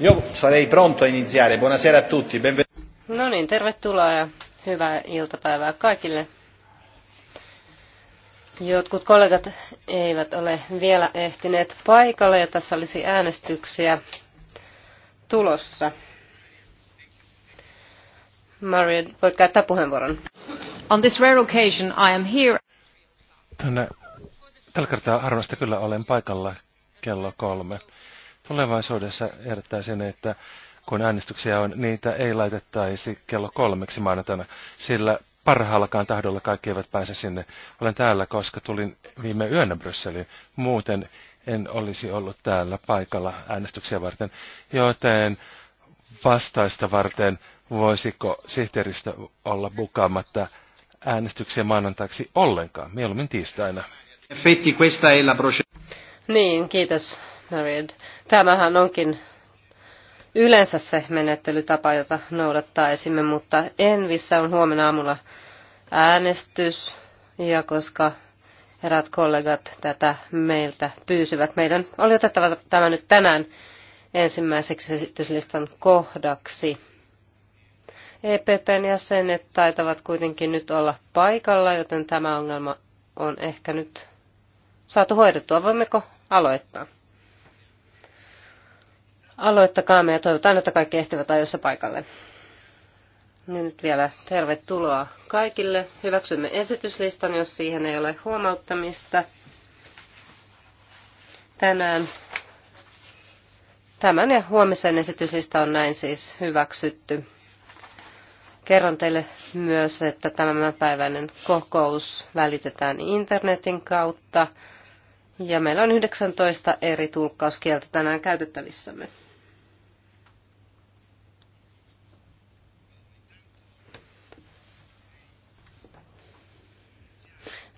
Io sarei pronto a iniziare. Buonasera a tutti. Benvenuti. No niin, tervetuloa ja hyvää iltapäivää kaikille. Jotkut kollegat eivät ole vielä ehtineet paikalle ja tässä olisi äänestyksiä tulossa. Marian, voit käyttää puheenvuoron. On this rare occasion I am here. Tänne, tällä kertaa harvasta kyllä olen paikalla kello kolme. Tulevaisuudessa ehdottaisin, että kun äänestyksiä on, niitä ei laitettaisi kello kolmeksi maanantaina, sillä parhaallakaan tahdolla kaikki eivät pääse sinne. Olen täällä, koska tulin viime yönä Brysseliin. Muuten en olisi ollut täällä paikalla äänestyksiä varten, joten vastaista varten voisiko sihteeristö olla bukaamatta äänestyksiä maanantaiksi ollenkaan, mieluummin tiistaina. Niin, kiitos married. Tämähän onkin yleensä se menettelytapa, jota noudattaisimme, mutta Envissä on huomenna aamulla äänestys, ja koska herät kollegat tätä meiltä pyysivät, meidän oli otettava tämä nyt tänään ensimmäiseksi esityslistan kohdaksi. EPPn jäsenet taitavat kuitenkin nyt olla paikalla, joten tämä ongelma on ehkä nyt saatu hoidettua. Voimmeko aloittaa? Aloittakaamme ja toivotaan, että kaikki ehtivät ajoissa paikalle. Ja nyt vielä tervetuloa kaikille. Hyväksymme esityslistan, jos siihen ei ole huomauttamista. Tänään tämän ja huomisen esityslista on näin siis hyväksytty. Kerron teille myös, että tämänpäiväinen kokous välitetään internetin kautta. Ja meillä on 19 eri tulkkauskieltä tänään käytettävissämme.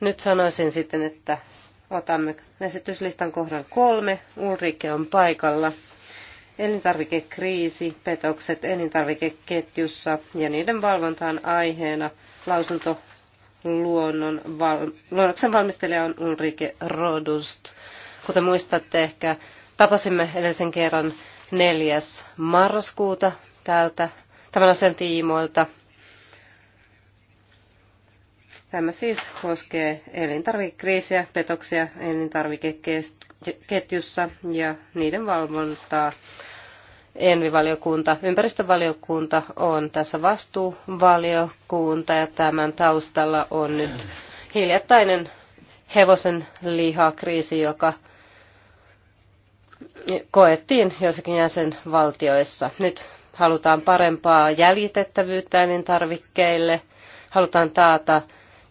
Nyt sanoisin sitten, että otamme esityslistan kohdan kolme. Ulrike on paikalla. Elintarvikekriisi, petokset elintarvikeketjussa ja niiden valvontaan aiheena lausunto luonnon val- luonnoksen valmistelija on Ulrike Rodust. Kuten muistatte ehkä, tapasimme edellisen kerran 4. marraskuuta täältä tämän asian tiimoilta. Tämä siis koskee elintarvikekriisiä, petoksia elintarvikeketjussa ja niiden valvontaa. Envivaliokunta, ympäristövaliokunta on tässä vastuuvaliokunta ja tämän taustalla on nyt hiljattainen hevosen lihakriisi, joka koettiin joissakin jäsenvaltioissa. Nyt halutaan parempaa jäljitettävyyttä elintarvikkeille, halutaan taata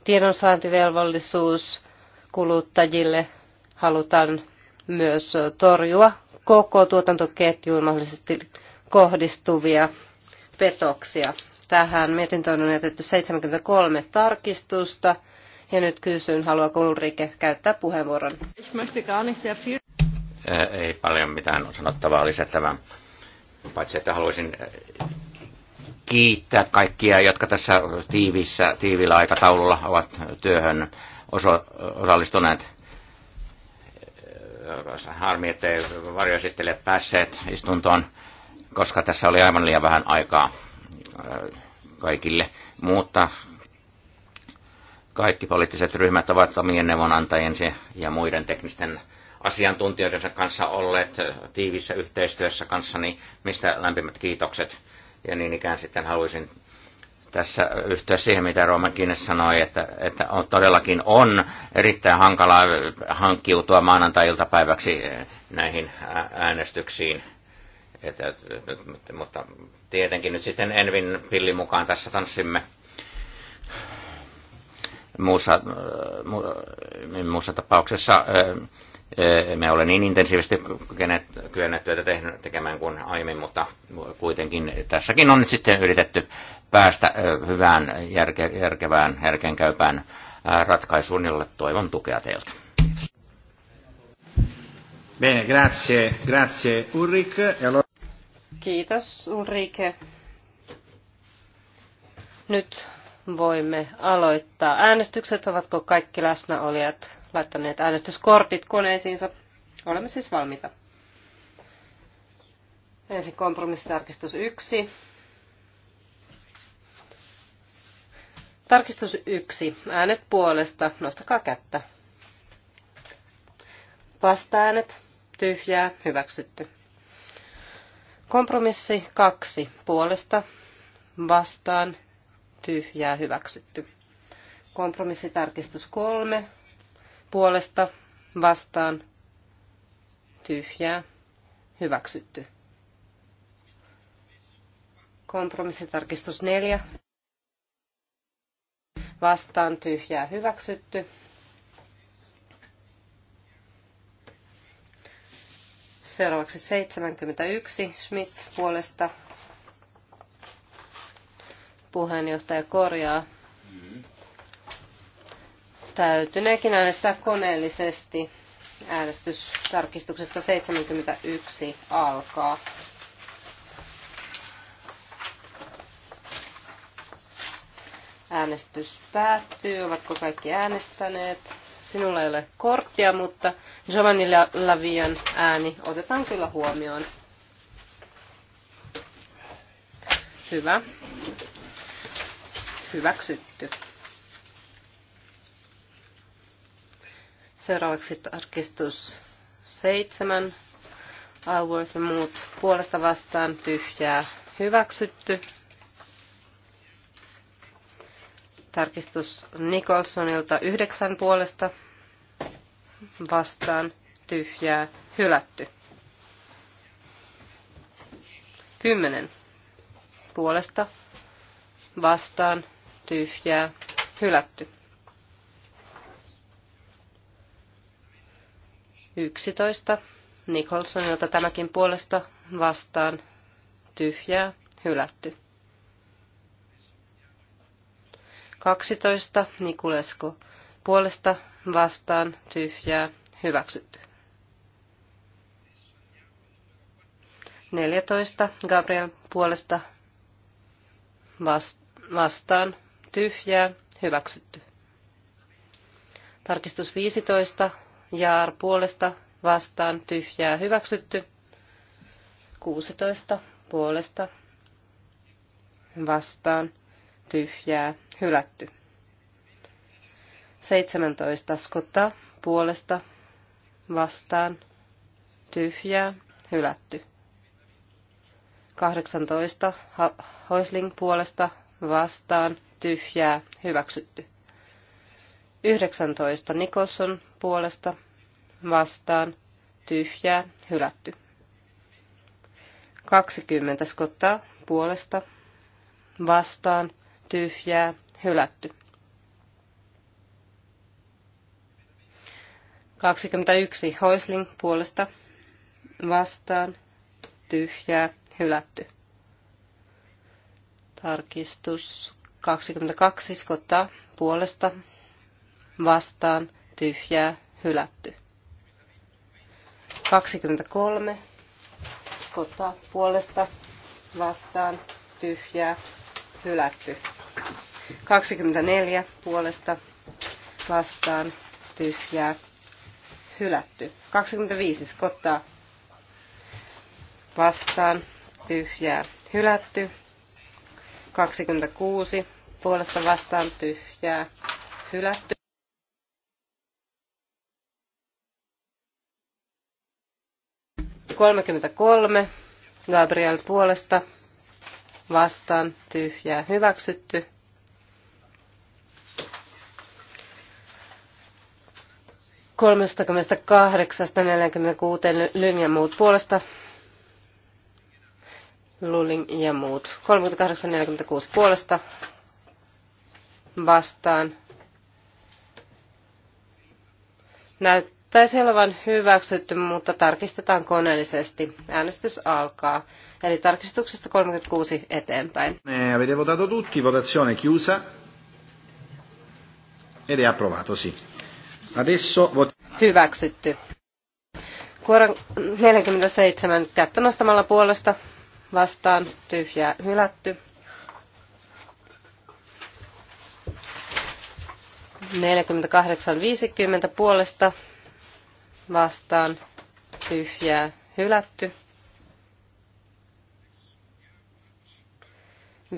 tiedonsaantivelvollisuus kuluttajille halutaan myös torjua koko tuotantoketjuun mahdollisesti kohdistuvia petoksia. Tähän mietintöön on jätetty 73 tarkistusta. Ja nyt kysyn, haluaako Ulrike käyttää puheenvuoron? Äh, ei paljon mitään sanottavaa lisättävää, paitsi että haluaisin äh, kiittää kaikkia, jotka tässä tiivissä, tiivillä aikataululla ovat työhön oso, osallistuneet. Harmi, ettei varjoesittelijät päässeet istuntoon, koska tässä oli aivan liian vähän aikaa äh, kaikille. Mutta kaikki poliittiset ryhmät ovat omien neuvonantajiensa ja muiden teknisten asiantuntijoidensa kanssa olleet tiivissä yhteistyössä kanssani, mistä lämpimät kiitokset ja niin ikään sitten haluaisin tässä yhteydessä siihen, mitä Rooma Kines sanoi, että, että on, todellakin on erittäin hankalaa hankkiutua maanantai-iltapäiväksi eh, näihin äänestyksiin. Että, mutta, mutta tietenkin nyt sitten Envin pillin mukaan tässä tanssimme. Muussa, eh, mu, muussa tapauksessa eh, me olemme niin intensiivisesti kyenneet työtä tekemään kuin aiemmin, mutta kuitenkin tässäkin on nyt sitten yritetty päästä hyvään, järke, järkevään, järkeenkäypään ratkaisuun, jolle toivon tukea teiltä. Bene, grazie, grazie Ulrik. E Kiitos Ulrike. Nyt voimme aloittaa äänestykset. Ovatko kaikki läsnäolijat laittaneet äänestyskortit koneisiinsa? Olemme siis valmiita. Ensin kompromissitarkistus 1. Tarkistus 1. Äänet puolesta. Nostakaa kättä. Vasta-äänet. Tyhjää. Hyväksytty. Kompromissi 2. Puolesta. Vastaan tyhjää hyväksytty. Kompromissitarkistus kolme puolesta vastaan tyhjää hyväksytty. Kompromissitarkistus neljä vastaan tyhjää hyväksytty. Seuraavaksi 71 Schmidt puolesta Puheenjohtaja korjaa. Täytyneekin äänestää koneellisesti. Äänestys tarkistuksesta 71 alkaa. Äänestys päättyy. Ovatko kaikki äänestäneet? Sinulla ei ole korttia, mutta Giovanni Lavian ääni otetaan kyllä huomioon. Hyvä hyväksytty. Seuraavaksi tarkistus seitsemän. Alworth ja muut puolesta vastaan tyhjää hyväksytty. Tarkistus Nicholsonilta yhdeksän puolesta vastaan tyhjää hylätty. Kymmenen puolesta vastaan tyhjää hylätty. 11. Nicholsonilta tämäkin puolesta vastaan tyhjää hylätty. 12. Nikulesko puolesta vastaan tyhjää hyväksytty. 14. Gabriel puolesta vastaan tyhjää, hyväksytty. Tarkistus 15, Jaar puolesta, vastaan, tyhjää, hyväksytty. 16, puolesta, vastaan, tyhjää, hylätty. 17, Skotta, puolesta, vastaan, tyhjää, hylätty. 18, Hoisling puolesta, vastaan, tyhjää, hyväksytty. 19. Nicholson puolesta, vastaan, tyhjää, hylätty. 20. Scotta puolesta, vastaan, tyhjää, hylätty. 21. Hoisling puolesta, vastaan, tyhjää, hylätty. Tarkistus 22 skottaa puolesta vastaan tyhjää hylätty. 23 skottaa puolesta vastaan tyhjää hylätty. 24 puolesta vastaan tyhjää hylätty. 25 skottaa vastaan tyhjää hylätty. 26 puolesta vastaan tyhjää hylätty. Kolmekymmentäkolme Gabriel puolesta vastaan tyhjää hyväksytty. kolmestakymmenestä kahdeksasta neljäkymmentäkuuteen linjan muut puolesta Lulling ja muut. 38.46 puolesta vastaan. Näyttäisi olevan hyväksytty, mutta tarkistetaan koneellisesti. Äänestys alkaa. Eli tarkistuksesta 36 eteenpäin. Ne avete votato tutti, votazione chiusa. Ed è approvato, sì. Adesso vot... Hyväksytty. Kuoran 47 kättä nostamalla puolesta vastaan tyhjää hylätty. 48-50 puolesta vastaan tyhjää hylätty.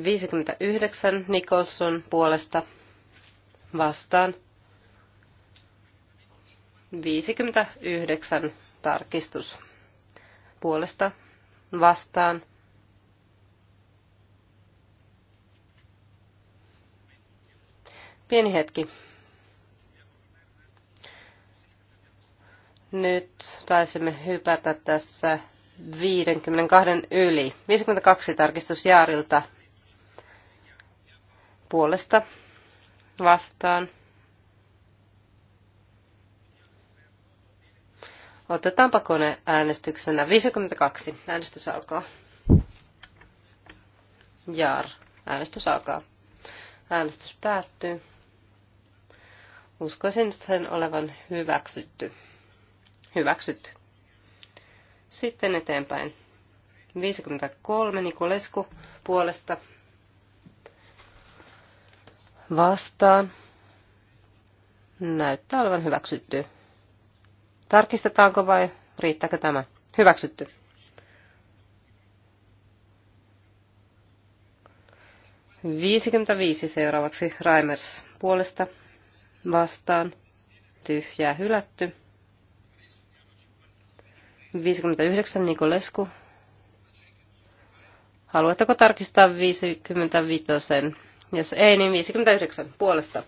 59 Nicholson puolesta vastaan 59 tarkistus puolesta vastaan Pieni hetki. Nyt taisimme hypätä tässä 52 yli. 52 tarkistus Jaarilta puolesta vastaan. Otetaanpa kone äänestyksenä. 52. Äänestys alkaa. Jaar. Äänestys alkaa. Äänestys päättyy. Uskoisin sen olevan hyväksytty. Hyväksytty. Sitten eteenpäin. 53 Nikolesku puolesta vastaan. Näyttää olevan hyväksytty. Tarkistetaanko vai riittääkö tämä? Hyväksytty. viisi seuraavaksi Raimers puolesta vastaan, tyhjää hylätty. 59 Nikolesku. Haluatteko tarkistaa 55? Jos ei, niin 59 puolesta.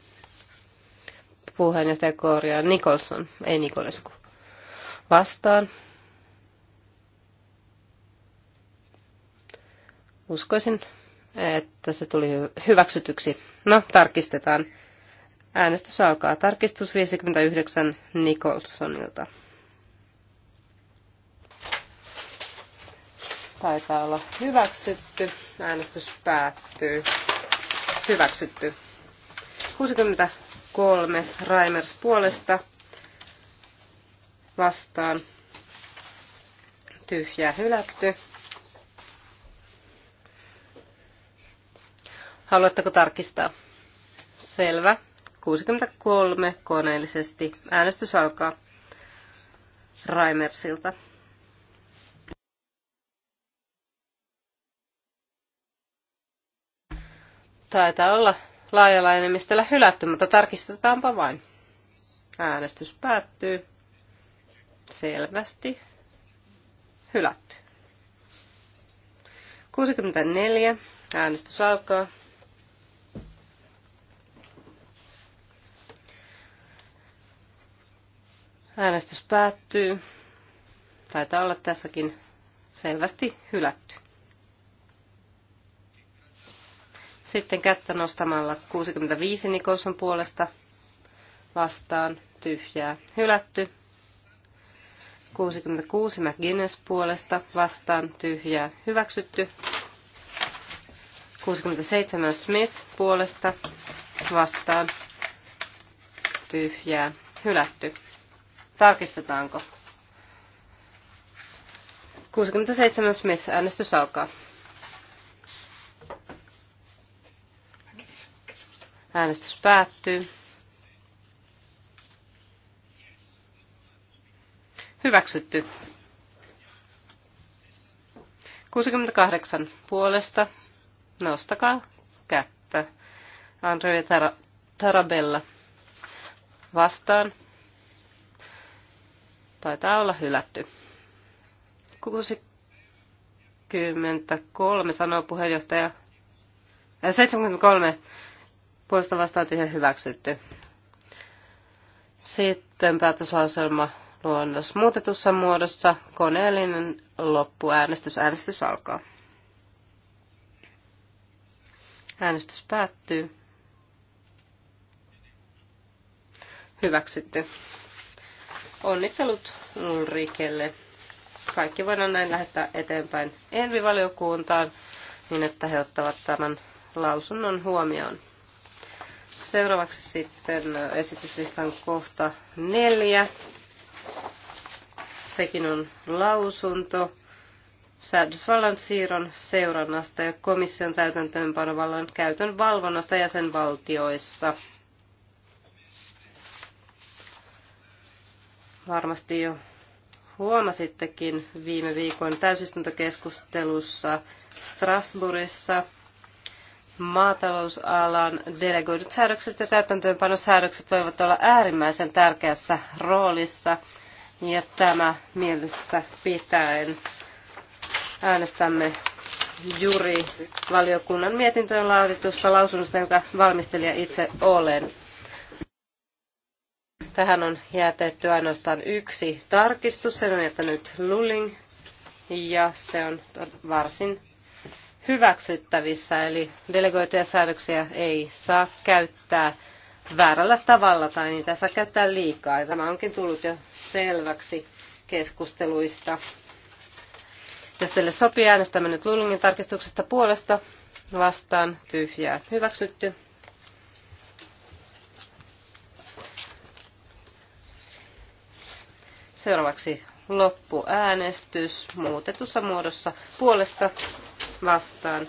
Puheenjohtaja korjaa Nikolson, ei Nikolesku. Vastaan. Uskoisin, että se tuli hyväksytyksi. No, tarkistetaan. Äänestys alkaa. Tarkistus 59 Nicholsonilta. Taitaa olla hyväksytty. Äänestys päättyy. Hyväksytty. 63 Raimers puolesta vastaan. Tyhjää hylätty. Haluatteko tarkistaa? Selvä. 63 koneellisesti. Äänestys alkaa Raimersilta. Taitaa olla laajalla enemmistöllä hylätty, mutta tarkistetaanpa vain. Äänestys päättyy. Selvästi hylätty. 64. Äänestys alkaa. Äänestys päättyy. Taitaa olla tässäkin selvästi hylätty. Sitten kättä nostamalla 65 Nikolson puolesta vastaan tyhjää hylätty. 66 McGuinness puolesta vastaan tyhjää hyväksytty. 67 Smith puolesta vastaan tyhjää hylätty. Tarkistetaanko? 67 Smith, äänestys alkaa. Äänestys päättyy. Hyväksytty. 68 puolesta. Nostakaa kättä. Andrea Tarabella vastaan. Taitaa olla hylätty. 63 sanoo puheenjohtaja. 73 äh, puolesta vastaan tyhjä hyväksytty. Sitten päätöslauselma luonnos muutetussa muodossa. Koneellinen loppuäänestys. Äänestys alkaa. Äänestys päättyy. Hyväksytty. Onnittelut Ulrikelle. Kaikki voidaan näin lähettää eteenpäin Envi-valiokuntaan, niin, että he ottavat tämän lausunnon huomioon. Seuraavaksi sitten esityslistan kohta neljä. Sekin on lausunto säädösvallan siirron seurannasta ja komission täytäntöönpanovallan käytön valvonnasta jäsenvaltioissa. varmasti jo huomasittekin viime viikon täysistuntokeskustelussa Strasbourgissa maatalousalan delegoidut säädökset ja täytäntöönpanosäädökset voivat olla äärimmäisen tärkeässä roolissa. Ja tämä mielessä pitäen äänestämme juuri valiokunnan mietintöön laaditusta lausunnosta, jonka valmistelija itse olen. Tähän on jätetty ainoastaan yksi tarkistus, se on jättänyt Lulling, ja se on varsin hyväksyttävissä, eli delegoituja säädöksiä ei saa käyttää väärällä tavalla tai niitä saa käyttää liikaa. Ja tämä onkin tullut jo selväksi keskusteluista. Jos teille sopii, äänestämme nyt tarkistuksesta puolesta vastaan tyhjää hyväksytty. Seuraavaksi loppuäänestys muutetussa muodossa puolesta vastaan.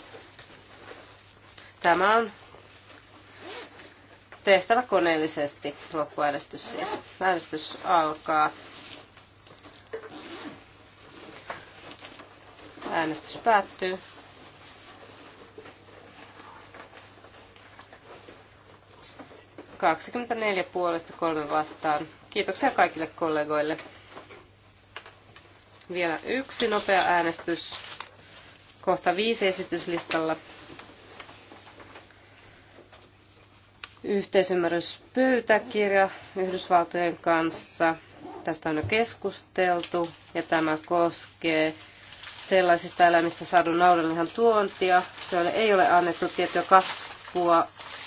Tämä on tehtävä koneellisesti, loppuäänestys siis. Äänestys alkaa. Äänestys päättyy. Kaksikymmentäneljä puolesta kolme vastaan. Kiitoksia kaikille kollegoille. Vielä yksi nopea äänestys. Kohta viisi esityslistalla. Yhteisymmärryspöytäkirja Yhdysvaltojen kanssa. Tästä on jo keskusteltu ja tämä koskee sellaisista eläimistä saadun naudanlihan tuontia, joille ei ole annettu tiettyä kasvua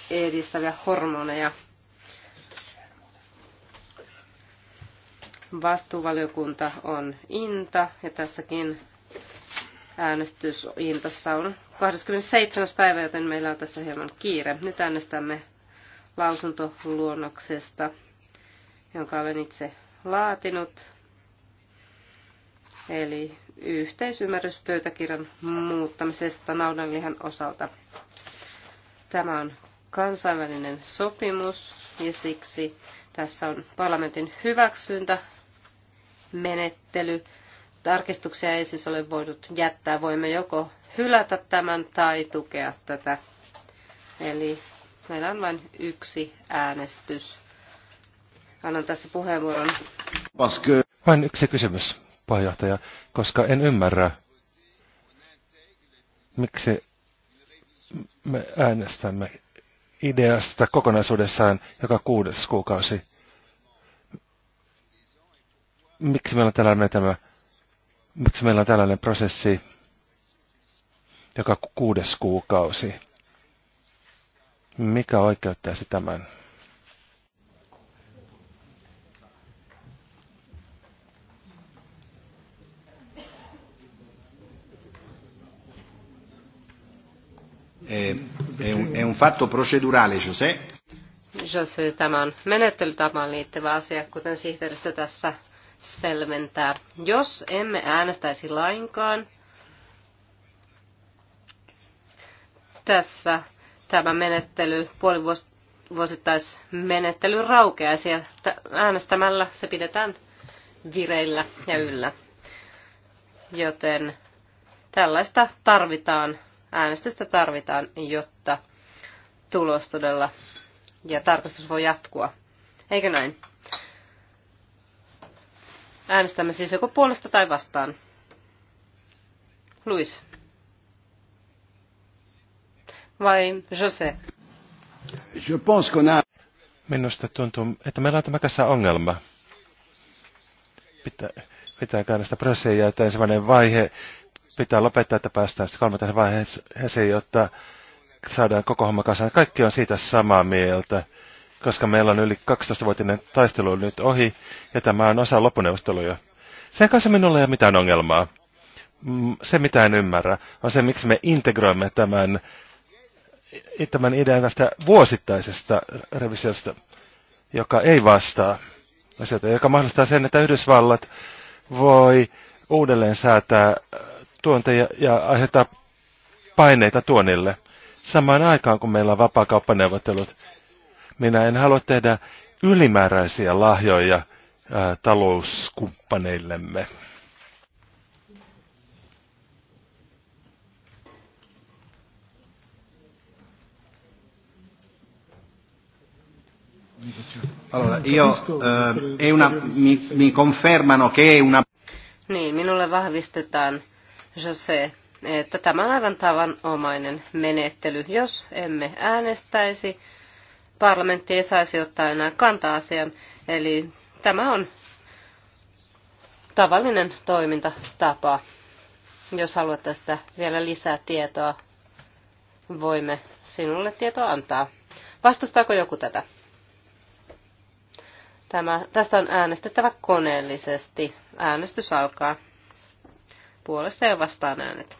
edistäviä hormoneja. Vastuuvaliokunta on INTA ja tässäkin äänestys Intassa on 27. päivä, joten meillä on tässä hieman kiire. Nyt äänestämme lausuntoluonnoksesta, jonka olen itse laatinut. Eli yhteisymmärrys pöytäkirjan muuttamisesta naudanlihan osalta. Tämä on kansainvälinen sopimus ja siksi tässä on parlamentin hyväksyntä menettely. Tarkistuksia ei siis ole voinut jättää. Voimme joko hylätä tämän tai tukea tätä. Eli meillä on vain yksi äänestys. Annan tässä puheenvuoron. Paske. Vain yksi kysymys, puheenjohtaja, koska en ymmärrä, miksi me äänestämme ideasta kokonaisuudessaan joka kuudes kuukausi miksi meillä on tällainen tämä, miksi meillä on tällainen prosessi joka kuudes kuukausi. Mikä oikeuttaisi tämän? È un fatto procedurale, José. José, tämä on menettelytapaan liittyvä asia, kuten sihteeristö tässä selventää. Jos emme äänestäisi lainkaan, tässä tämä menettely, menettely raukeaisi ja äänestämällä se pidetään vireillä ja yllä. Joten tällaista tarvitaan, äänestystä tarvitaan, jotta tulos todella ja tarkastus voi jatkua. Eikö näin? Äänestämme siis joko puolesta tai vastaan. Luis. Vai Jose? Je pense qu'on a... Minusta tuntuu, että meillä on tämä kanssa ongelma. Pitää, pitää käydä sitä prosessia, että ensimmäinen vaihe pitää lopettaa, että päästään sitten kolmanteen vaiheeseen, jotta saadaan koko homma kasaan. Kaikki on siitä samaa mieltä koska meillä on yli 12-vuotinen taistelu nyt ohi, ja tämä on osa loppuneuvotteluja. Sen kanssa minulla ei ole mitään ongelmaa. Mm, se, mitä en ymmärrä, on se, miksi me integroimme tämän, tämän idean tästä vuosittaisesta revisiosta, joka ei vastaa asioita, joka mahdollistaa sen, että Yhdysvallat voi uudelleen säätää äh, tuonteja ja aiheuttaa paineita tuonille. Samaan aikaan, kun meillä on vapaakauppaneuvottelut, minä en halua tehdä ylimääräisiä lahjoja ää, äh, talouskumppaneillemme. Allora, io, eh, è una, mi, mi confermano che è una... Niin, minulle vahvistetaan, Jose, että tämä on aivan tavanomainen menettely. Jos emme äänestäisi, parlamentti ei saisi ottaa enää kantaa asiaan. Eli tämä on tavallinen toimintatapa. Jos haluat tästä vielä lisää tietoa, voimme sinulle tietoa antaa. Vastustaako joku tätä? Tämä, tästä on äänestettävä koneellisesti. Äänestys alkaa. Puolesta ja vastaan äänet.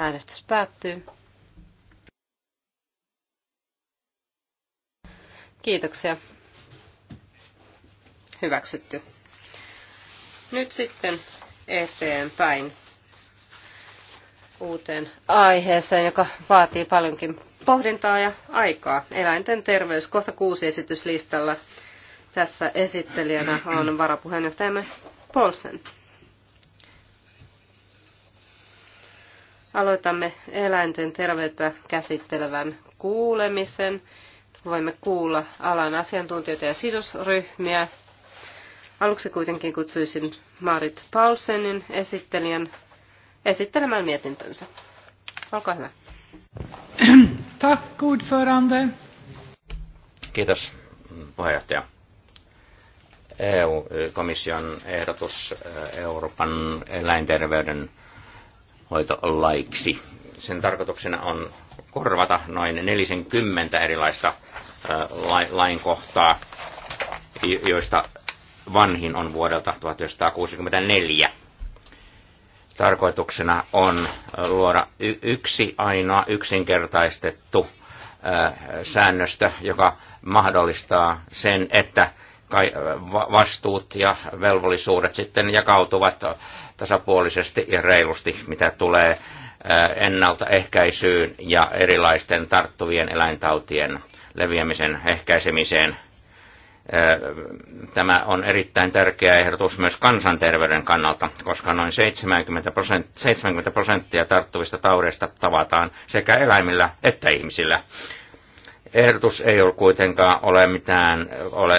Äänestys päättyy. Kiitoksia. Hyväksytty. Nyt sitten eteenpäin uuteen aiheeseen, joka vaatii paljonkin pohdintaa ja aikaa. Eläinten terveys, kohta kuusi esityslistalla. Tässä esittelijänä on varapuheenjohtajamme Polsen. Aloitamme eläinten terveyttä käsittelevän kuulemisen. Voimme kuulla alan asiantuntijoita ja sidosryhmiä. Aluksi kuitenkin kutsuisin Marit Paulsenin esittelijän esittelemään mietintönsä. Olkaa hyvä. Tack, ordförande. Kiitos, puheenjohtaja. EU-komission ehdotus e, Euroopan eläinterveyden hoitolaiksi. Sen tarkoituksena on korvata noin 40 erilaista lainkohtaa, joista vanhin on vuodelta 1964. Tarkoituksena on luoda yksi ainoa yksinkertaistettu säännöstö, joka mahdollistaa sen, että vastuut ja velvollisuudet sitten jakautuvat tasapuolisesti ja reilusti, mitä tulee ennaltaehkäisyyn ja erilaisten tarttuvien eläintautien leviämisen ehkäisemiseen. Tämä on erittäin tärkeä ehdotus myös kansanterveyden kannalta, koska noin 70 prosenttia, tarttuvista taudeista tavataan sekä eläimillä että ihmisillä. Ehdotus ei ole kuitenkaan ole mitään ole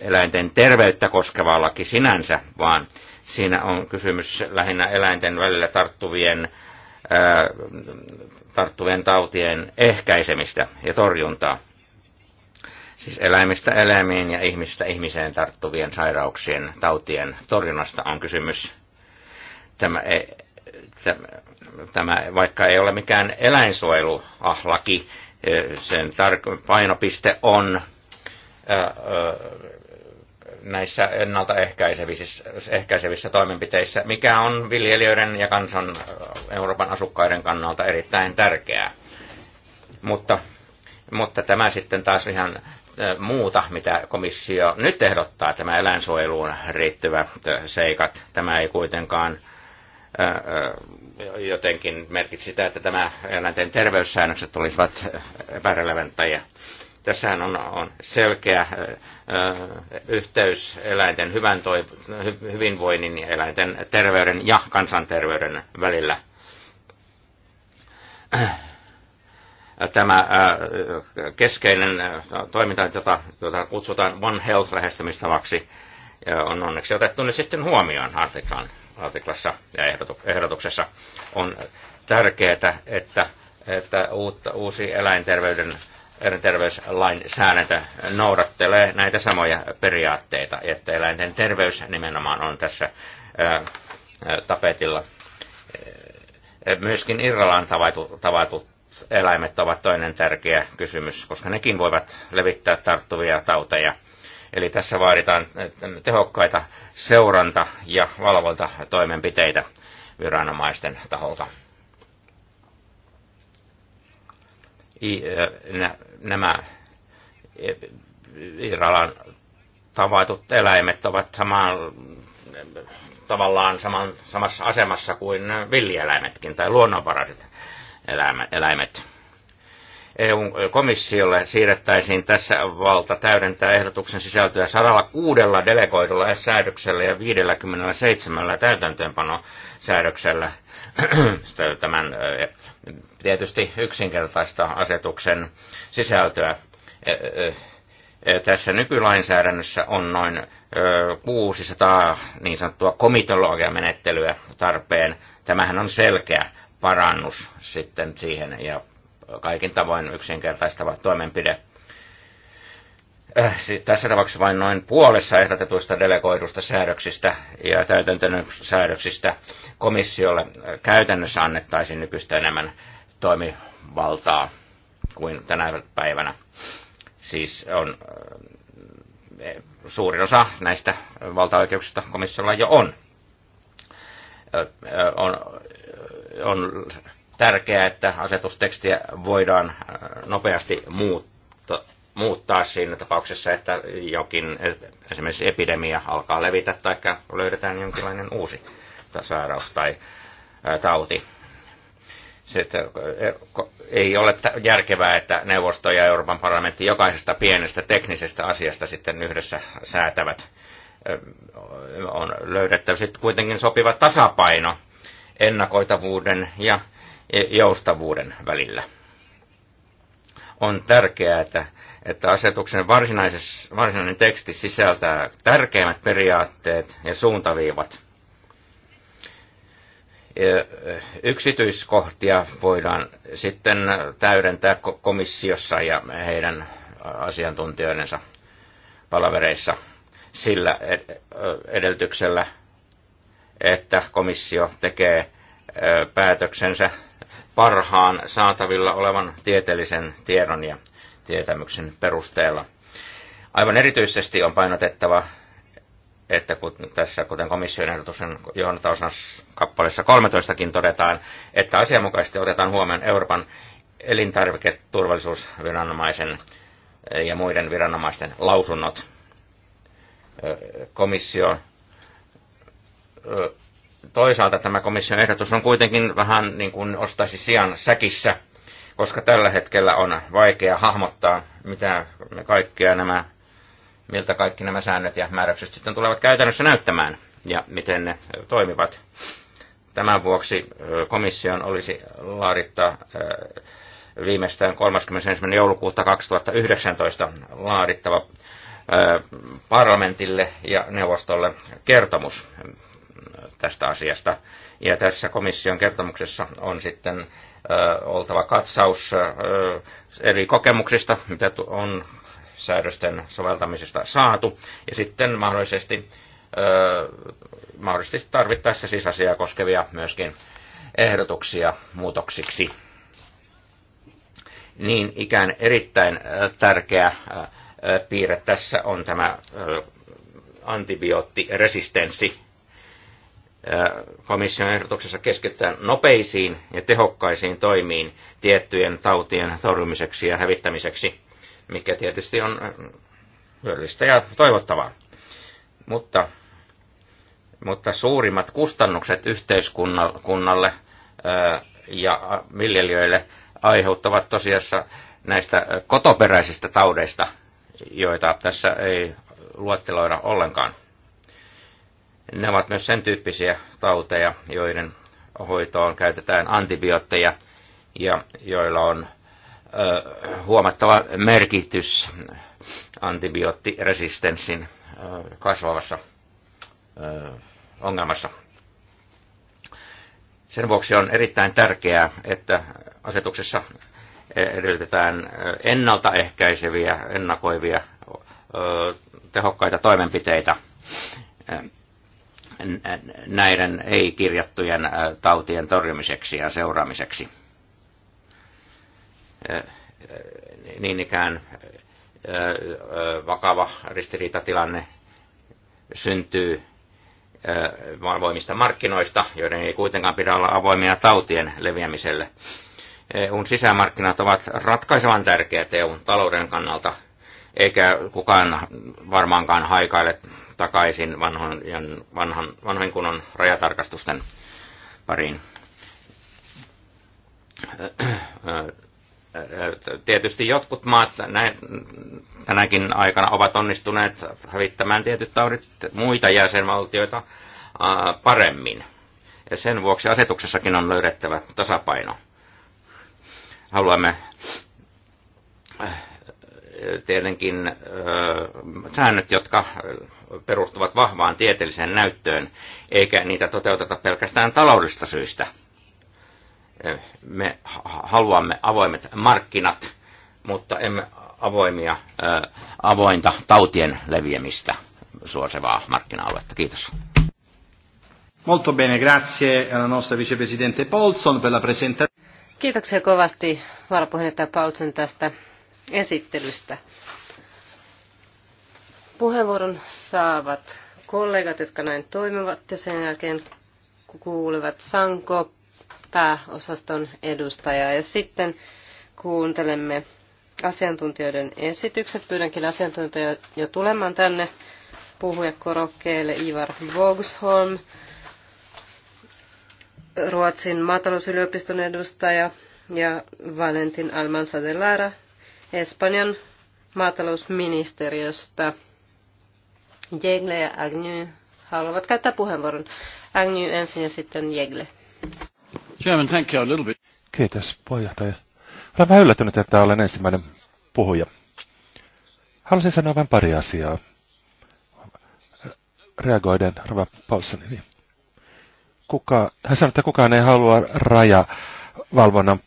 eläinten terveyttä koskeva laki sinänsä, vaan Siinä on kysymys lähinnä eläinten välillä tarttuvien, ää, tarttuvien tautien ehkäisemistä ja torjuntaa. Siis eläimistä eläimiin ja ihmistä ihmiseen tarttuvien sairauksien, tautien torjunnasta on kysymys. Tämä, ei, tämä, tämä vaikka ei ole mikään eläinsuojeluahlaki, sen painopiste on näissä ennaltaehkäisevissä toimenpiteissä, mikä on viljelijöiden ja kansan Euroopan asukkaiden kannalta erittäin tärkeää. Mutta, mutta tämä sitten taas ihan muuta, mitä komissio nyt ehdottaa, tämä eläinsuojeluun riittyvät seikat. Tämä ei kuitenkaan jotenkin merkitsi sitä, että tämä eläinten terveyssäännökset olisivat epärelevantteja Tässähän on, on selkeä ö, yhteys eläinten hyvän toi, hyvinvoinnin ja eläinten terveyden ja kansanterveyden välillä. Tämä ö, keskeinen toiminta, jota, jota kutsutaan One Health-lähestymistavaksi, on onneksi otettu nyt sitten huomioon artiklan, artiklassa ja ehdotuksessa. On tärkeää, että, että uutta, uusi eläinterveyden terveyslainsäädäntö noudattelee näitä samoja periaatteita, että eläinten terveys nimenomaan on tässä tapetilla. Myöskin Irrallaan tavatut eläimet ovat toinen tärkeä kysymys, koska nekin voivat levittää tarttuvia tauteja. Eli tässä vaaditaan tehokkaita seuranta- ja valvontatoimenpiteitä viranomaisten taholta. nämä e, Iralan tavatut eläimet ovat samaan, tavallaan saman, samassa asemassa kuin villieläimetkin tai luonnonvaraiset eläimet. EU-komissiolle siirrettäisiin tässä valta täydentää ehdotuksen sisältöä 106 delegoidulla säädöksellä ja 57 täytäntöönpanosäädöksellä tämän tietysti yksinkertaista asetuksen sisältöä. Tässä nykylainsäädännössä on noin 600 niin sanottua komitologiamenettelyä tarpeen. Tämähän on selkeä parannus sitten siihen ja kaikin tavoin yksinkertaistava toimenpide. Äh, tässä tapauksessa vain noin puolessa ehdotetuista delegoidusta säädöksistä ja täytäntöön säädöksistä komissiolle äh, käytännössä annettaisiin nykyistä enemmän toimivaltaa kuin tänä päivänä. Siis on äh, e-, suurin osa näistä valtaoikeuksista komissiolla jo on. On, on tärkeää, että asetustekstiä voidaan nopeasti muuttaa muuttaa siinä tapauksessa, että jokin esimerkiksi epidemia alkaa levitä tai löydetään jonkinlainen uusi sairaus tai tauti. Sitten ei ole järkevää, että neuvosto ja Euroopan parlamentti jokaisesta pienestä teknisestä asiasta sitten yhdessä säätävät. On löydettävä sitten kuitenkin sopiva tasapaino ennakoitavuuden ja e, joustavuuden välillä. On tärkeää, että että asetuksen varsinainen teksti sisältää tärkeimmät periaatteet ja suuntaviivat. Eh, yksityiskohtia voidaan sitten täydentää komissiossa ja heidän asiantuntijoidensa palavereissa sillä edellytyksellä, että komissio tekee eh, päätöksensä parhaan saatavilla olevan tieteellisen tiedon ja tietämyksen perusteella. Aivan erityisesti on painotettava, että kun tässä, kuten komission ehdotuksen johdantaosan kappaleessa 13kin todetaan, että asianmukaisesti otetaan huomioon Euroopan elintarviketurvallisuusviranomaisen eh, ja muiden viranomaisten lausunnot. Eh, komissio eh, toisaalta tämä komission ehdotus on kuitenkin vähän niin kuin ostaisi sijan säkissä – koska tällä hetkellä on vaikea hahmottaa, mitä kaikkea kaikkia nämä, miltä kaikki nämä säännöt ja määräykset sitten tulevat käytännössä näyttämään ja miten ne toimivat. Tämän vuoksi komission olisi laadittaa viimeistään 31. joulukuuta 2019 laadittava parlamentille ja neuvostolle kertomus tästä asiasta. Ja tässä komission kertomuksessa on sitten oltava katsaus eri kokemuksista, mitä on säädösten soveltamisesta saatu, ja sitten mahdollisesti, mahdollisesti tarvittaessa sisäisiä koskevia myöskin ehdotuksia muutoksiksi. Niin ikään erittäin tärkeä piirre tässä on tämä antibioottiresistenssi komission ehdotuksessa keskitytään nopeisiin ja tehokkaisiin toimiin tiettyjen tautien torjumiseksi ja hävittämiseksi, mikä tietysti on hyödyllistä ja toivottavaa. Mutta, mutta suurimmat kustannukset yhteiskunnalle ja viljelijöille aiheuttavat tosiassa näistä kotoperäisistä taudeista, joita tässä ei luetteloida ollenkaan. Ne ovat myös sen tyyppisiä tauteja, joiden hoitoon käytetään antibiootteja ja joilla on ö, huomattava merkitys antibioottiresistenssin ö, kasvavassa ö, ongelmassa. Sen vuoksi on erittäin tärkeää, että asetuksessa edellytetään ennaltaehkäiseviä, ennakoivia, tehokkaita toimenpiteitä näiden ei-kirjattujen äh, tautien torjumiseksi ja seuraamiseksi. Äh, äh, niin ikään vakava ristiriitatilanne syntyy avoimista markkinoista, joiden ei kuitenkaan pidä olla avoimia tautien leviämiselle. EUn sisämarkkinat ovat ratkaisevan tärkeät EUn talouden kannalta, eikä kukaan varmaankaan haikaile takaisin vanhan, vanhan, vanhan kunnon rajatarkastusten pariin. Tietysti jotkut maat näin, tänäkin aikana ovat onnistuneet hävittämään tietyt taudit muita jäsenvaltioita paremmin. Ja sen vuoksi asetuksessakin on löydettävä tasapaino. Haluamme tietenkin säännöt, jotka perustuvat vahvaan tieteelliseen näyttöön, eikä niitä toteuteta pelkästään taloudellista syistä. Me haluamme avoimet markkinat, mutta emme avoimia, avointa tautien leviämistä suosevaa markkina-aluetta. Kiitos. Molto bene, grazie alla nostra vicepresidente Paulson per la presentazione. Kiitoksia kovasti varapuheenjohtaja Paulson tästä esittelystä. Puheenvuoron saavat kollegat, jotka näin toimivat ja sen jälkeen kuulevat Sanko pääosaston edustajaa ja sitten kuuntelemme asiantuntijoiden esitykset. Pyydänkin asiantuntijoita jo tulemaan tänne puhujakorokkeelle Ivar Vogsholm, Ruotsin maatalousyliopiston edustaja ja Valentin Almansa de Lara, Espanjan maatalousministeriöstä. Jegle ja Agnew haluavat käyttää puheenvuoron. Agnew ensin ja sitten Jegle. Chairman, thank you a little bit. Kiitos, puheenjohtaja. Olen vähän yllättynyt, että olen ensimmäinen puhuja. Haluaisin sanoa vain pari asiaa. Reagoiden Rava Paulsonin. Niin. Kuka, hän sanoi, että kukaan ei halua rajavalvonnan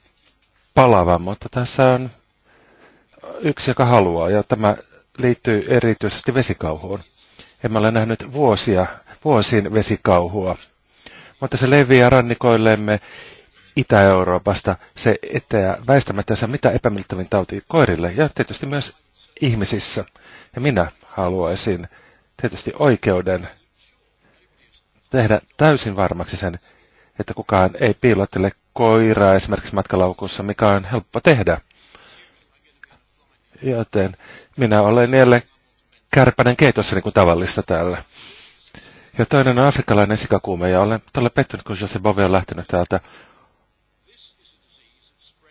palavan, mutta tässä on yksi, joka haluaa, ja tämä liittyy erityisesti vesikauhuun. En ole nähnyt vuosia, vuosiin vesikauhua, mutta se leviää rannikoillemme Itä-Euroopasta. Se etää väistämättä se mitä epämiellyttävin tauti koirille ja tietysti myös ihmisissä. Ja minä haluaisin tietysti oikeuden tehdä täysin varmaksi sen, että kukaan ei piilottele koiraa esimerkiksi matkalaukussa, mikä on helppo tehdä. Joten minä olen jälleen kärpänen keitossa niin kuin tavallista täällä. Ja toinen on afrikkalainen sikakuume, ja olen todella pettynyt, kun Jose Bove on lähtenyt täältä.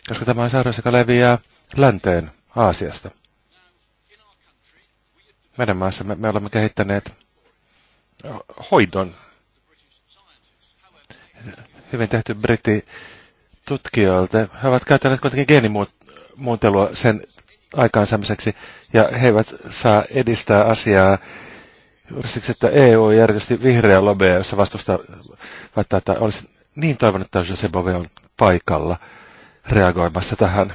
Koska tämä on sairaus, joka leviää länteen Aasiasta. Meidän maassa me, me olemme kehittäneet hoidon. Hyvin tehty britti tutkijoilta. He ovat käyttäneet kuitenkin geenimuuntelua sen aikaansaamiseksi, ja he eivät saa edistää asiaa siksi, että EU ja erityisesti vihreä lobeja, jossa vastustaa, vaikka että olisi niin toivonut, että Jose Bove on paikalla reagoimassa tähän.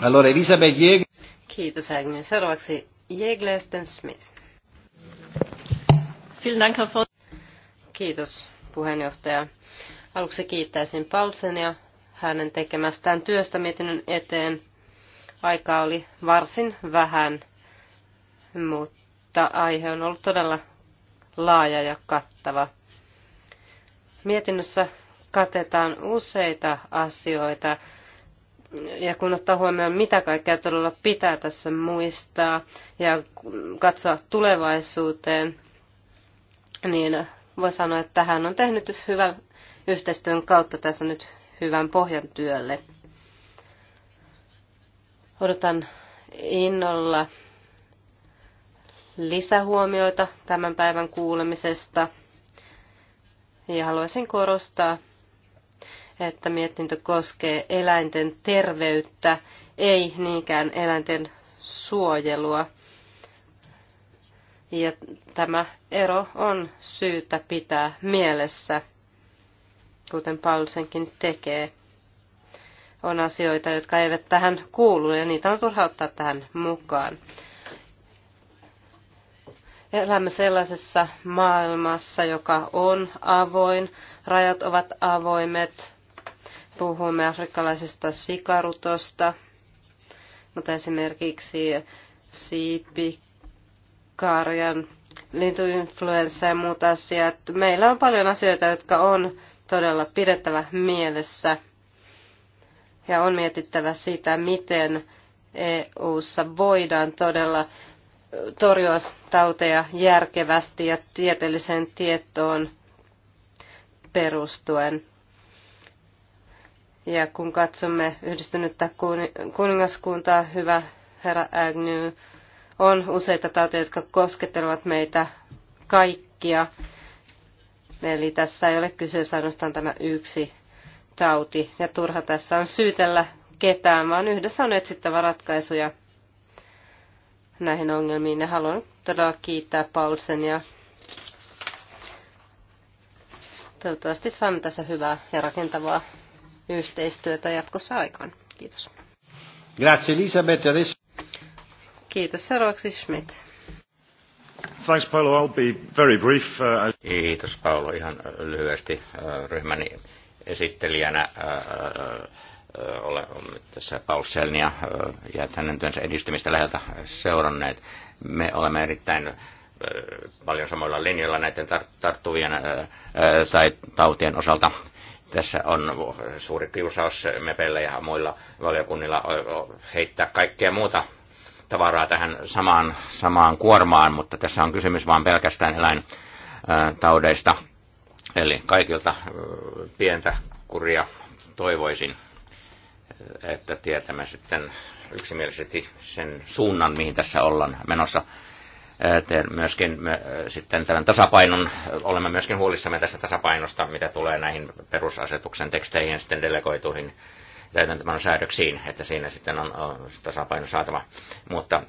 Allora, Elisabeth Jeg... Kiitos, Agnes. Seuraavaksi Jeglesten Smith. Kiitos, puheenjohtaja. Aluksi kiittäisin Paulsenia hänen tekemästään työstä mietinnön eteen. Aikaa oli varsin vähän, mutta aihe on ollut todella laaja ja kattava. Mietinnössä katetaan useita asioita, ja kun ottaa huomioon, mitä kaikkea todella pitää tässä muistaa ja katsoa tulevaisuuteen, niin voi sanoa, että hän on tehnyt hyvän yhteistyön kautta tässä nyt hyvän pohjan työlle. Odotan innolla lisähuomioita tämän päivän kuulemisesta. Ja haluaisin korostaa, että mietintö koskee eläinten terveyttä, ei niinkään eläinten suojelua. Ja tämä ero on syytä pitää mielessä, kuten Paulsenkin tekee on asioita, jotka eivät tähän kuulu ja niitä on turha ottaa tähän mukaan. Elämme sellaisessa maailmassa, joka on avoin, rajat ovat avoimet, puhumme afrikkalaisesta sikarutosta, mutta esimerkiksi siipikarjan, lintuinfluenssa ja muut asiat. Meillä on paljon asioita, jotka on todella pidettävä mielessä – ja on mietittävä sitä, miten EU:ssa voidaan todella torjua tauteja järkevästi ja tieteelliseen tietoon perustuen. Ja kun katsomme yhdistynyttä kuningaskuntaa, hyvä herra Agnew, on useita tauteja, jotka koskettelevat meitä kaikkia. Eli tässä ei ole kyseessä ainoastaan tämä yksi tauti ja turha tässä on syytellä ketään, vaan yhdessä on etsittävä ratkaisuja näihin ongelmiin. Ja haluan todella kiittää Paulsen ja toivottavasti saamme tässä hyvää ja rakentavaa yhteistyötä jatkossa aikaan. Kiitos. Grazie Elisabeth. Adesso... Kiitos. Seuraavaksi Schmidt. Thanks, Paolo. I'll be very brief. Uh, Kiitos, Paolo. Ihan lyhyesti uh, ryhmäni esittelijänä ole, tässä Paul Selnia ja hänen työnsä edistymistä läheltä seuranneet. Me olemme erittäin paljon samoilla linjoilla näiden tarttuvien tai tautien osalta. Tässä on suuri kiusaus mepeillä ja muilla valiokunnilla heittää kaikkea muuta tavaraa tähän samaan, samaan kuormaan, mutta tässä on kysymys vain pelkästään eläintaudeista. Eli kaikilta pientä kuria toivoisin, että tietämme sitten yksimielisesti sen suunnan, mihin tässä ollaan menossa. Myöskin me sitten tämän tasapainon, olemme myöskin huolissamme tästä tasapainosta, mitä tulee näihin perusasetuksen teksteihin ja sitten delegoituihin täytäntämään säädöksiin, että siinä sitten on tasapaino saatava. Mutta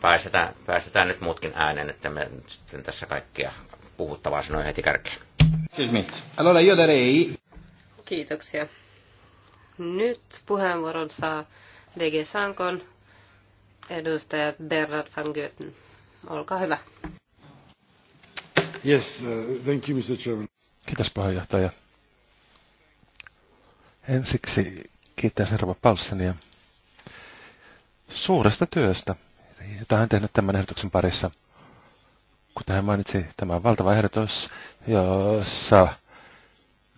päästetään, päästetään nyt muutkin ääneen, että me sitten tässä kaikkia puhuttavaa sanoi heti kärkeen. Kiitoksia. Nyt puheenvuoron saa DG Sankon edustaja Bernard van Goethen. Olkaa hyvä. Yes, uh, thank you, Mr. Chairman. Kiitos puheenjohtaja. Ensiksi kiittää Serva Palssania suuresta työstä, jota hän tehnyt tämän ehdotuksen parissa – kuten hän mainitsi, tämä valtava ehdotus, jossa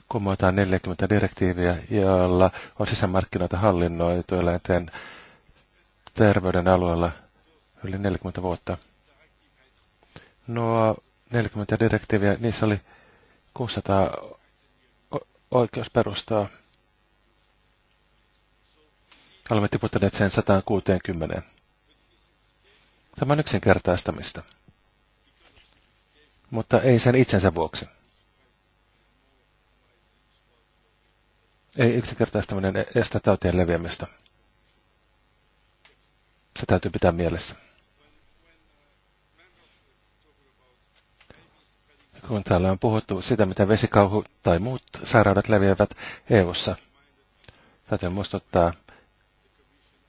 kumotaan 40 direktiiviä, jolla on sisämarkkinoita hallinnoitu eläinten terveyden alueella yli 40 vuotta. No 40 direktiiviä, niissä oli 600 oikeusperustaa. Olemme tiputtaneet sen 160. Tämä on yksinkertaistamista mutta ei sen itsensä vuoksi. Ei yksinkertaistaminen estä tautien leviämistä. Se täytyy pitää mielessä. Kun täällä on puhuttu sitä, mitä vesikauhu tai muut sairaudet leviävät EU-ssa, täytyy muistuttaa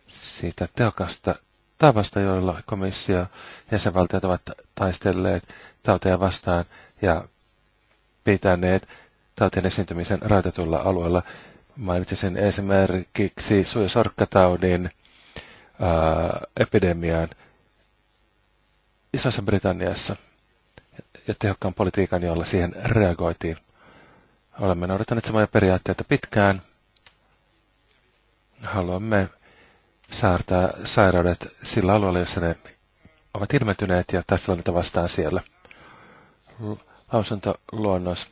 siitä tehokasta tavasta, joilla komissio ja jäsenvaltiot ovat taistelleet tauteja vastaan ja pitäneet tautien esiintymisen rajoitetulla alueella. Mainitsin esimerkiksi suojasorkkataudin äh, epidemian Isossa Britanniassa ja tehokkaan politiikan, jolla siihen reagoitiin. Olemme noudattaneet samoja periaatteita pitkään. Haluamme saartaa sairaudet sillä alueella, jossa ne ovat ilmentyneet ja taistelua vastaan siellä. Lausuntoluonnos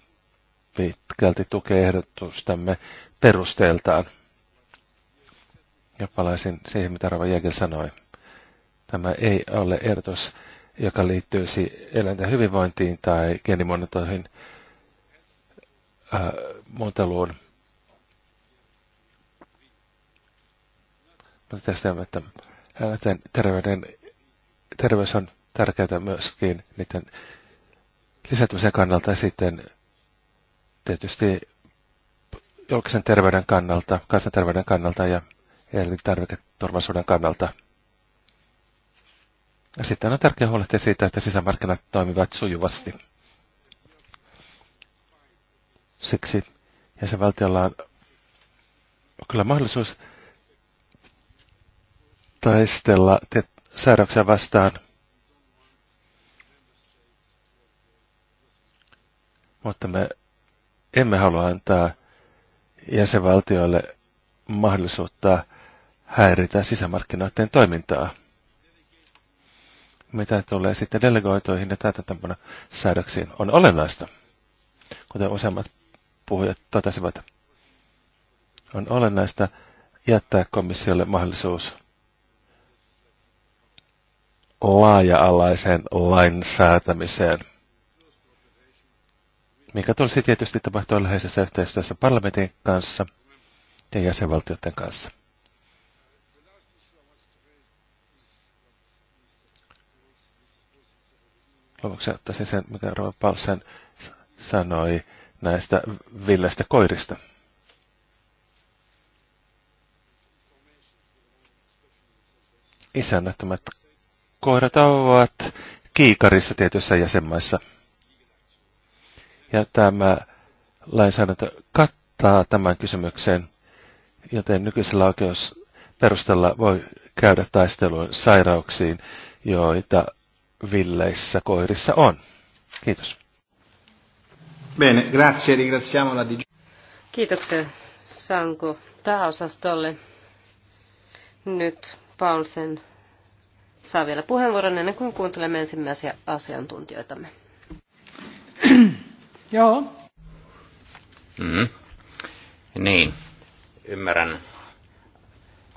pitkälti tukee ehdotustamme perusteeltaan. Ja palaisin siihen, mitä Rava Jägel sanoi. Tämä ei ole ehdotus, joka liittyisi eläinten hyvinvointiin tai geenimonitoihin äh, muunteluun. Mutta tästä että eläinten terveyden, terveys on tärkeää myöskin niiden lisätymisen kannalta ja sitten tietysti julkisen terveyden kannalta, kansanterveyden kannalta ja elintarviketurvallisuuden kannalta. Ja sitten on tärkeää huolehtia siitä, että sisämarkkinat toimivat sujuvasti. Siksi jäsenvaltiolla on kyllä mahdollisuus taistella te- sairauksia vastaan. Mutta me emme halua antaa jäsenvaltioille mahdollisuutta häiritä sisämarkkinoiden toimintaa. Mitä tulee sitten delegoitoihin ja täytäntöönpano säädöksiin, on olennaista, kuten useammat puhujat totesivat. On olennaista jättää komissiolle mahdollisuus laaja-alaiseen lainsäätämiseen, mikä tulisi tietysti tapahtua läheisessä yhteistyössä parlamentin kanssa ja jäsenvaltioiden kanssa. Lopuksi ottaisin sen, mikä Rova Paulsen sanoi näistä villestä koirista. isännättömät kohdat ovat kiikarissa tietyissä jäsenmaissa. Ja tämä lainsäädäntö kattaa tämän kysymyksen, joten nykyisellä perustella voi käydä taistelun sairauksiin, joita villeissä koirissa on. Kiitos. Bene, grazie, ringraziamo la Kiitoksia Sanko pääosastolle. Nyt Paulsen saa vielä puheenvuoron ennen kuin kuuntelemme ensimmäisiä asiantuntijoitamme. Joo. Mm-hmm. Niin, ymmärrän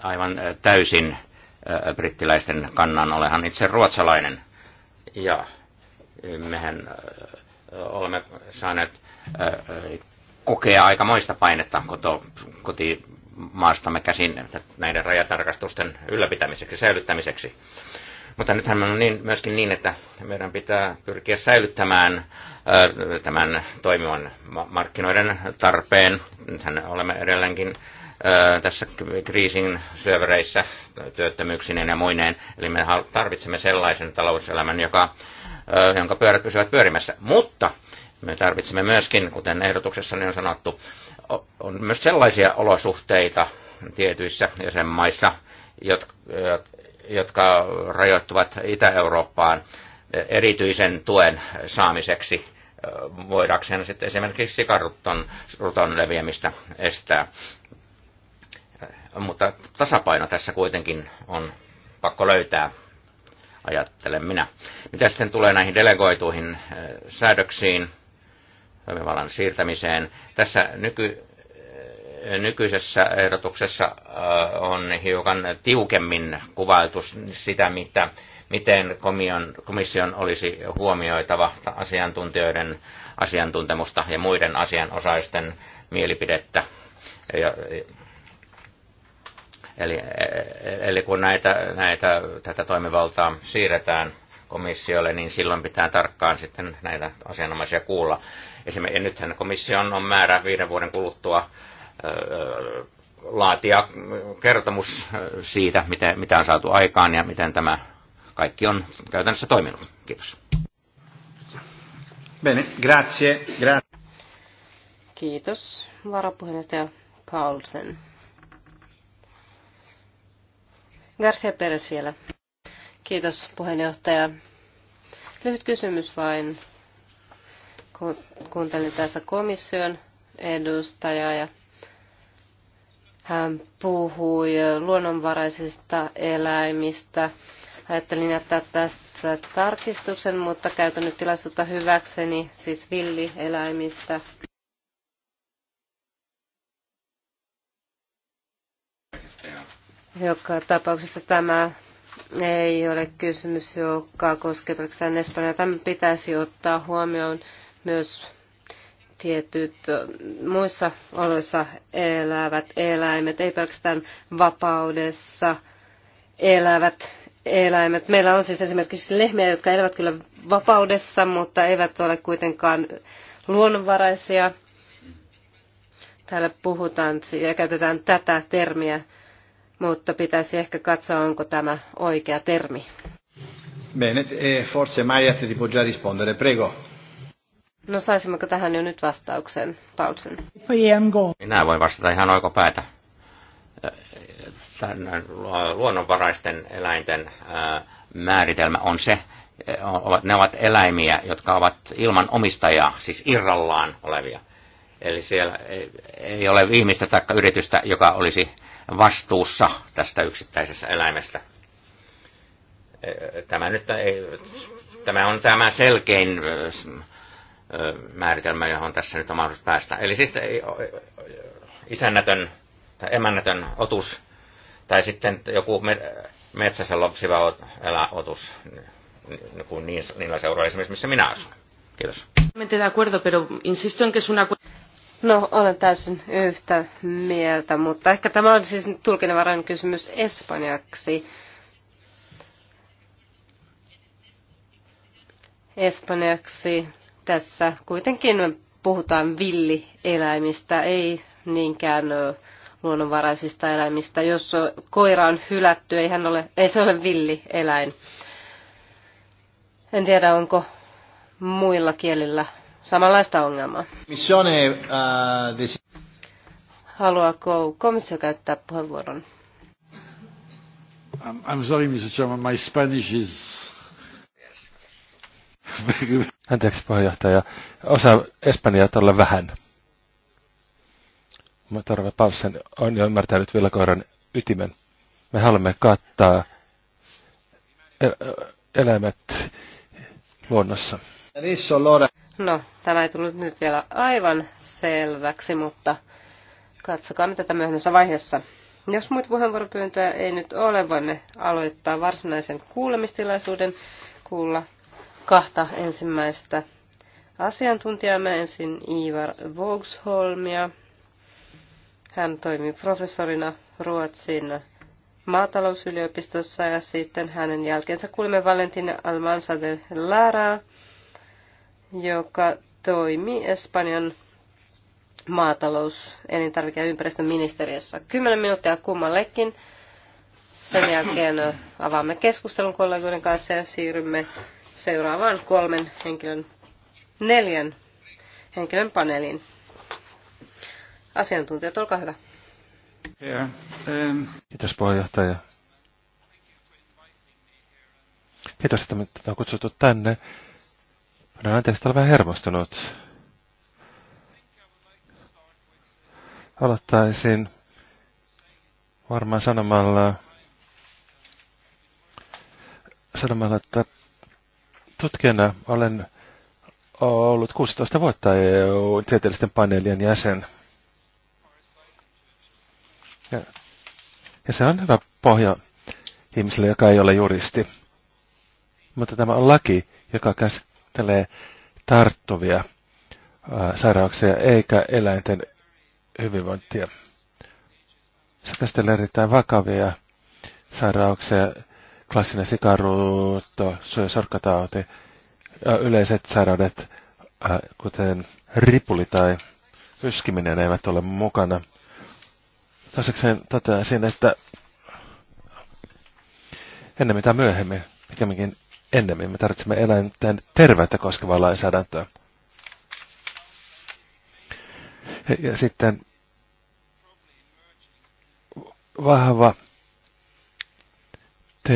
aivan äh, täysin äh, brittiläisten kannan. Olehan itse ruotsalainen. Ja äh, mehän olemme saaneet kokea aikamoista painetta koti maastamme käsin näiden rajatarkastusten ylläpitämiseksi, säilyttämiseksi. Mutta nythän on niin, myöskin niin, että meidän pitää pyrkiä säilyttämään tämän toimivan markkinoiden tarpeen. Nythän olemme edelleenkin tässä kriisin syövereissä työttömyyksineen ja muineen. Eli me tarvitsemme sellaisen talouselämän, joka, jonka pyörät pysyvät pyörimässä. Mutta me tarvitsemme myöskin, kuten ehdotuksessa on sanottu, on myös sellaisia olosuhteita tietyissä jäsenmaissa, jotka, jotka rajoittuvat Itä-Eurooppaan erityisen tuen saamiseksi voidakseen sitten esimerkiksi karuton leviämistä estää. Mutta tasapaino tässä kuitenkin on pakko löytää, ajattelen minä. Mitä sitten tulee näihin delegoituihin säädöksiin, toimivallan siirtämiseen. Tässä nyky, nykyisessä ehdotuksessa äh, on hiukan tiukemmin kuvailtu sitä, mitä, miten komion, komission olisi huomioitava asiantuntijoiden asiantuntemusta ja muiden asianosaisten mielipidettä. Ja, eli, eli kun näitä, näitä, tätä toimivaltaa siirretään komissiolle, niin silloin pitää tarkkaan sitten näitä asianomaisia kuulla. Esimerkiksi nythän komission on määrä viiden vuoden kuluttua laatia kertomus siitä, mitä, on saatu aikaan ja miten tämä kaikki on käytännössä toiminut. Kiitos. Bene, grazie. grazie. Kiitos, varapuheenjohtaja Paulsen. Garcia Perez vielä. Kiitos, puheenjohtaja. Lyhyt kysymys vain. Kuuntelin tässä komission edustajaa ja hän puhui luonnonvaraisista eläimistä. Ajattelin jättää tästä tarkistuksen, mutta käytän nyt tilaisuutta hyväkseni, siis villieläimistä. Joka tapauksessa tämä ei ole kysymys, joka koskee pelkästään Espanjaa. Tämä pitäisi ottaa huomioon myös tietyt muissa oloissa elävät eläimet, ei pelkästään vapaudessa elävät eläimet. Meillä on siis esimerkiksi lehmiä, jotka elävät kyllä vapaudessa, mutta eivät ole kuitenkaan luonnonvaraisia. Täällä puhutaan ja käytetään tätä termiä, mutta pitäisi ehkä katsoa, onko tämä oikea termi. Bene, e forse Maria ti può già rispondere, prego. No saisimmeko tähän jo nyt vastauksen, Paulsen? Minä voin vastata ihan oikopäätä. Tämän äh, äh, luonnonvaraisten eläinten äh, määritelmä on se, ne ovat eläimiä, jotka ovat ilman omistajaa, siis irrallaan olevia. Eli siellä ei ole ihmistä tai yritystä, joka olisi vastuussa tästä yksittäisestä eläimestä. Tämä, nyt ei, tämä on tämä selkein määritelmä, johon tässä nyt on mahdollista päästä. Eli siis isännätön tai emännätön otus tai sitten joku metsässä lopsiva eläotus niin niillä seuroilla esimerkiksi, missä minä asun. Kiitos. No, olen täysin yhtä mieltä, mutta ehkä tämä on siis tulkinnanvarainen kysymys espanjaksi. Espanjaksi tässä kuitenkin puhutaan villieläimistä, ei niinkään luonnonvaraisista eläimistä. Jos koira on hylätty, ei, hän ole, ei se ole villieläin. En tiedä, onko muilla kielillä samanlaista ongelmaa. Missione, äh, Haluaako komissio käyttää puheenvuoron? I'm, I'm sorry, Mr. Chairman, my Spanish is Anteeksi puheenjohtaja, osa Espanjaa tuolla vähän. Tarve Paulsen on jo ymmärtänyt villakoiran ytimen. Me haluamme kattaa eläimet luonnossa. No, tämä ei tullut nyt vielä aivan selväksi, mutta katsokaa mitä tätä myöhemmässä vaiheessa. Jos muita puheenvuoropyyntöjä ei nyt ole, voimme aloittaa varsinaisen kuulemistilaisuuden kuulla kahta ensimmäistä asiantuntijamme ensin Ivar Vogsholmia. Hän toimii professorina Ruotsin maatalousyliopistossa ja sitten hänen jälkeensä kuulimme Valentina Almanza de Lara, joka toimi Espanjan maatalous, ja ympäristöministeriössä. Kymmenen minuuttia kummallekin. Sen jälkeen avaamme keskustelun kollegoiden kanssa ja siirrymme seuraavaan kolmen henkilön, neljän henkilön paneeliin. Asiantuntijat, olkaa hyvä. Um, Kiitos puheenjohtaja. Kiitos, että minut on kutsuttu tänne. Minä anteeksi, että olen vähän hermostunut. Aloittaisin varmaan sanomalla, sanomalla, että Tutkijana olen ollut 16 vuotta EU-tieteellisten paneelien jäsen. Ja, ja se on hyvä pohja ihmiselle, joka ei ole juristi. Mutta tämä on laki, joka käsittelee tarttuvia ää, sairauksia eikä eläinten hyvinvointia. Se käsittelee erittäin vakavia sairauksia, klassinen sikaruutto, syö sorkkatauti, yleiset sairaudet, äh, kuten ripuli tai yskiminen eivät ole mukana. Toisekseen toteaisin, että ennen mitä myöhemmin, pikemminkin ennemmin, me tarvitsemme eläinten terveyttä koskevaa lainsäädäntöä. Ja sitten vahva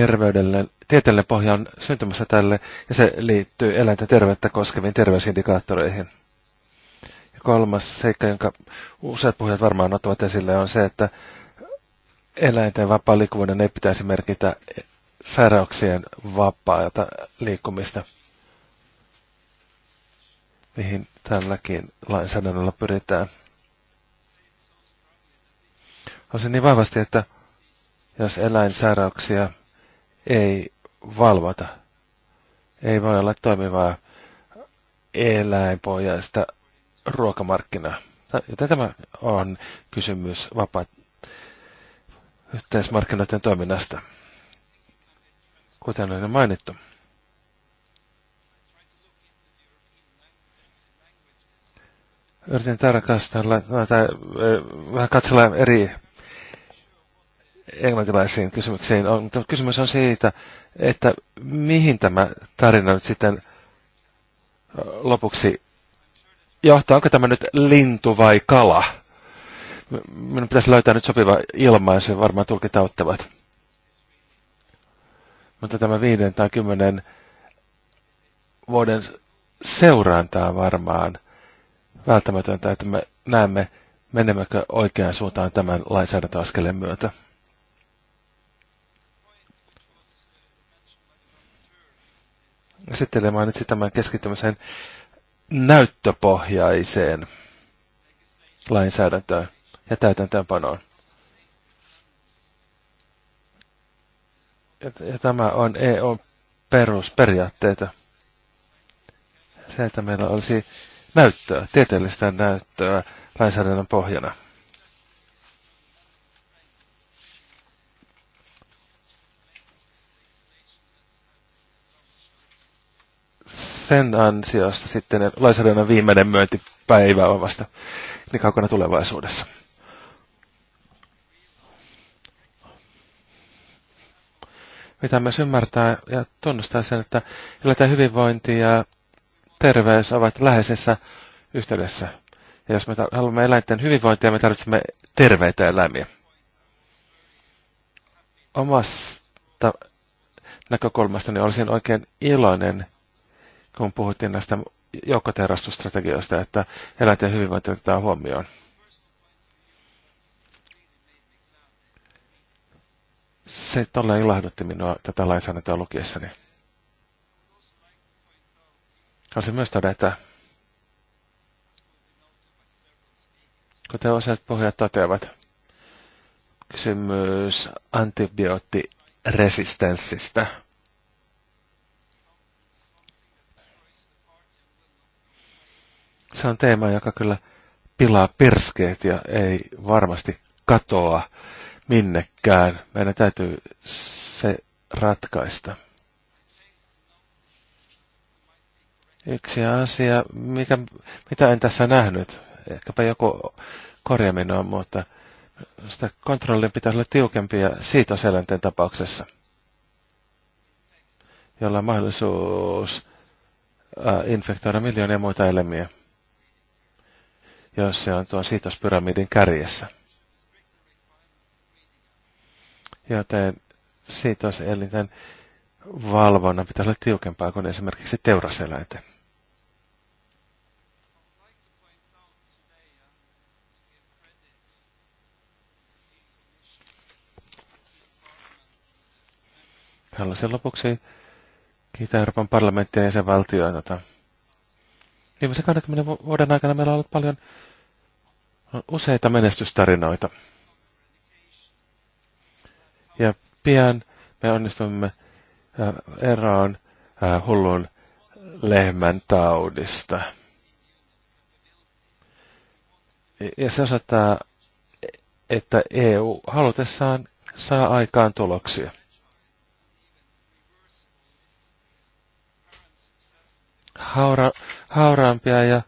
terveydelle, tieteellinen pohja on syntymässä tälle, ja se liittyy eläinten terveyttä koskeviin terveysindikaattoreihin. Ja kolmas seikka, jonka useat puhujat varmaan ottavat esille, on se, että eläinten vapaa liikkuvuuden ei pitäisi merkitä sairauksien vapaata liikkumista, mihin tälläkin lainsäädännöllä pyritään. On se niin vahvasti, että jos eläinsairauksia ei valvota. Ei voi olla toimivaa eläinpohjaista ruokamarkkinaa. Joten tämä on kysymys vapaa yhteismarkkinoiden toiminnasta, kuten on mainittu. Yritin tarkastella, tai vähän katsella eri englantilaisiin kysymyksiin on, mutta kysymys on siitä, että mihin tämä tarina nyt sitten lopuksi johtaa. Onko tämä nyt lintu vai kala? Minun pitäisi löytää nyt sopiva ilmaisu, varmaan tulkita ottavat. Mutta tämä viiden tai kymmenen vuoden seuranta on varmaan välttämätöntä, että me näemme, menemmekö oikeaan suuntaan tämän lainsäädäntöaskeleen myötä. esittelee mainitsi tämän keskittymisen näyttöpohjaiseen lainsäädäntöön ja täytäntöönpanoon. Ja tämä on EUn perusperiaatteita. Se, että meillä olisi näyttöä, tieteellistä näyttöä lainsäädännön pohjana. sen ansiosta sitten lainsäädännön viimeinen myöntipäivä on vasta niin kaukana tulevaisuudessa. Mitä myös ymmärtää ja tunnustaa sen, että elätään hyvinvointi ja terveys ovat läheisessä yhteydessä. Ja jos me haluamme eläinten hyvinvointia, me tarvitsemme terveitä eläimiä. Omasta näkökulmastani olisin oikein iloinen, kun puhuttiin näistä joukkoterrastusstrategioista, että eläinten hyvinvointi otetaan huomioon. Se tolleen ilahdutti minua tätä lainsäädäntöä lukiessani. Haluaisin myös todeta, kuten useat pohjat toteavat, kysymys antibioottiresistenssistä – se on teema, joka kyllä pilaa perskeet ja ei varmasti katoa minnekään. Meidän täytyy se ratkaista. Yksi asia, mikä, mitä en tässä nähnyt, ehkäpä joku korjaminen on mutta sitä kontrollin pitäisi olla tiukempi ja siitä selänteen tapauksessa, jolla on mahdollisuus äh, infektoida miljoonia muita elämiä jos se on tuon siitospyramidin kärjessä. Joten siitoselinten valvonnan pitää olla tiukempaa kuin esimerkiksi teuraseläinten. Haluaisin lopuksi kiittää Euroopan parlamenttia ja sen valtioita tuota Viimeisen 20 vuoden aikana meillä on ollut paljon useita menestystarinoita. Ja pian me onnistumme äh, eroon äh, hullun lehmän taudista. Ja se osoittaa, että EU halutessaan saa aikaan tuloksia. haura, hauraampia ja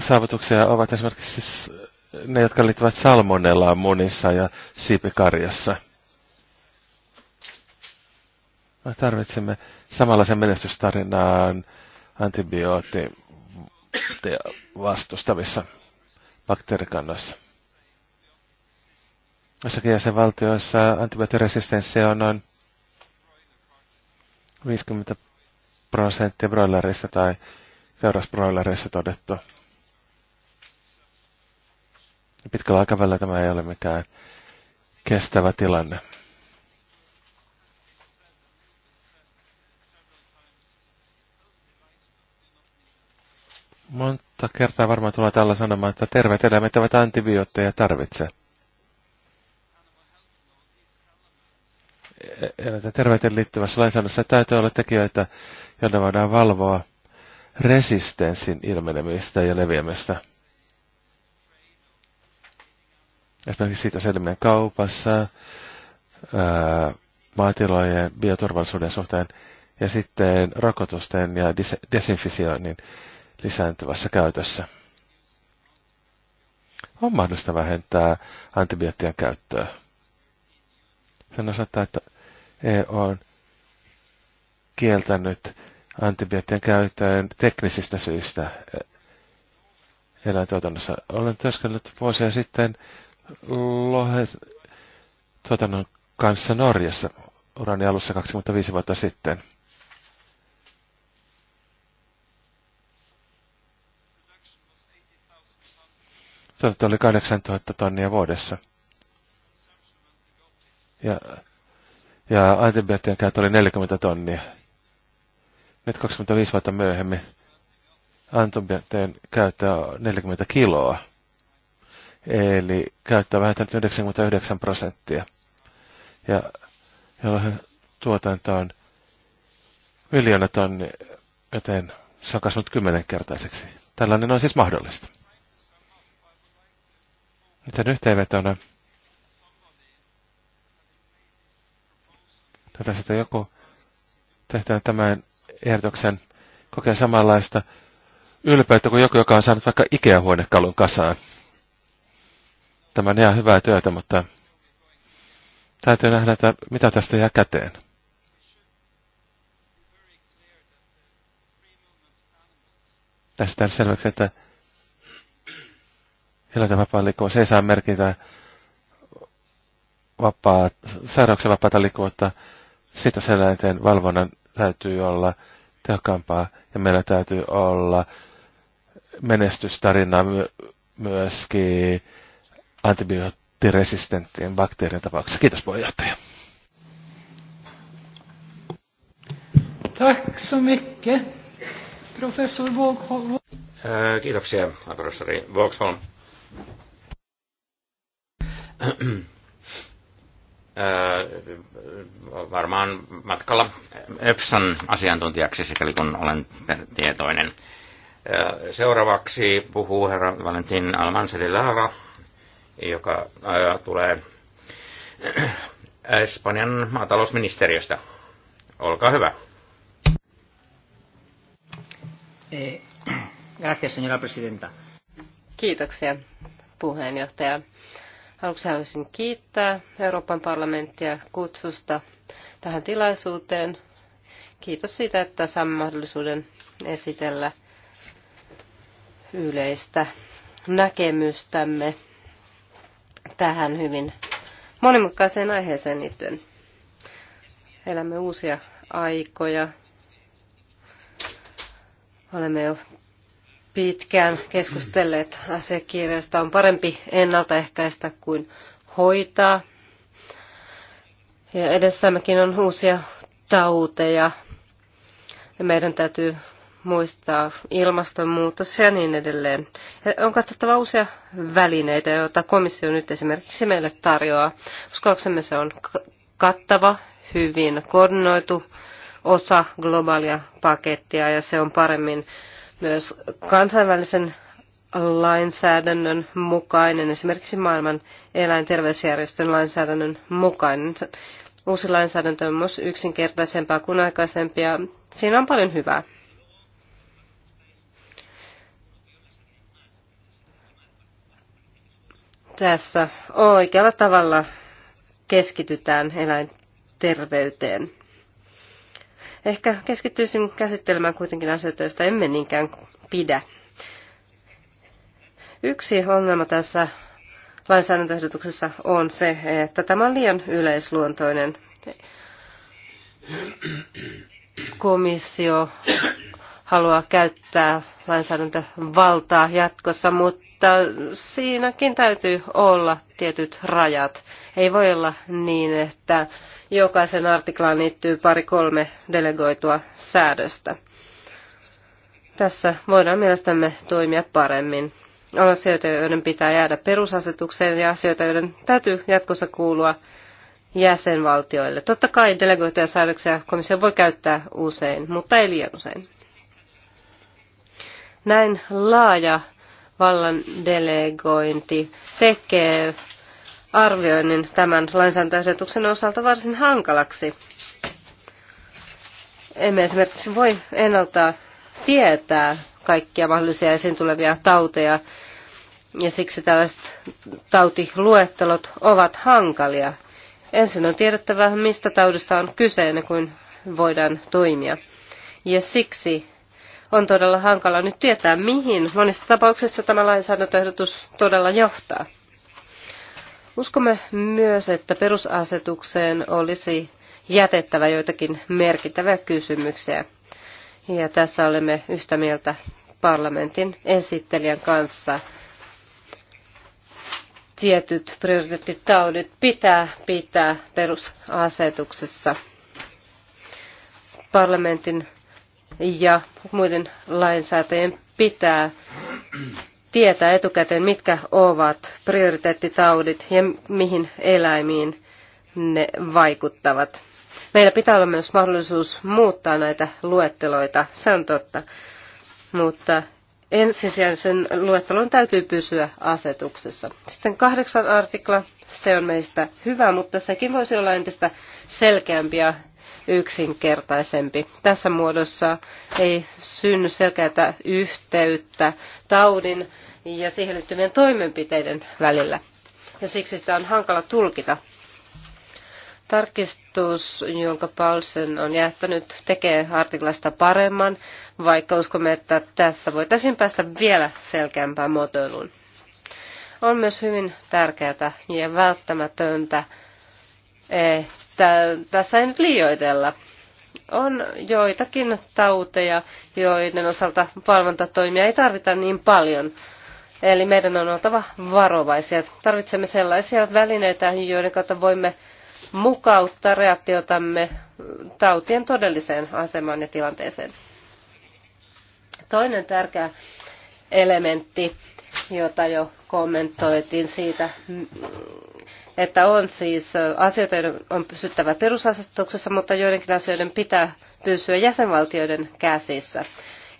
saavutuksia ovat esimerkiksi siis ne, jotka liittyvät salmonellaan munissa ja siipikarjassa. Me tarvitsemme samanlaisen menestystarinaan antibiootteja vastustavissa bakteerikannoissa. Jossakin jäsenvaltioissa antibioottiresistenssi on noin 50 prosenttia broilerissa tai teurasbroilerissa todettu. Pitkällä aikavälillä tämä ei ole mikään kestävä tilanne. Monta kertaa varmaan tulee tällä sanomaan, että terveet eläimet eivät antibiootteja tarvitse. terveyteen liittyvässä lainsäädännössä täytyy olla tekijöitä, joilla voidaan valvoa resistenssin ilmenemistä ja leviämistä. Esimerkiksi siitä selviäminen kaupassa, ää, maatilojen bioturvallisuuden suhteen ja sitten rokotusten ja desinfisioinnin lisääntyvässä käytössä. On mahdollista vähentää antibioottien käyttöä. Sen osoittaa, että EU on kieltänyt antibioottien käyttöön teknisistä syistä eläintuotannossa. Olen työskennellyt vuosia sitten lohet kanssa Norjassa urani alussa 25 vuotta sitten. Tuotanto oli 8000 tonnia vuodessa. Ja ja antibioottien käyttö oli 40 tonnia. Nyt 25 vuotta myöhemmin antibioottien käyttö on 40 kiloa. Eli käyttö on vähentänyt 99 prosenttia. Ja jolloin tuotanto on miljoona tonni, joten se on kasvanut kymmenenkertaiseksi. Tällainen on siis mahdollista. Miten yhteenvetona? Joten sitä joku tehdään tämän ehdotuksen kokea samanlaista ylpeyttä kuin joku, joka on saanut vaikka Ikea-huonekalun kasaan. Tämä on ihan hyvää työtä, mutta täytyy nähdä, että mitä tästä jää käteen. Tästä on selväksi, että eläinten vapaan liikkuvuus ei saa merkitä vapaa, sairauksen vapaata liikkuvuutta sitoseläinten valvonnan täytyy olla tehokkaampaa ja meillä täytyy olla menestystarina myöskin antibioottiresistenttien bakteerien tapauksessa. Kiitos puheenjohtaja. Tack så mycket, professor Vågholm. Äh, kiitoksia, professori Vågholm varmaan matkalla EPSAn asiantuntijaksi, sikäli kun olen tietoinen. Seuraavaksi puhuu herra Valentin Almanseli Lara, joka tulee Espanjan maatalousministeriöstä. Olkaa hyvä. Eh, gracias, señora presidenta. Kiitoksia, puheenjohtaja. Aluksi haluaisin kiittää Euroopan parlamenttia kutsusta tähän tilaisuuteen. Kiitos siitä, että saamme mahdollisuuden esitellä yleistä näkemystämme tähän hyvin monimutkaiseen aiheeseen liittyen. Elämme uusia aikoja. Olemme jo pitkään keskustelleet asiakirjasta. On parempi ennaltaehkäistä kuin hoitaa. Ja edessämmekin on uusia tauteja. Ja meidän täytyy muistaa ilmastonmuutos ja niin edelleen. Ja on katsottava uusia välineitä, joita komissio nyt esimerkiksi meille tarjoaa. Uskoaksemme se on kattava, hyvin koordinoitu osa globaalia pakettia ja se on paremmin myös kansainvälisen lainsäädännön mukainen, esimerkiksi maailman eläinterveysjärjestön lainsäädännön mukainen. Uusi lainsäädäntö on myös yksinkertaisempaa kuin aikaisempia. siinä on paljon hyvää. Tässä oikealla tavalla keskitytään eläinterveyteen. Ehkä keskittyisin käsittelemään kuitenkin asioita, joista emme niinkään pidä. Yksi ongelma tässä lainsäädäntöehdotuksessa on se, että tämä on liian yleisluontoinen. Komissio haluaa käyttää lainsäädäntövaltaa jatkossa, mutta siinäkin täytyy olla tietyt rajat. Ei voi olla niin, että jokaisen artiklaan liittyy pari-kolme delegoitua säädöstä. Tässä voidaan mielestämme toimia paremmin. On asioita, joiden pitää jäädä perusasetukseen ja asioita, joiden täytyy jatkossa kuulua jäsenvaltioille. Totta kai delegoituja säädöksiä komissio voi käyttää usein, mutta ei liian usein. Näin laaja vallan delegointi tekee arvioinnin tämän lainsäädäntöehdotuksen osalta varsin hankalaksi. Emme esimerkiksi voi ennalta tietää kaikkia mahdollisia esiin tulevia tauteja, ja siksi tällaiset tautiluettelot ovat hankalia. Ensin on tiedettävä, mistä taudista on kyse ennen kuin voidaan toimia. Ja siksi on todella hankala nyt tietää, mihin monissa tapauksissa tämä lainsäädäntöehdotus todella johtaa. Uskomme myös, että perusasetukseen olisi jätettävä joitakin merkittäviä kysymyksiä. Ja tässä olemme yhtä mieltä parlamentin esittelijän kanssa. Tietyt prioriteettitaudit pitää pitää perusasetuksessa. Parlamentin ja muiden lainsäätäjien pitää tietää etukäteen, mitkä ovat prioriteettitaudit ja mihin eläimiin ne vaikuttavat. Meillä pitää olla myös mahdollisuus muuttaa näitä luetteloita, se on totta, mutta ensisijaisen luettelon täytyy pysyä asetuksessa. Sitten kahdeksan artikla, se on meistä hyvä, mutta sekin voisi olla entistä selkeämpi ja yksinkertaisempi. Tässä muodossa ei synny selkeää yhteyttä taudin ja siihen liittyvien toimenpiteiden välillä. Ja siksi sitä on hankala tulkita. Tarkistus, jonka Paulsen on jättänyt, tekee artiklasta paremman, vaikka uskomme, että tässä voitaisiin päästä vielä selkeämpään muotoiluun. On myös hyvin tärkeää ja välttämätöntä, tässä ei nyt liioitella. On joitakin tauteja, joiden osalta valvontatoimia ei tarvita niin paljon. Eli meidän on oltava varovaisia. Tarvitsemme sellaisia välineitä, joiden kautta voimme mukauttaa reaktiotamme tautien todelliseen asemaan ja tilanteeseen. Toinen tärkeä elementti, jota jo kommentoitiin siitä, että on siis asioita, joiden on pysyttävä perusasetuksessa, mutta joidenkin asioiden pitää pysyä jäsenvaltioiden käsissä.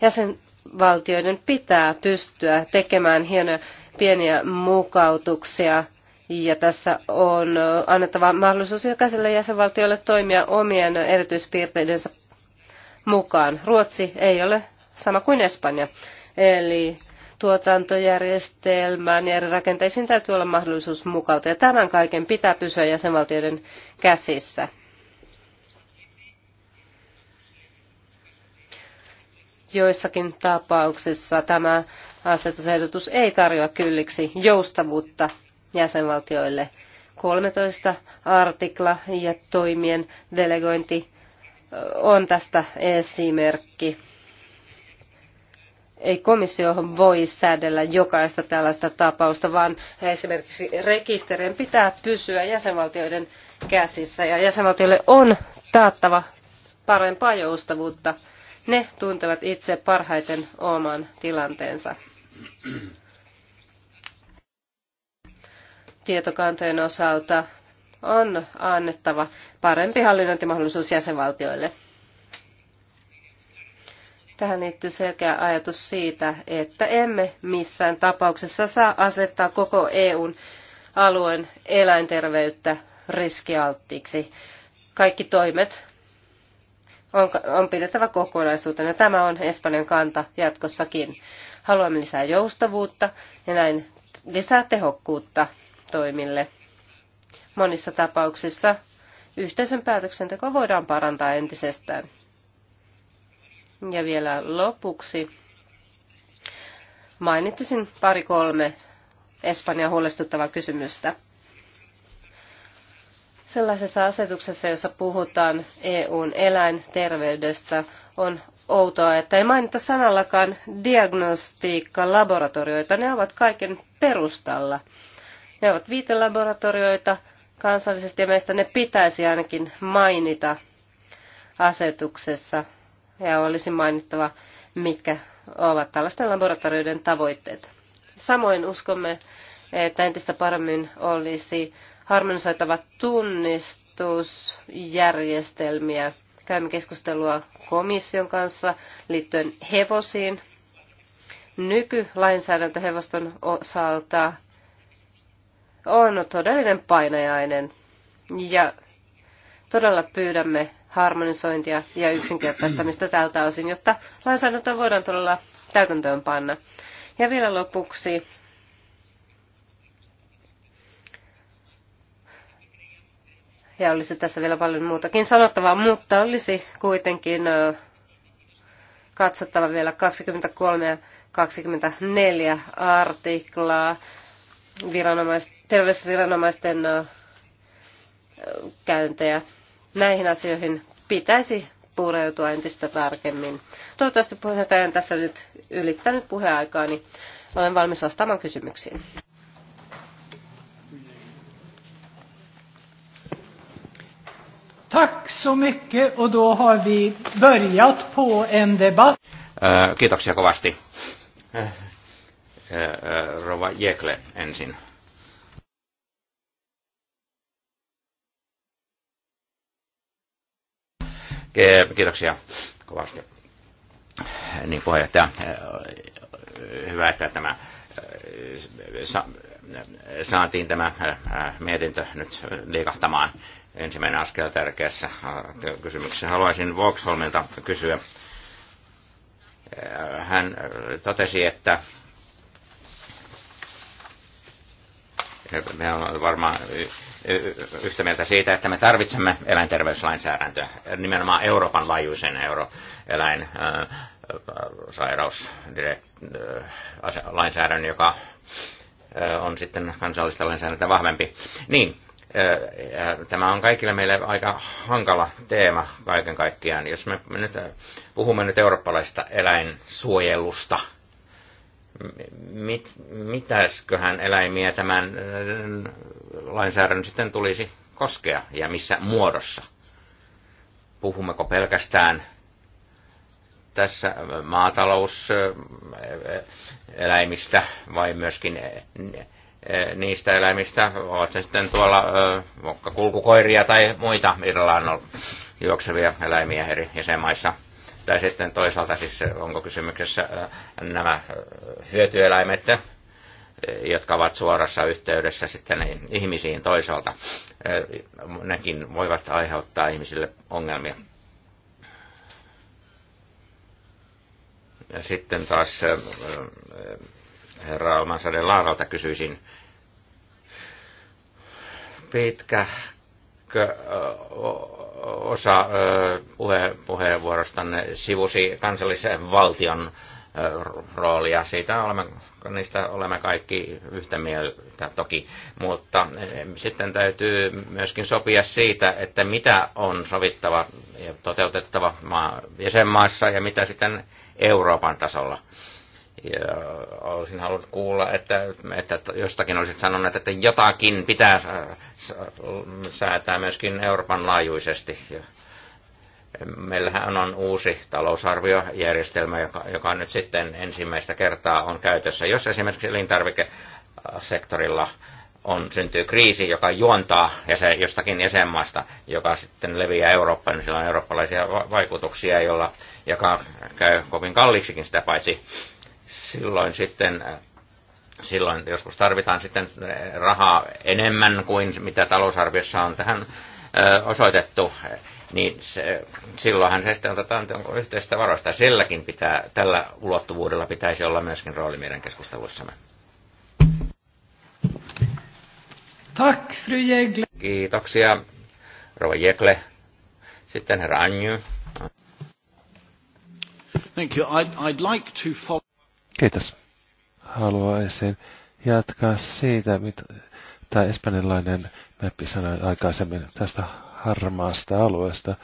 Jäsenvaltioiden pitää pystyä tekemään hienoja pieniä mukautuksia ja tässä on annettava mahdollisuus jokaiselle jäsenvaltiolle toimia omien erityispiirteidensä mukaan. Ruotsi ei ole sama kuin Espanja. Eli tuotantojärjestelmään ja eri rakenteisiin täytyy olla mahdollisuus mukautua. Ja tämän kaiken pitää pysyä jäsenvaltioiden käsissä. Joissakin tapauksissa tämä asetusehdotus ei tarjoa kylliksi joustavuutta jäsenvaltioille. 13 artikla ja toimien delegointi on tästä esimerkki ei komissio voi säädellä jokaista tällaista tapausta, vaan esimerkiksi rekisterien pitää pysyä jäsenvaltioiden käsissä ja jäsenvaltioille on taattava parempaa joustavuutta. Ne tuntevat itse parhaiten oman tilanteensa. Tietokantojen osalta on annettava parempi hallinnointimahdollisuus jäsenvaltioille. Tähän liittyy selkeä ajatus siitä, että emme missään tapauksessa saa asettaa koko EUn alueen eläinterveyttä riskialttiiksi. Kaikki toimet on, on pidettävä kokonaisuutena. Tämä on Espanjan kanta jatkossakin. Haluamme lisää joustavuutta ja näin lisää tehokkuutta toimille. Monissa tapauksissa yhteisön päätöksenteko voidaan parantaa entisestään. Ja vielä lopuksi mainitsin pari kolme Espanja huolestuttavaa kysymystä. Sellaisessa asetuksessa, jossa puhutaan EUn eläinterveydestä, on outoa, että ei mainita sanallakaan laboratorioita Ne ovat kaiken perustalla. Ne ovat viitelaboratorioita kansallisesti ja meistä ne pitäisi ainakin mainita asetuksessa ja olisi mainittava, mitkä ovat tällaisten laboratorioiden tavoitteet. Samoin uskomme, että entistä paremmin olisi harmonisoitava tunnistusjärjestelmiä. Käymme keskustelua komission kanssa liittyen hevosiin. Nykylainsäädäntö hevoston osalta on todellinen painajainen ja todella pyydämme, harmonisointia ja yksinkertaistamista tältä osin, jotta lainsäädäntöä voidaan todella täytäntöön panna. Ja vielä lopuksi ja olisi tässä vielä paljon muutakin sanottavaa, mutta olisi kuitenkin katsottava vielä 23 ja 24 artiklaa viranomaisten terveysviranomaisten käyntejä Näihin asioihin pitäisi pureutua entistä tarkemmin. Toivottavasti puheenjohtaja en tässä nyt ylittänyt puheaikaa, Niin olen valmis vastaamaan kysymyksiin. Tack så mycket och då har vi börjat på en debatt. Kiitoksia kovasti. Rova Jekle ensin. Kiitoksia kovasti. Niin puheenjohtaja, hyvä, että tämä saatiin tämä mietintö nyt liikahtamaan ensimmäinen askel tärkeässä kysymyksessä. Haluaisin Vauxholmilta kysyä. Hän totesi, että me on varmaan yhtä mieltä siitä, että me tarvitsemme eläinterveyslainsäädäntöä, nimenomaan Euroopan laajuisen euro eläinsairauslainsäädännön, joka on sitten kansallista lainsäädäntöä vahvempi. Niin, tämä on kaikille meille aika hankala teema kaiken kaikkiaan. Jos me nyt puhumme nyt eurooppalaisesta eläinsuojelusta, mit, mitäsköhän eläimiä tämän äh, lainsäädännön sitten tulisi koskea ja missä muodossa? Puhummeko pelkästään tässä maatalouseläimistä äh, vai myöskin äh, niistä eläimistä, ovat se sitten tuolla vaikka kulkukoiria tai muita irlaan juoksevia eläimiä eri jäsenmaissa – tai sitten toisaalta siis onko kysymyksessä äh, nämä äh, hyötyeläimet, äh, jotka ovat suorassa yhteydessä sitten ihmisiin toisaalta. Nekin voivat aiheuttaa ihmisille ongelmia. Ja sitten taas herra Almansaden Laaralta kysyisin, pitkä osa puheenvuorostanne sivusi kansallisen valtion roolia. Siitä olemme, niistä olemme kaikki yhtä mieltä toki, mutta e, sitten täytyy myöskin sopia siitä, että mitä on sovittava ja toteutettava jäsenmaassa ja mitä sitten Euroopan tasolla ja olisin halunnut kuulla, että, että jostakin olisit sanonut, että jotakin pitää säätää myöskin Euroopan laajuisesti. Meillähän on uusi talousarviojärjestelmä, joka, joka nyt sitten ensimmäistä kertaa on käytössä. Jos esimerkiksi elintarvikesektorilla on, syntyy kriisi, joka juontaa jäsen, jostakin jäsenmaasta, joka sitten leviää Eurooppaan, niin sillä on eurooppalaisia vaikutuksia, jolla, joka käy kovin kalliiksikin sitä paitsi silloin sitten silloin joskus tarvitaan sitten rahaa enemmän kuin mitä talousarviossa on tähän osoitettu, niin se, silloinhan se sitten otetaan yhteistä varoista. Silläkin pitää, tällä ulottuvuudella pitäisi olla myöskin rooli meidän keskusteluissamme. Tack, fru Jägle. Kiitoksia, rouva Jekle. Sitten herra Anju. Thank you. I'd, I'd like to follow... Kiitos. Haluaisin jatkaa siitä, mitä tämä espanjalainen meppi sanoi aikaisemmin tästä harmaasta alueesta,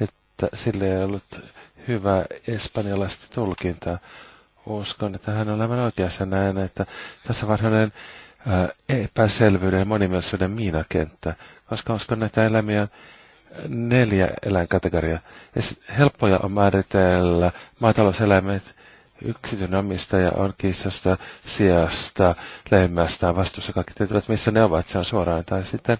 että sille ei ollut hyvä espanjalaista tulkintaa. Uskon, että hän on aivan oikeassa näin, että tässä varhainen äh, epäselvyyden ja monimielisyyden miinakenttä, koska uskon näitä eläimiä neljä eläinkategoriaa. Ja helppoja on määritellä maatalouseläimet, yksityinen omistaja on kissasta, sijasta, lehmästä, vastuussa. Kaikki tietävät, missä ne ovat. Se on suoraan. Tai sitten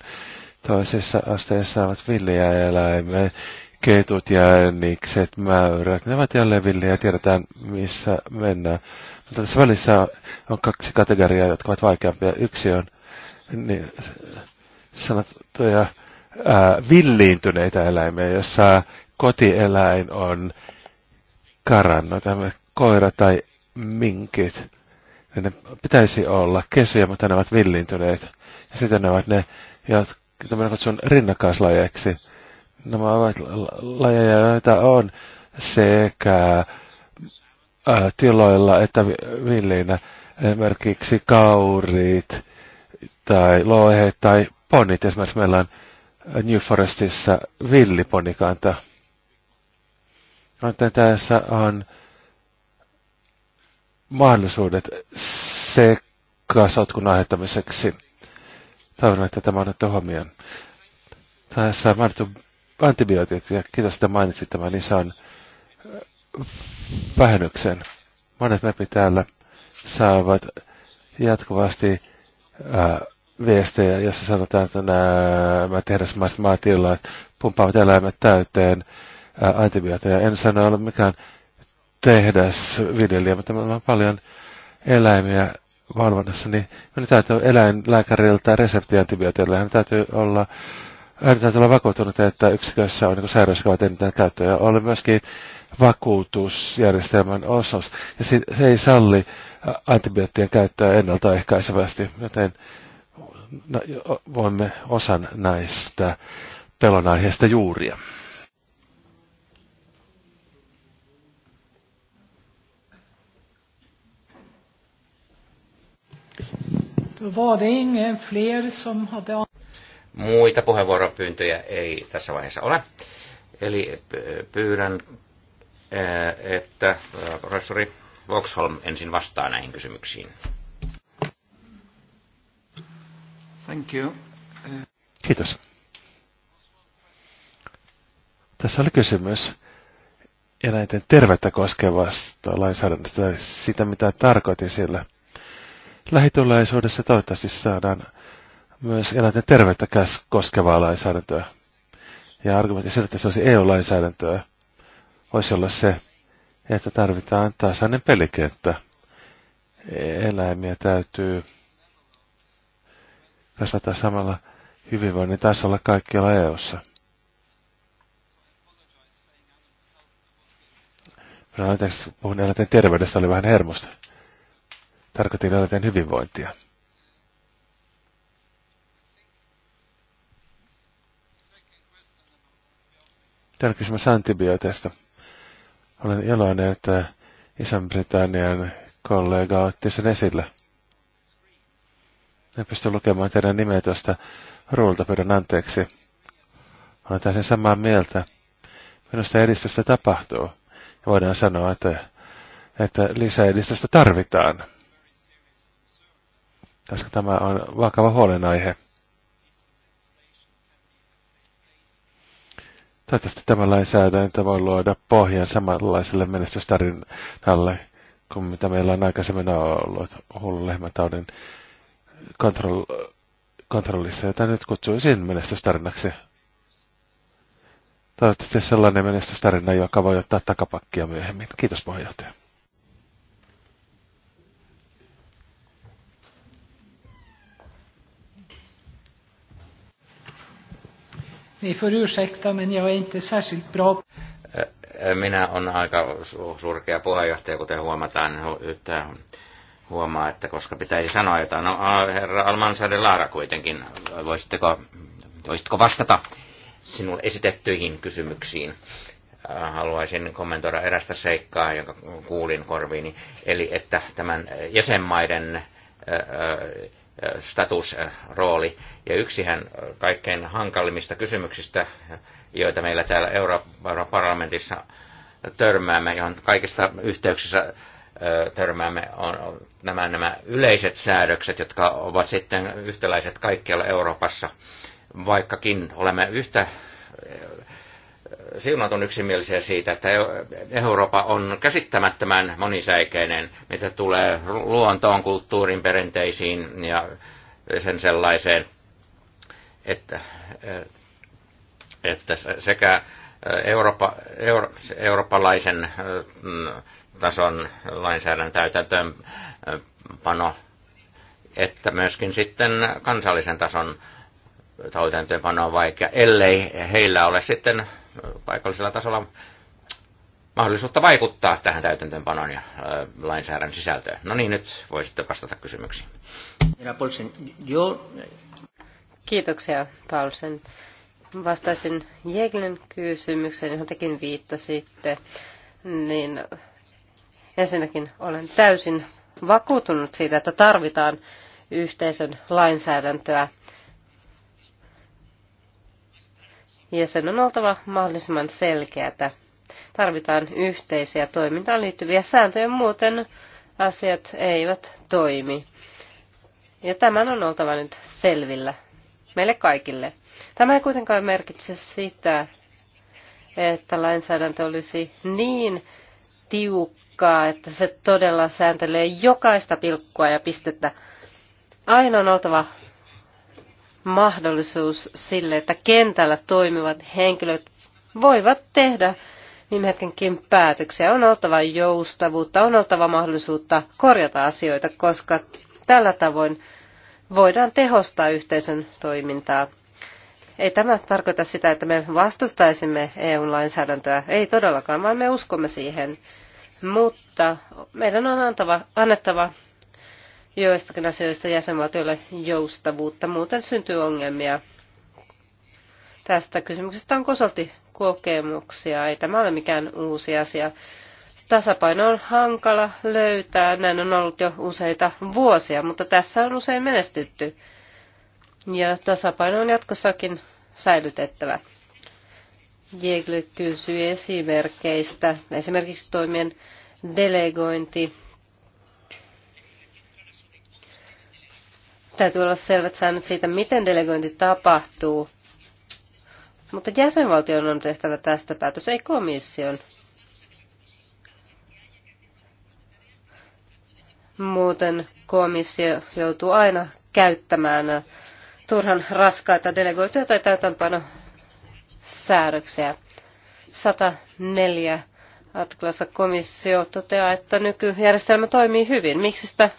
toisessa asteessa ovat villieläimet, ketut, jännikset, mäyrät. Ne ovat jälleen villiä ja tiedetään, missä mennään. Mutta tässä välissä on kaksi kategoriaa, jotka ovat vaikeampia. Yksi on niin, sanottuja ää, villiintyneitä eläimiä, jossa kotieläin on karannut koira tai minkit. Ne pitäisi olla kesyjä, mutta ne ovat villintyneet. Ja sitten ne ovat ne, jotka minä kutsun rinnakkaislajeiksi. Nämä ovat lajeja, joita on sekä tiloilla että villinä. Esimerkiksi kaurit tai loheet tai ponit. Esimerkiksi meillä on New Forestissa villiponikanta. tässä on mahdollisuudet sekasotkun aiheuttamiseksi. Toivon, että tämä on huomioon. Tässä on mainittu antibiootit ja kiitos, että mainitsit tämän lisän äh, vähennyksen. Monet mepi täällä saavat jatkuvasti ää, äh, viestejä, jossa sanotaan, että nämä tehdasmaiset maatilat pumppaavat eläimet täyteen ää, äh, En sano ole mikään tehdas viljelijä, mutta on paljon eläimiä valvonnassa, niin hänen täytyy eläinlääkäriltä reseptiantibiooteilla, hän täytyy olla hän täytyy olla vakuuttunut, että yksikössä on niin sairaus, joka ovat eniten käyttöä. Ja oli myöskin vakuutusjärjestelmän osuus. Ja se ei salli antibioottien käyttöä ennaltaehkäisevästi, joten no, voimme osan näistä pelonaiheista juuria. Muita puheenvuoropyyntöjä ei tässä vaiheessa ole. Eli pyydän, eh, että eh, professori Voxholm ensin vastaa näihin kysymyksiin. Thank you. Kiitos. Tässä oli kysymys eläinten terveyttä koskevasta lainsäädännöstä, sitä mitä tarkoitin sillä – lähitulaisuudessa toivottavasti saadaan myös eläinten terveyttä koskevaa lainsäädäntöä. Ja argumentti sille, että se olisi EU-lainsäädäntöä, voisi olla se, että tarvitaan tasainen pelikenttä. Eläimiä täytyy kasvattaa samalla hyvinvoinnin tasolla kaikkialla EU-ssa. anteeksi, puhun eläinten terveydestä, oli vähän hermosta tarkoitin eläinten hyvinvointia. Tämä kysymys antibiooteista. Olen iloinen, että Iso-Britannian kollega otti sen esille. En pysty lukemaan teidän nimeä tuosta ruulta, pyydän anteeksi. Olen täysin samaa mieltä. Minusta edistystä tapahtuu. Ja voidaan sanoa, että, että lisäedistystä tarvitaan koska tämä on vakava huolenaihe. Toivottavasti tämä lainsäädäntö voi luoda pohjan samanlaiselle menestystarinalle kuin mitä meillä on aikaisemmin ollut hullun lehmätaudin kontrol, kontrollissa, jota nyt kutsuisin menestystarinaksi. Toivottavasti sellainen menestystarina, joka voi ottaa takapakkia myöhemmin. Kiitos puheenjohtaja. Ni får ursäkta, men jag är inte särskilt bra. Eh, minä on aika surkea puheenjohtaja, kuten huomataan. että eh, huomaa, että koska pitäisi sanoa jotain. No, ah, herra Almansade Laara kuitenkin, voisitteko, voisitko vastata sinulle esitettyihin kysymyksiin? Ah, haluaisin kommentoida erästä seikkaa, jonka kuulin korviini, eli että tämän jäsenmaiden eh, statusrooli. Ja yksihän kaikkein hankalimmista kysymyksistä, joita meillä täällä Euroopan parlamentissa törmäämme, johon kaikista yhteyksissä törmäämme, on nämä, nämä yleiset säädökset, jotka ovat sitten yhtäläiset kaikkialla Euroopassa. Vaikkakin olemme yhtä siunaton yksimielisiä siitä, että Eurooppa on käsittämättömän monisäikeinen, mitä tulee luontoon, kulttuurin, perinteisiin ja sen sellaiseen, että, että sekä Eurooppa, euro, eurooppalaisen mm, tason lainsäädännön täytäntöönpano, että myöskin sitten kansallisen tason täytäntöönpano on vaikea, ellei heillä ole sitten paikallisella tasolla mahdollisuutta vaikuttaa tähän täytäntöönpanoon ja lainsäädännön sisältöön. No niin, nyt voisitte vastata kysymyksiin. Kiitoksia, Paulsen. Vastaisin Jeglin kysymykseen, johon tekin viittasitte. Niin ensinnäkin olen täysin vakuutunut siitä, että tarvitaan yhteisön lainsäädäntöä ja sen on oltava mahdollisimman selkeätä. Tarvitaan yhteisiä toimintaan liittyviä sääntöjä, muuten asiat eivät toimi. Ja tämän on oltava nyt selvillä meille kaikille. Tämä ei kuitenkaan merkitse sitä, että lainsäädäntö olisi niin tiukkaa, että se todella sääntelee jokaista pilkkua ja pistettä. Aina on oltava mahdollisuus sille, että kentällä toimivat henkilöt voivat tehdä viime hetkenkin päätöksiä. On oltava joustavuutta, on oltava mahdollisuutta korjata asioita, koska tällä tavoin voidaan tehostaa yhteisön toimintaa. Ei tämä tarkoita sitä, että me vastustaisimme EU-lainsäädäntöä. Ei todellakaan, vaan me uskomme siihen. Mutta meidän on antava, annettava joistakin asioista jäsenvaltioille joustavuutta, muuten syntyy ongelmia. Tästä kysymyksestä on kosolti kokemuksia, ei tämä ole mikään uusi asia. Tasapaino on hankala löytää, näin on ollut jo useita vuosia, mutta tässä on usein menestytty. Ja tasapaino on jatkossakin säilytettävä. Jegle kysyi esimerkkeistä, esimerkiksi toimien delegointi Täytyy olla selvät säännöt siitä, miten delegointi tapahtuu. Mutta jäsenvaltion on tehtävä tästä päätös, ei komission. Muuten komissio joutuu aina käyttämään turhan raskaita delegoituja tai täytäntöpano säädöksiä. 104 artiklassa komissio toteaa, että nykyjärjestelmä toimii hyvin. Miksi sitä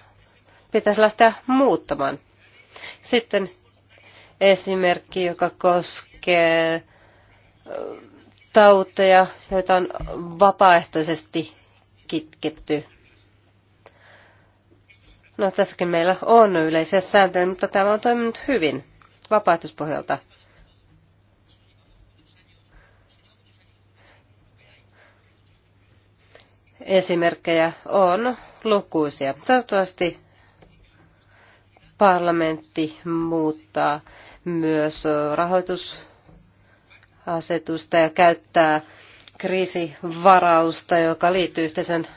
pitäisi lähteä muuttamaan? Sitten esimerkki, joka koskee tauteja, joita on vapaaehtoisesti kitketty. No tässäkin meillä on yleisiä sääntöjä, mutta tämä on toiminut hyvin vapaaehtoispohjalta. Esimerkkejä on lukuisia. Toivottavasti parlamentti muuttaa myös rahoitusasetusta ja käyttää kriisivarausta, joka liittyy yhteisen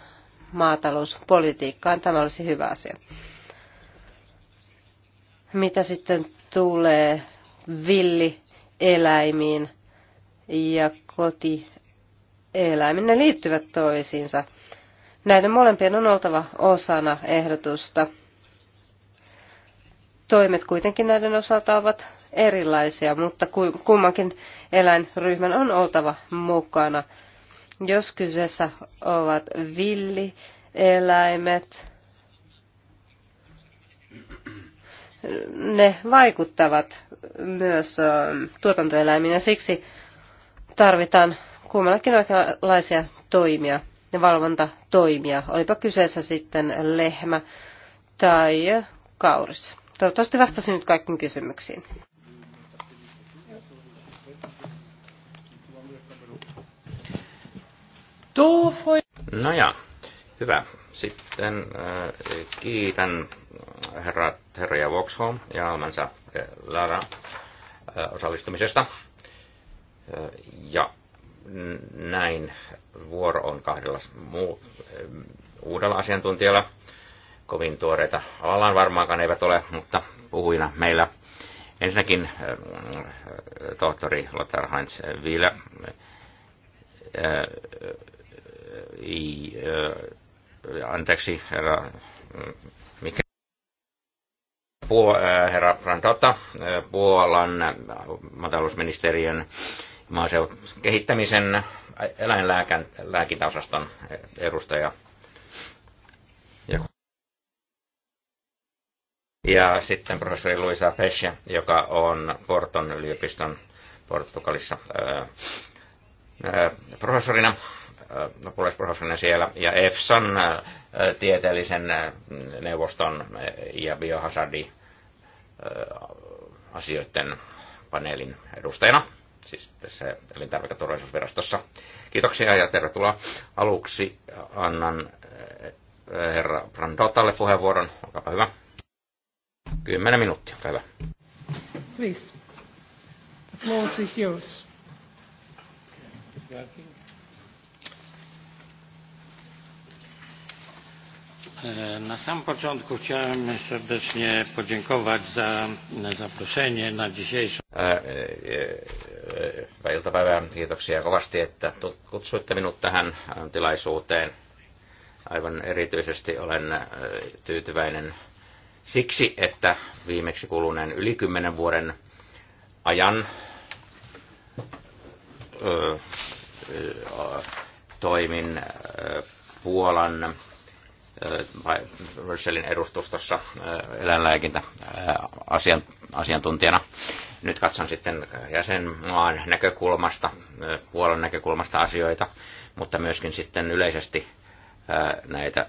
maatalouspolitiikkaan. Tämä olisi hyvä asia. Mitä sitten tulee villieläimiin ja kotieläimiin? Ne liittyvät toisiinsa. Näiden molempien on oltava osana ehdotusta toimet kuitenkin näiden osalta ovat erilaisia, mutta kummankin eläinryhmän on oltava mukana. Jos kyseessä ovat villieläimet, ne vaikuttavat myös tuotantoeläimiin ja siksi tarvitaan kummallakin oikeanlaisia toimia ja valvontatoimia, olipa kyseessä sitten lehmä tai kauris. Toivottavasti vastasin nyt kaikkiin kysymyksiin. No ja, hyvä. Sitten äh, kiitän äh, herra, herra Voxholm ja almansa äh, Lara äh, osallistumisesta. Äh, ja näin vuoro on kahdella muu, äh, uudella asiantuntijalla kovin tuoreita. Alallaan varmaankaan eivät ole, mutta puhuina meillä ensinnäkin äh, tohtori Lothar Heinz Wille, äh, äh, anteeksi herra mikä Puo, herra Randotta, Puolan maatalousministeriön maaseudun kehittämisen eläinlääkintäosaston edustaja ja sitten professori Luisa Fesch, joka on Porton yliopiston Portugalissa ää, professorina, apulaisprofessorina siellä, ja EFSAn tieteellisen neuvoston ja biohazardi asioiden paneelin edustajana, siis tässä elintarviketurvallisuusvirastossa. Kiitoksia ja tervetuloa. Aluksi annan herra Brandotalle puheenvuoron. Olkaapa hyvä. 10 minuuttia, hyvä. Please. The floor is yours. E, na sam początku chciałem serdecznie podziękować za zaproszenie na dzisiejszą... E, e, hyvää iltapäivää. Kiitoksia kovasti, että kutsuitte minut tähän tilaisuuteen. Aivan erityisesti olen tyytyväinen Siksi, että viimeksi kuluneen yli kymmenen vuoden ajan ö, ö, toimin ö, Puolan vai Brysselin edustustossa eläinlääkintäasiantuntijana. asiantuntijana. Nyt katson sitten jäsenmaan näkökulmasta, Puolan näkökulmasta asioita, mutta myöskin sitten yleisesti näitä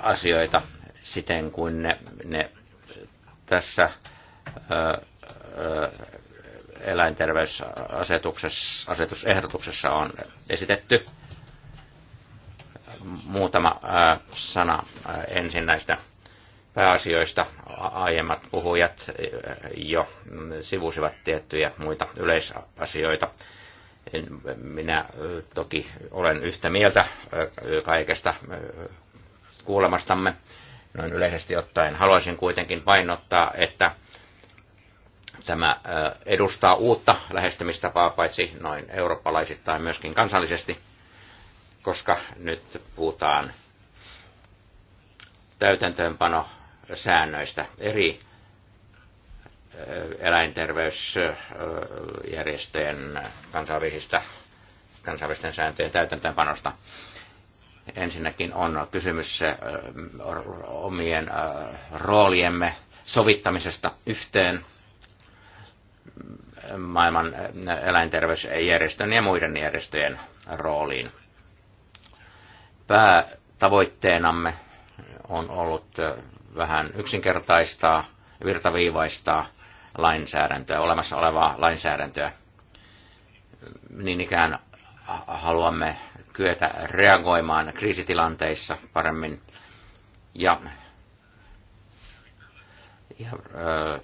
asioita siten kuin ne, ne tässä ö, ö, eläinterveysasetusehdotuksessa on esitetty. Muutama ö, sana ensin näistä pääasioista. Aiemmat puhujat jo sivusivat tiettyjä muita yleisasioita. Minä toki olen yhtä mieltä kaikesta kuulemastamme noin yleisesti ottaen. Haluaisin kuitenkin painottaa, että tämä edustaa uutta lähestymistapaa paitsi noin eurooppalaisittain myöskin kansallisesti, koska nyt puhutaan täytäntöönpano säännöistä eri eläinterveysjärjestöjen kansainvälisten sääntöjen täytäntöönpanosta. Ensinnäkin on kysymys omien rooliemme sovittamisesta yhteen maailman eläinterveysjärjestön ja muiden järjestöjen rooliin. Päätavoitteenamme on ollut vähän yksinkertaistaa, virtaviivaistaa lainsäädäntöä, olemassa olevaa lainsäädäntöä. Niin ikään haluamme kyetä reagoimaan kriisitilanteissa paremmin ja, ja ö,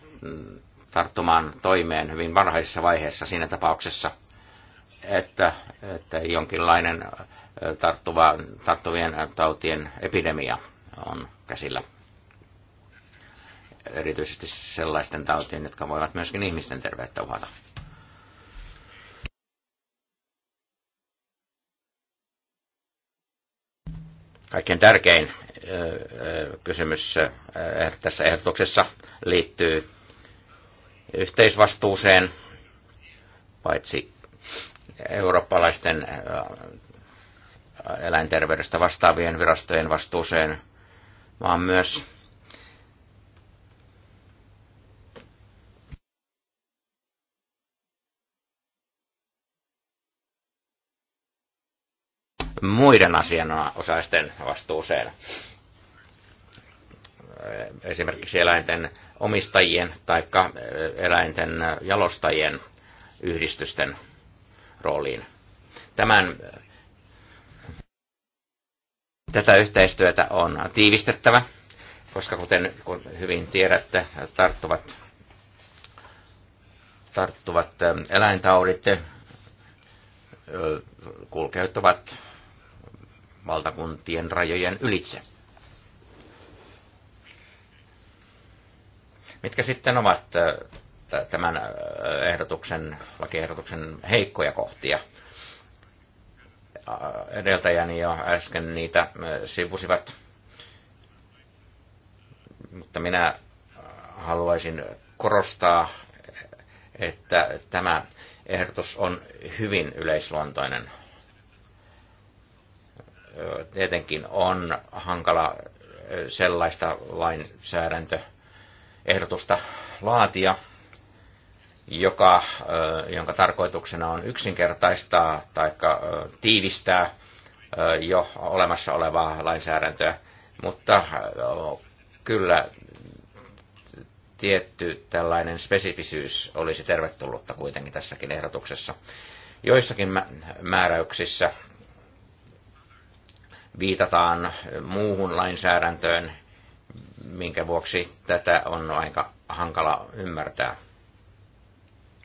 tarttumaan toimeen hyvin varhaisessa vaiheessa siinä tapauksessa, että, että jonkinlainen tarttuva, tarttuvien tautien epidemia on käsillä. Erityisesti sellaisten tautien, jotka voivat myöskin ihmisten terveyttä uhata. Kaikkein tärkein kysymys eh, tässä ehdotuksessa liittyy yhteisvastuuseen, paitsi eurooppalaisten eläinterveydestä vastaavien virastojen vastuuseen, vaan myös muiden asianosaisten vastuuseen. Esimerkiksi eläinten omistajien tai eh, eläinten jalostajien yhdistysten rooliin. Tämän, tätä yhteistyötä on tiivistettävä, koska kuten hyvin tiedätte, tarttuvat, tarttuvat eh, eläintaudit eh, kulkeutuvat valtakuntien rajojen ylitse. Mitkä sitten ovat tämän ehdotuksen, lakiehdotuksen heikkoja kohtia? Edeltäjäni jo äsken niitä sivusivat, mutta minä haluaisin korostaa, että tämä ehdotus on hyvin yleisluontoinen tietenkin on hankala sellaista lainsäädäntöehdotusta laatia, joka, jonka tarkoituksena on yksinkertaistaa tai tiivistää jo olemassa olevaa lainsäädäntöä, mutta kyllä tietty tällainen spesifisyys olisi tervetullutta kuitenkin tässäkin ehdotuksessa. Joissakin määräyksissä viitataan muuhun lainsäädäntöön, minkä vuoksi tätä on aika hankala ymmärtää,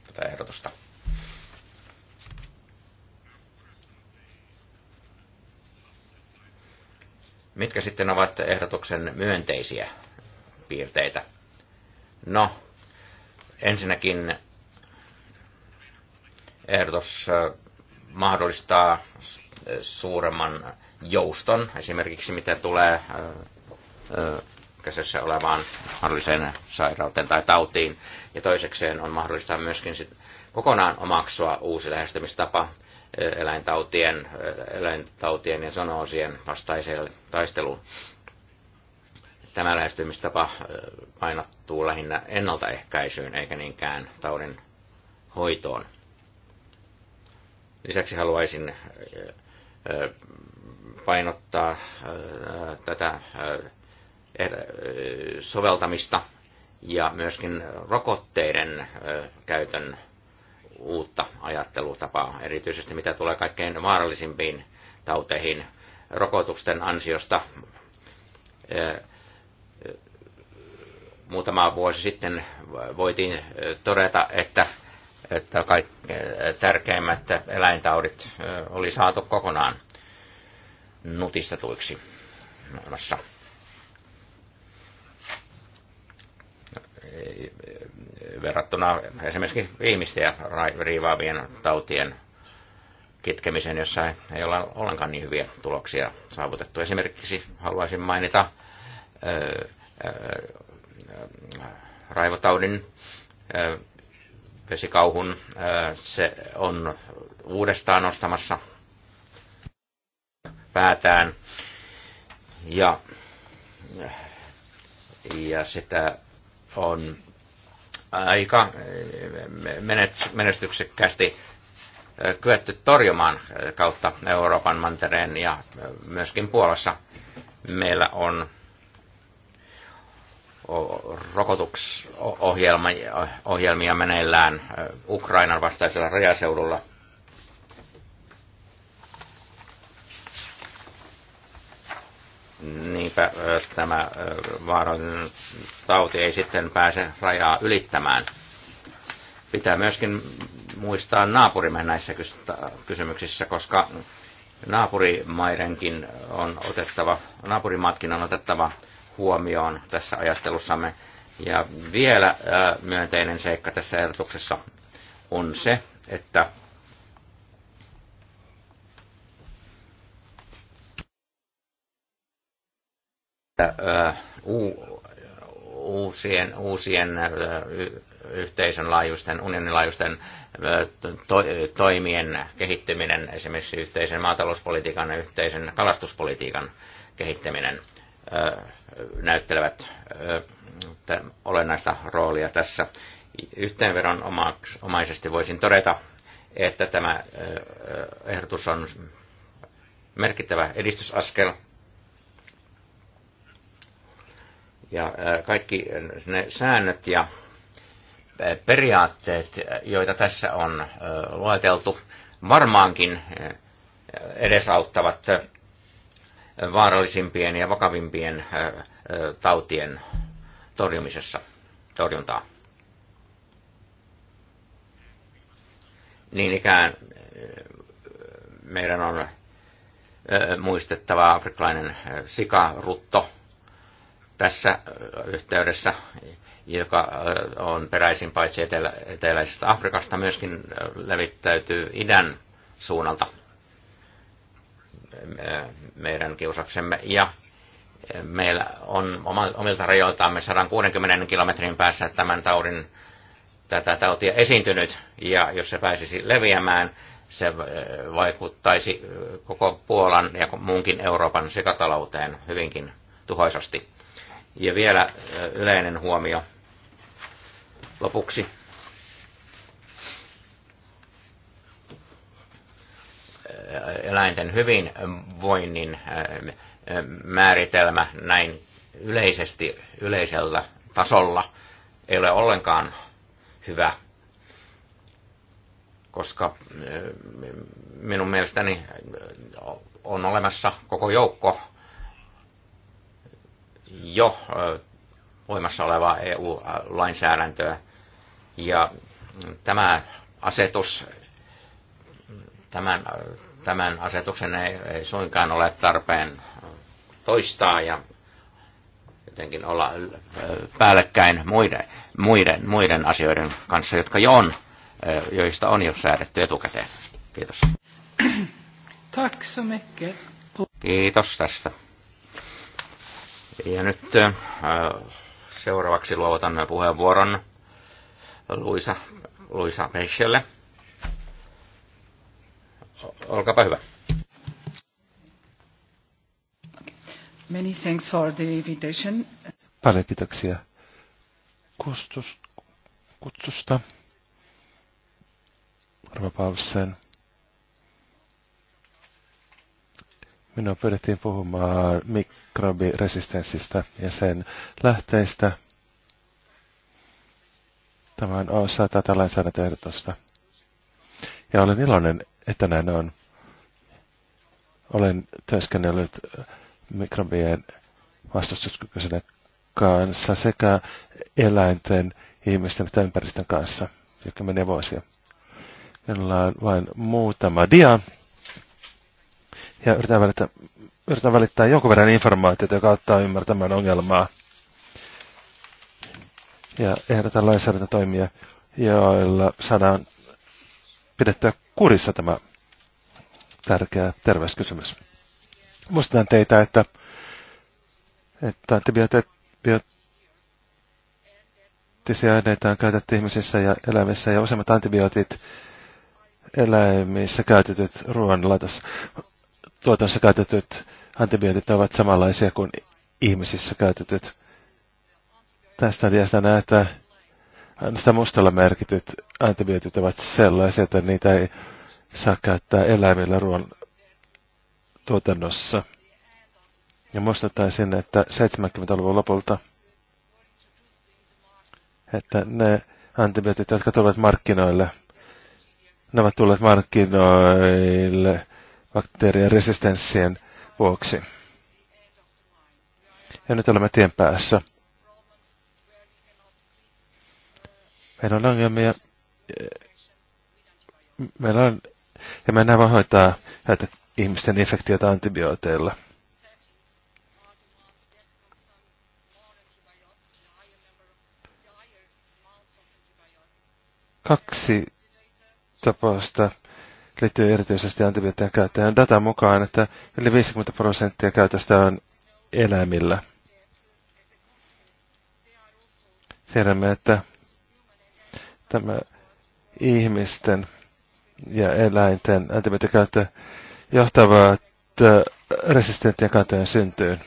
tätä ehdotusta. Mitkä sitten ovat ehdotuksen myönteisiä piirteitä? No, ensinnäkin ehdotus mahdollistaa suuremman jouston, esimerkiksi mitä tulee käsessä olevaan mahdolliseen sairauteen tai tautiin. Ja toisekseen on mahdollista myöskin sit kokonaan omaksua uusi lähestymistapa eläintautien, eläintautien ja sonoosien vastaiselle taisteluun. Tämä lähestymistapa painottuu lähinnä ennaltaehkäisyyn eikä niinkään taudin hoitoon. Lisäksi haluaisin painottaa äh, tätä äh, er, äh, soveltamista ja myöskin rokotteiden käytön uutta ajattelutapaa, erityisesti mitä tulee kaikkein vaarallisimpiin tauteihin rokotusten ansiosta. Muutama vuosi sitten voitiin todeta, että, että kaikki tärkeimmät eläintaudit oli saatu kokonaan nutistetuiksi maailmassa. Verrattuna esimerkiksi ja riivaavien tautien kitkemiseen, jossa ei olla ollenkaan niin hyviä tuloksia saavutettu. Esimerkiksi haluaisin mainita raivotaudin, vesikauhun. se on uudestaan nostamassa päätään Ja, ja sitä on aika äh, menestyksekkäästi äh, kyetty torjumaan kautta Euroopan mantereen ja myöskin Puolassa meillä on rokotuksohjelmia meneillään äh, Ukrainan vastaisella rajaseudulla. niinpä tämä vaarallinen tauti ei sitten pääse rajaa ylittämään. Pitää myöskin muistaa naapurimme näissä kysymyksissä, koska naapurimaidenkin on otettava, naapurimaatkin on otettava huomioon tässä ajattelussamme. Ja vielä myönteinen seikka tässä ehdotuksessa on se, että että uusien, uusien yhteisön laajuisten, unionin laajuisten to, toimien kehittyminen, esimerkiksi yhteisen maatalouspolitiikan ja yhteisen kalastuspolitiikan kehittäminen näyttelevät olennaista roolia tässä. Yhteenveron omaisesti voisin todeta, että tämä ehdotus on merkittävä edistysaskel Ja kaikki ne säännöt ja periaatteet, joita tässä on lueteltu, varmaankin edesauttavat vaarallisimpien ja vakavimpien tautien torjumisessa, torjuntaa. Niin ikään meidän on muistettava afrikkalainen sikarutto, tässä äh, yhteydessä, joka äh, on peräisin paitsi etelä, eteläisestä Afrikasta, myöskin äh, levittäytyy idän suunnalta meidän kiusaksemme. Ja meillä on omilta rajoiltaamme 160 kilometrin päässä tämän taudin tätä tautia esiintynyt, ja jos se pääsisi leviämään, se vaikuttaisi koko Puolan ja muunkin Euroopan sekatalouteen hyvinkin tuhoisasti. Ja vielä äh, yleinen huomio lopuksi. Äh, eläinten hyvinvoinnin äh, määritelmä näin yleisesti yleisellä tasolla ei ole ollenkaan hyvä, koska minun mielestäni on olemassa koko joukko jo voimassa olevaa EU-lainsäädäntöä. Ja mm, tämä asetus, tämän, tämän asetuksen ei, ei suinkaan ole tarpeen toistaa ja jotenkin olla päällekkäin muiden, muiden, muiden asioiden kanssa, jotka jo on, joista on jo säädetty etukäteen. Kiitos. Tack så mycket. Kiitos tästä. Ja nyt äh, seuraavaksi luovutan puheenvuoron Luisa, Luisa Meichelle. Olkaapa hyvä. Many thanks for the invitation. Paljon kiitoksia Kustus, kutsusta. Arva Paulsen. Minua pyydettiin puhumaan mikrobiresistenssistä ja sen lähteistä. Tämä on osa tätä lainsäädäntöehdotusta. Ja olen iloinen, että näin on. Olen työskennellyt mikrobien vastustuskykyisenä kanssa sekä eläinten, ihmisten että ympäristön kanssa, jo kymmeniä vuosia. Meillä on vain muutama dia ja yritän välittää, yritän välittää jonkun verran informaatiota, joka auttaa ymmärtämään ongelmaa. Ja ehdotan lainsäädäntötoimia, joilla saadaan pidettyä kurissa tämä tärkeä terveyskysymys. Muistetaan teitä, että, että antibioottisia aineita on käytetty ihmisissä ja eläimissä ja useimmat antibiootit eläimissä käytetyt ruoanlaitossa tuotannossa käytetyt antibiootit ovat samanlaisia kuin ihmisissä käytetyt. Tästä diasta näyttää, sitä mustalla merkityt antibiootit ovat sellaisia, että niitä ei saa käyttää eläimillä ruoan tuotannossa. Ja muistuttaisin, että 70-luvun lopulta, että ne antibiootit, jotka tulevat markkinoille, ne ovat tulleet markkinoille bakteerien resistenssien vuoksi. Ja nyt olemme tien päässä. Meillä on ongelmia. Meillä on, ja me enää voi hoitaa näitä ihmisten infektioita antibiooteilla. Kaksi tapausta liittyy erityisesti antibioottien käyttäjän datan mukaan, että yli 50 prosenttia käytöstä on eläimillä. Tiedämme, että tämä ihmisten ja eläinten antibioottikäyttö johtavat äh, resistenttien kantojen syntyyn,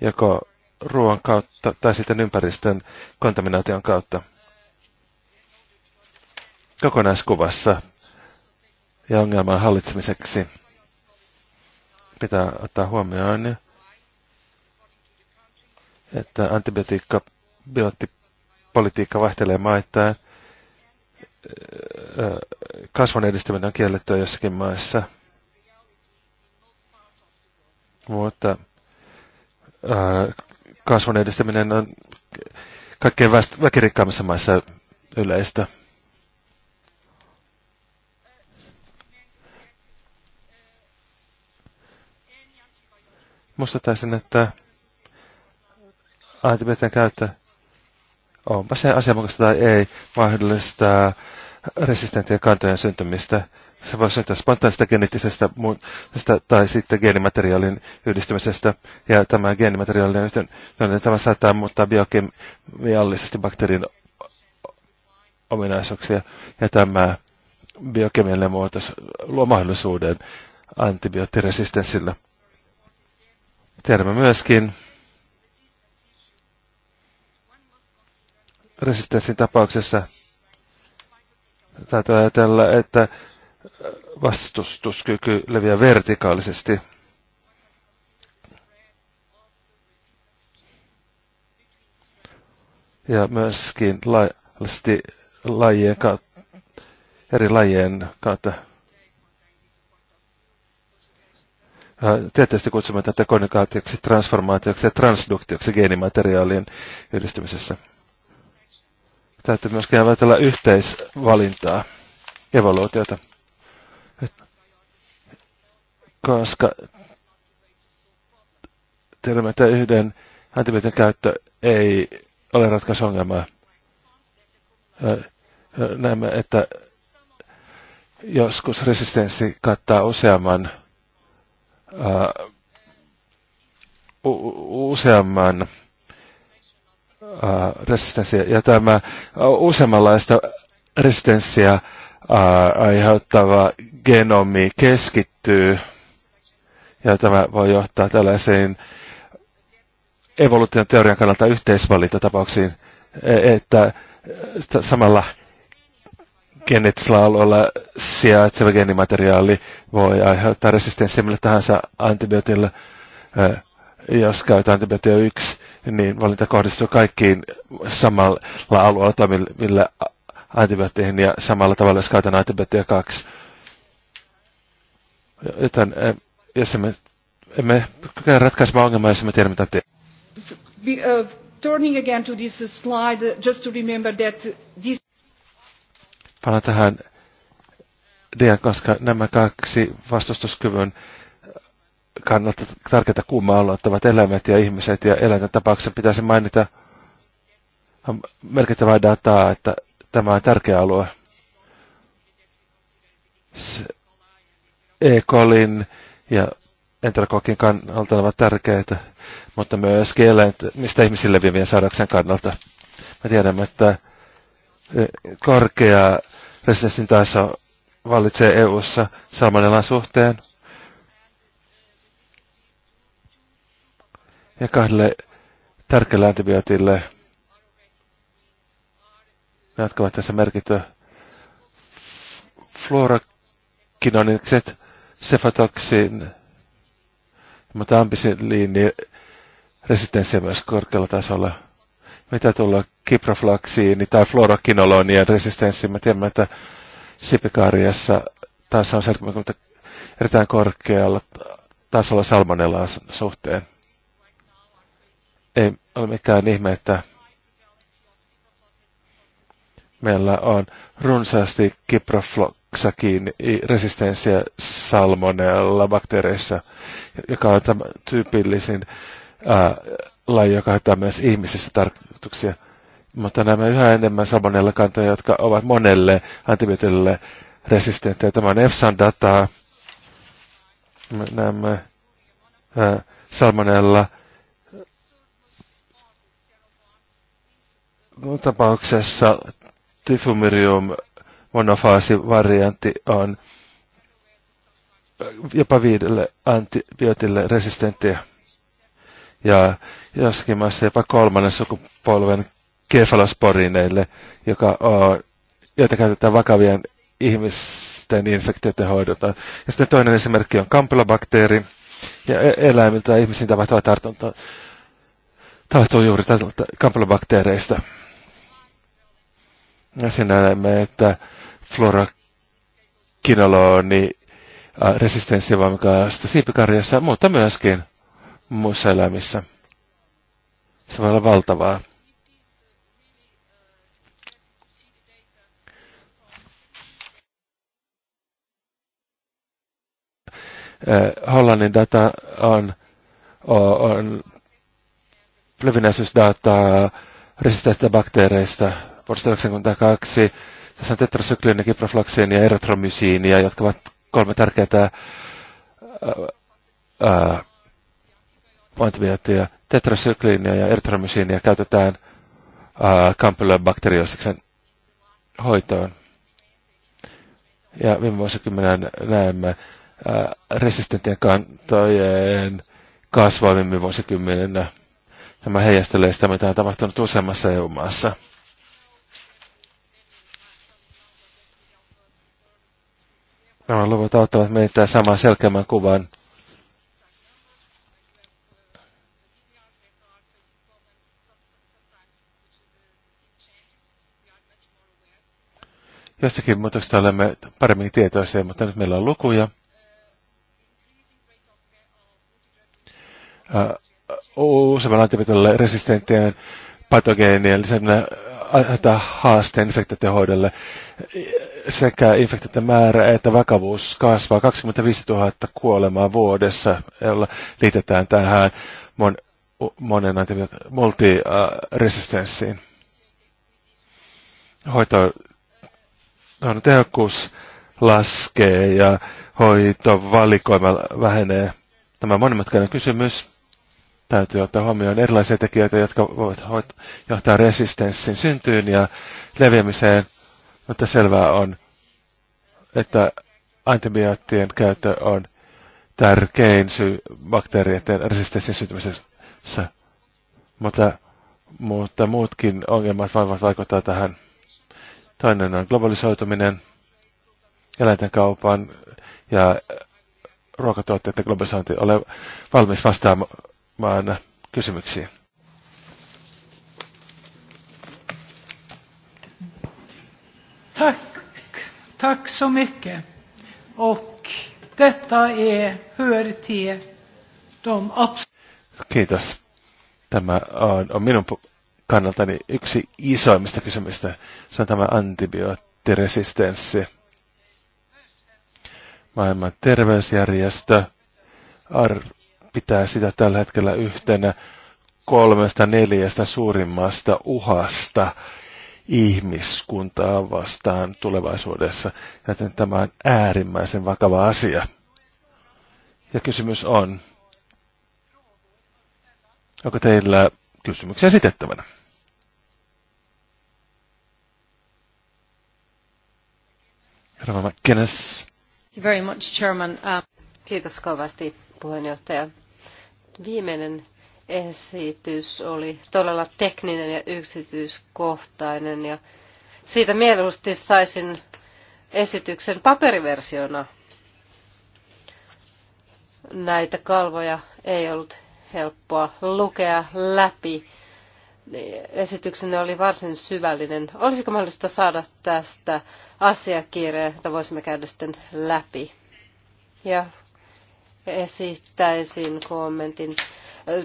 joko ruoan kautta tai sitten ympäristön kontaminaation kautta. Kokonaiskuvassa ja ongelman hallitsemiseksi pitää ottaa huomioon, että antibiotiikka, bioottipolitiikka vaihtelee maittain. Kasvon edistäminen on kiellettyä jossakin maissa. Mutta kasvun edistäminen on kaikkein väkirikkaimmissa maissa yleistä. muistuttaisin, että antibioottien käyttö, onpa se asianmukaista tai ei, mahdollistaa resistenttien kantojen syntymistä. Se voi syntyä spontaanista geneettisestä tai sitten geenimateriaalin yhdistymisestä. Ja tämä geenimateriaalin yhdistyminen tämä saattaa muuttaa biokemiallisesti bakteerin ominaisuuksia. Ja tämä biokemiallinen muutos luo mahdollisuuden antibioottiresistenssille. Tiedämme myöskin resistenssin tapauksessa täytyy ajatella, että vastustuskyky leviää vertikaalisesti. Ja myöskin la, lajien kautta, eri lajien kautta Äh, tieteellisesti kutsumme tätä konjugaatioksi, transformaatioksi ja transduktioksi geenimateriaalien yhdistymisessä. Täytyy myöskin ajatella yhteisvalintaa, evoluutiota, koska tiedämme, että yhden antibiootin käyttö ei ole ratkaisu ongelmaa. Näemme, että joskus resistenssi kattaa useamman uh, useamman resistenssiä. Ja tämä useammanlaista resistenssiä aiheuttava genomi keskittyy. Ja tämä voi johtaa tällaisiin evoluution teorian kannalta yhteisvalintatapauksiin, e, että samalla geneettisellä alueella sijaitseva geenimateriaali voi aiheuttaa resistenssiä mille tahansa antibiootille. Jos käytetään antibioottia 1, niin valinta kohdistuu kaikkiin samalla alueella toimiville antibiootteihin ja samalla tavalla, jos käytetään antibioottia 2. Joten jos emme, emme kykene ratkaisemaan ongelmaa, jos emme tiedä, mitä tehdään. Uh, turning again to this slide, just to remember that this Palaan tähän Dean, koska nämä kaksi vastustuskyvyn kannalta tärkeitä kuumaa aloittavat eläimet ja ihmiset ja eläinten tapauksessa pitäisi mainita merkittävää dataa, että tämä on tärkeä alue. e colin ja enterokokin kannalta ovat tärkeitä, mutta myös eläinten, mistä ihmisille leviävien sairauksien kannalta. Me tiedämme, että korkea resistenssin taso vallitsee EU-ssa salmonellan suhteen. Ja kahdelle tärkeälle antibiootille, jotka ovat tässä merkitty fluorokinonikset, sefatoksin, mutta ampisiliini resistenssiä myös korkealla tasolla mitä tulee kiproflaksiin niin- tai fluorokinolonien resistenssiin. Mä tiedän, että sipikaariassa taas on 70 erittäin korkealla tasolla salmonellaan suhteen. Ei ole mikään ihme, että meillä on runsaasti kiprofloksakin resistenssiä salmonella bakteereissa, joka on tämä tyypillisin laji, joka haittaa myös ihmisissä tarkoituksia. Mutta nämä yhä enemmän salmonella kantoja, jotka ovat monelle antibiotille resistenttejä. Tämä on EFSAn dataa. Nämä salmonella tapauksessa tyfumirium monofaasivariantti on jopa viidelle antibiotille resistenttiä ja jossakin maassa jopa kolmannen sukupolven kefalosporineille, joka on, joita käytetään vakavien ihmisten infektioiden hoidota. Ja sitten toinen esimerkki on kampylobakteeri, ja e- eläimiltä ja ihmisiin tapahtuva tartunta tapahtuu juuri tältä kampylobakteereista. Ja siinä näemme, että fluorokinoloni äh, resistenssi siipikarjassa, mutta myöskin – muissa elämissä. Se voi olla valtavaa. Hollannin data on, on levinäisyysdataa resistenttä bakteereista vuodesta 1992. Tässä on tetrasykliini, kiproflaksiini ja eritromysiinia, jotka ovat kolme tärkeää ää, ää, antibiootteja, tetrasykliinia ja eritromysiinia käytetään kampylobakteriosiksen hoitoon. Ja viime vuosikymmenen näemme ää, resistenttien kantojen kasvaa viime vuosikymmenenä. Tämä heijastelee sitä, mitä on tapahtunut useammassa EU-maassa. Nämä luvut auttavat meitä saamaan selkeämmän kuvan Jostakin muutoksesta olemme paremmin tietoisia, mutta nyt meillä on lukuja. Useamman antibiotille resistenttien patogeenien lisääminen aiheuttaa haasteen infektioiden hoidolle. Sekä infektioiden määrä että vakavuus kasvaa 25 000 kuolemaa vuodessa, jolla liitetään tähän mon, monen multiresistenssiin. Hoito on tehokkuus laskee ja hoitovalikoima vähenee. Tämä monimutkainen kysymys täytyy ottaa huomioon erilaisia tekijöitä, jotka voivat johtaa resistenssin syntyyn ja leviämiseen, mutta selvää on, että antibioottien käyttö on tärkein syy bakteerien resistenssin syntymisessä, mutta, mutta muutkin ongelmat voivat vaikuttaa tähän. Toinen on globalisoituminen, eläinten kaupan ja ruokatuotteiden globalisointi. Ole valmis vastaamaan kysymyksiin. Tack, tack så mycket. Och detta är, hör till de Kiitos. Tämä on, on minun kannalta niin yksi isoimmista kysymyksistä Se on tämä antibioottiresistenssi. Maailman terveysjärjestö ar- pitää sitä tällä hetkellä yhtenä kolmesta neljästä suurimmasta uhasta ihmiskuntaa vastaan tulevaisuudessa, joten tämä on äärimmäisen vakava asia. Ja kysymys on, onko teillä kysymyksiä esitettävänä. Herra McGuinness. Very much, Chairman. Uh... Kiitos kovasti, puheenjohtaja. Viimeinen esitys oli todella tekninen ja yksityiskohtainen ja siitä mieluusti saisin esityksen paperiversiona. Näitä kalvoja ei ollut helppoa lukea läpi. Esityksenne oli varsin syvällinen. Olisiko mahdollista saada tästä asiakirjaa, jota voisimme käydä sitten läpi? Ja esittäisin kommentin.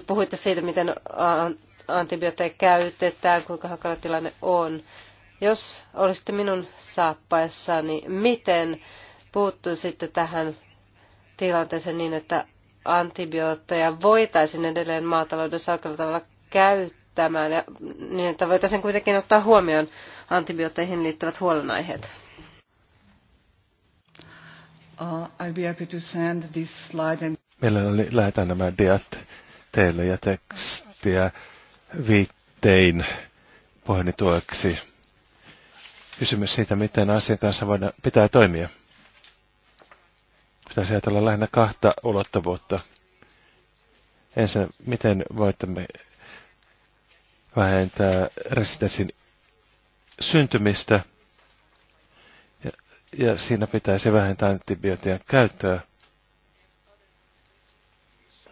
Puhuitte siitä, miten antibiootteja käytetään, kuinka hakala tilanne on. Jos olisitte minun saappaessani, miten puuttuisitte tähän tilanteeseen niin, että antibiootteja voitaisiin edelleen maataloudessa oikealla tavalla käyttämään, ja, niin että voitaisiin kuitenkin ottaa huomioon antibiootteihin liittyvät huolenaiheet. Uh, I'll be happy to send this slide and... nämä diat teille ja tekstiä viittein tueksi. Kysymys siitä, miten asian kanssa voidaan, pitää toimia. Pitäisi ajatella lähinnä kahta ulottuvuutta. Ensin, miten voitamme vähentää resistenssin syntymistä, ja, ja siinä pitäisi vähentää antibiootien käyttöä.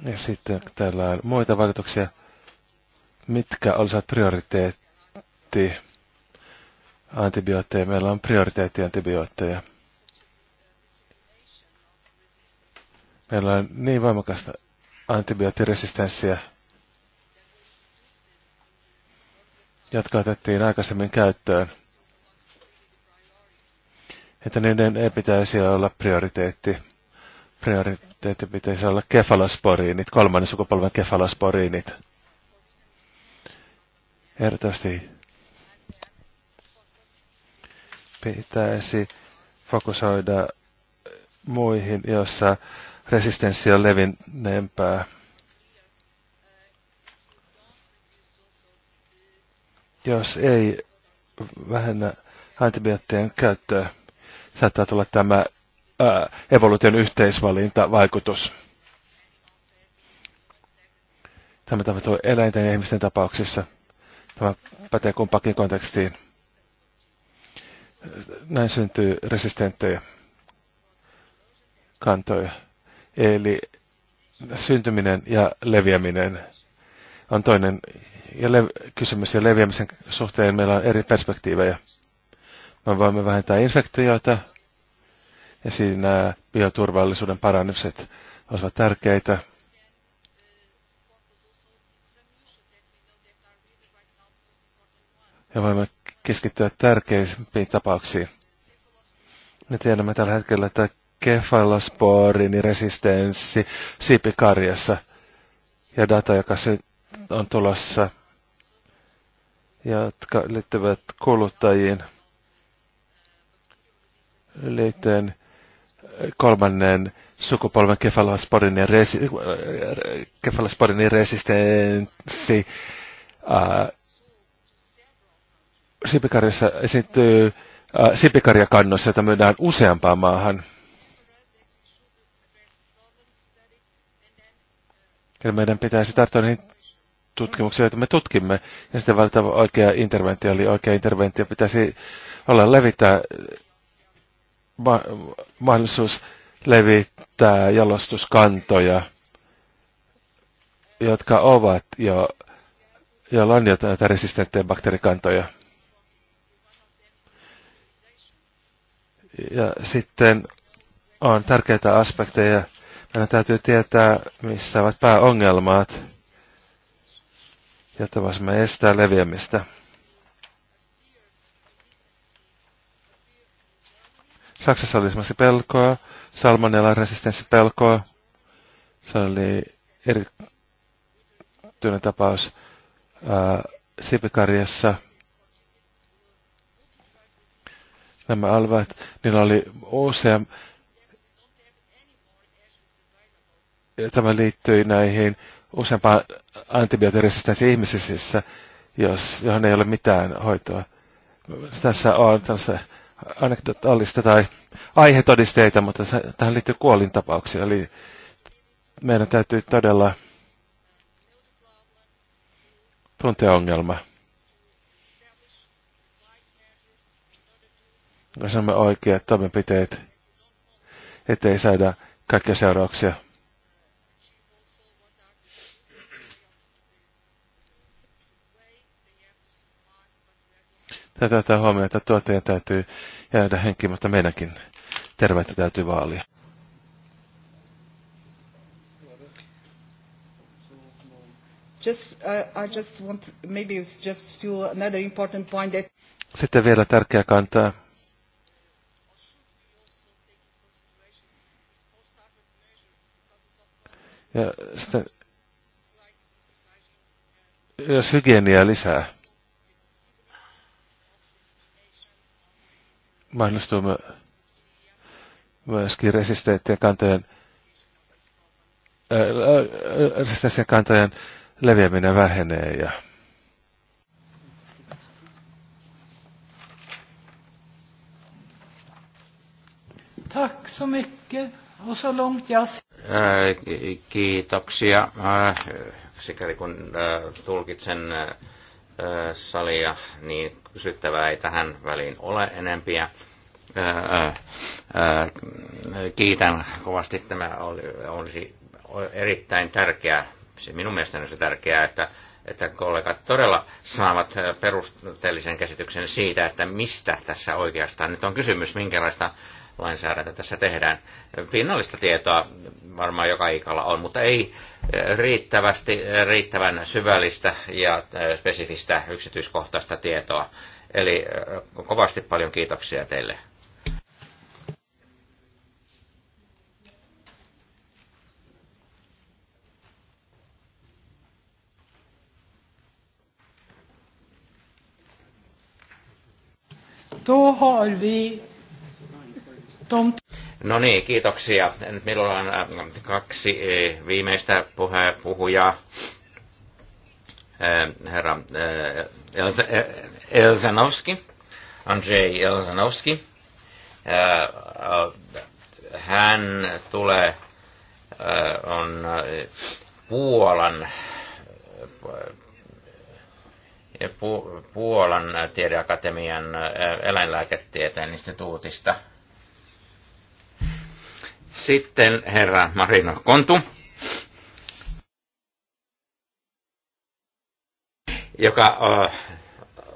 Ja sitten täällä on muita vaikutuksia. Mitkä olisivat prioriteetti antibiootteja? Meillä on prioriteetti antibiootteja Meillä on niin voimakasta antibioottiresistenssiä, jotka otettiin aikaisemmin käyttöön, että niiden ei pitäisi olla prioriteetti. Prioriteetti pitäisi olla kefalosporiinit, kolmannen sukupolven kefalosporiinit. Erityisesti pitäisi fokusoida muihin, jossa resistenssiä levinneempää. Jos ei vähennä antibioottien käyttöä, saattaa tulla tämä ää, evoluution vaikutus. Tämä tapahtuu eläinten ja ihmisten tapauksissa. Tämä pätee kumpakin kontekstiin. Näin syntyy resistenttejä kantoja. Eli syntyminen ja leviäminen on toinen ja le- kysymys. Ja leviämisen suhteen meillä on eri perspektiivejä. Me voimme vähentää infektioita ja siinä bioturvallisuuden parannukset ovat tärkeitä. Ja voimme keskittyä tärkeimpiin tapauksiin. Me tiedämme tällä hetkellä, että kefalosporini resistenssi siipikarjassa ja data, joka on tulossa, jotka liittyvät kuluttajiin liittyen kolmannen sukupolven kefalosporini resi, kefalosporinin resistenssi. Sipikarjassa esiintyy sipikarjakannossa, jota myydään useampaan maahan – Ja meidän pitäisi tarttua niin tutkimuksia, joita me tutkimme, ja sitten valita oikea interventio, eli oikea interventio pitäisi olla levittää ma- mahdollisuus levittää jalostuskantoja, jotka ovat jo, joilla on näitä resistenttejä bakteerikantoja. Ja sitten on tärkeitä aspekteja, Aina täytyy tietää, missä ovat pääongelmat, jotta voisimme estää leviämistä. Saksassa oli esimerkiksi pelkoa, salmonella pelkoa. Se oli erityinen tapaus ää, Sipikarjassa. Nämä alueet, niillä oli useampi tämä liittyy näihin useampaan antibioottiresistenssiin ihmisissä, jos, johon ei ole mitään hoitoa. Tässä on tällaista anekdotaalista tai aihetodisteita, mutta se, tähän liittyy kuolintapauksia. Eli meidän täytyy todella tuntea ongelma. Saamme oikeat toimenpiteet, ettei saada kaikkia seurauksia. Täytyy ottaa huomioon, että tuotteen täytyy jäädä henkiin, mutta meidänkin terveyttä täytyy vaalia. Just, uh, I just want, maybe it's just to another important point that... Sitten vielä tärkeä kantaa. Ja sitten, jos hygienia lisää. mahdollistuu myöskin resisteettien kantojen, resistenttien kantojen leviäminen vähenee ja Tack så mycket. Och så långt jag äh, Kiitoksia. Äh, Sikäli kun äh, tulkitsen äh, salia, niin kysyttävää ei tähän väliin ole enempiä. Kiitän kovasti. Tämä olisi erittäin tärkeää, se minun mielestäni on se tärkeää, että että kollegat todella saavat perusteellisen käsityksen siitä, että mistä tässä oikeastaan nyt on kysymys, minkälaista lainsäädäntö tässä tehdään. Pinnallista tietoa varmaan joka ikalla on, mutta ei eh, riittävästi, eh, riittävän syvällistä ja eh, spesifistä yksityiskohtaista tietoa. Eli kovasti paljon kiitoksia teille. Då har vi No niin, kiitoksia. Nyt meillä on äh, kaksi äh, viimeistä puhujaa. Äh, herra Elzanowski, Andrzej Elsanovski. Hän tulee, on Puolan Puolan tiedeakatemian eläinlääketieteen instituutista – sitten herra Marino Kontu, joka äh,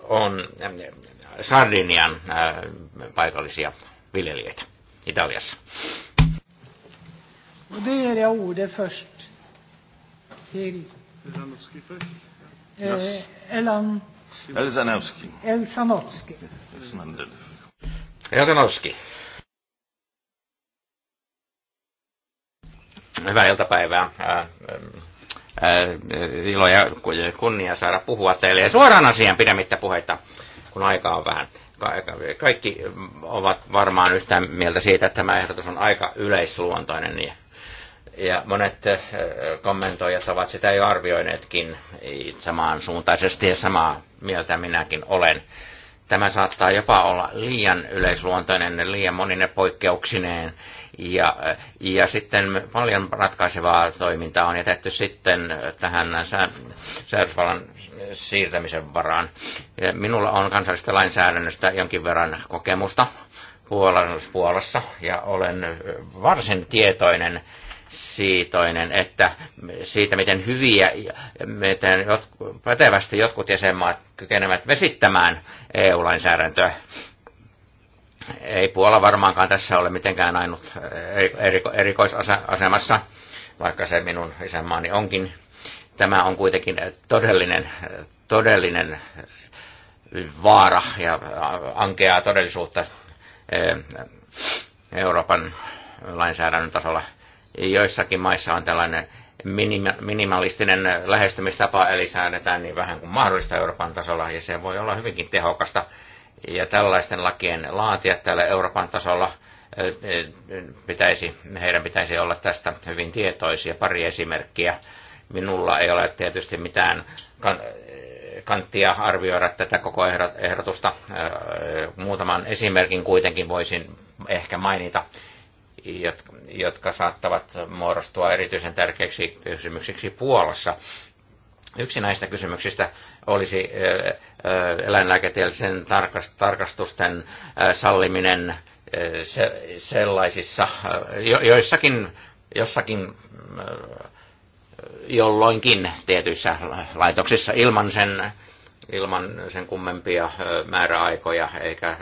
on äh, Sardinian äh, paikallisia viljelijöitä Italiassa. Och då ger jag ordet först till Elsanowski. först. Eh, yes. Elan... Elsanowski. Elsanowski. Elsanowski. Hyvää iltapäivää. Ilo ja kunnia saada puhua teille. Ja suoraan asiaan pidemmittä puheita, kun aikaa on vähän kaikki ovat varmaan yhtä mieltä siitä, että tämä ehdotus on aika yleisluontoinen ja monet kommentoijat ovat sitä jo arvioineetkin samaan suuntaisesti ja samaa mieltä minäkin olen. Tämä saattaa jopa olla liian yleisluontoinen, liian monine poikkeuksineen ja, ja sitten paljon ratkaisevaa toimintaa on jätetty sitten tähän säädösvallan siirtämisen varaan. Minulla on kansallisesta lainsäädännöstä jonkin verran kokemusta Puolassa ja olen varsin tietoinen siitoinen, että siitä, miten hyviä, miten pätevästi jotkut jäsenmaat kykenevät vesittämään EU-lainsäädäntöä ei Puola varmaankaan tässä ole mitenkään ainut eh, erikoisasemassa, vaikka se minun isänmaani onkin. Tämä on kuitenkin eh, todellinen, eh, todellinen vaara ja ankeaa todellisuutta Euroopan lainsäädännön tasolla. Joissakin maissa on tällainen minima- minimalistinen lähestymistapa, eli säädetään niin vähän kuin mahdollista Euroopan tasolla, ja se voi olla hyvinkin tehokasta ja tällaisten lakien laatia täällä Euroopan tasolla pitäisi, heidän pitäisi olla tästä hyvin tietoisia. Pari esimerkkiä. Minulla ei ole tietysti mitään kanttia arvioida tätä koko ehdotusta. Muutaman esimerkin kuitenkin voisin ehkä mainita, jotka saattavat muodostua erityisen tärkeiksi kysymyksiksi Puolassa Yksi näistä kysymyksistä olisi eläinlääketieteellisen tarkastusten salliminen sellaisissa, joissakin, jossakin jolloinkin tietyissä laitoksissa ilman sen, ilman sen kummempia määräaikoja eikä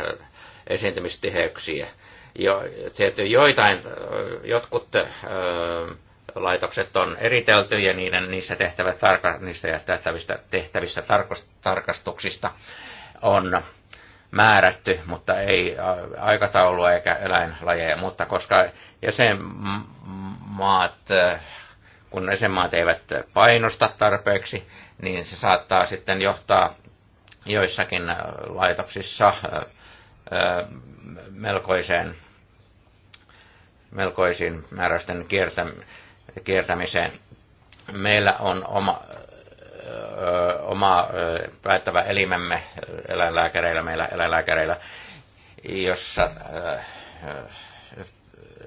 esiintymistiheyksiä. Jo, joitain, jotkut laitokset on eritelty ja niiden, niissä, tehtävät, tarka, niissä tehtävistä, tehtävistä tarkastuksista on määrätty, mutta ei aikataulua eikä eläinlajeja. Mutta koska jäsenmaat, kun jäsenmaat eivät painosta tarpeeksi, niin se saattaa sitten johtaa joissakin laitoksissa melkoiseen melkoisiin määräysten kiertämiseen. Meillä on oma, ö, oma ö, päättävä elimemme eläinlääkäreillä, meillä eläinlääkäreillä, jossa ö,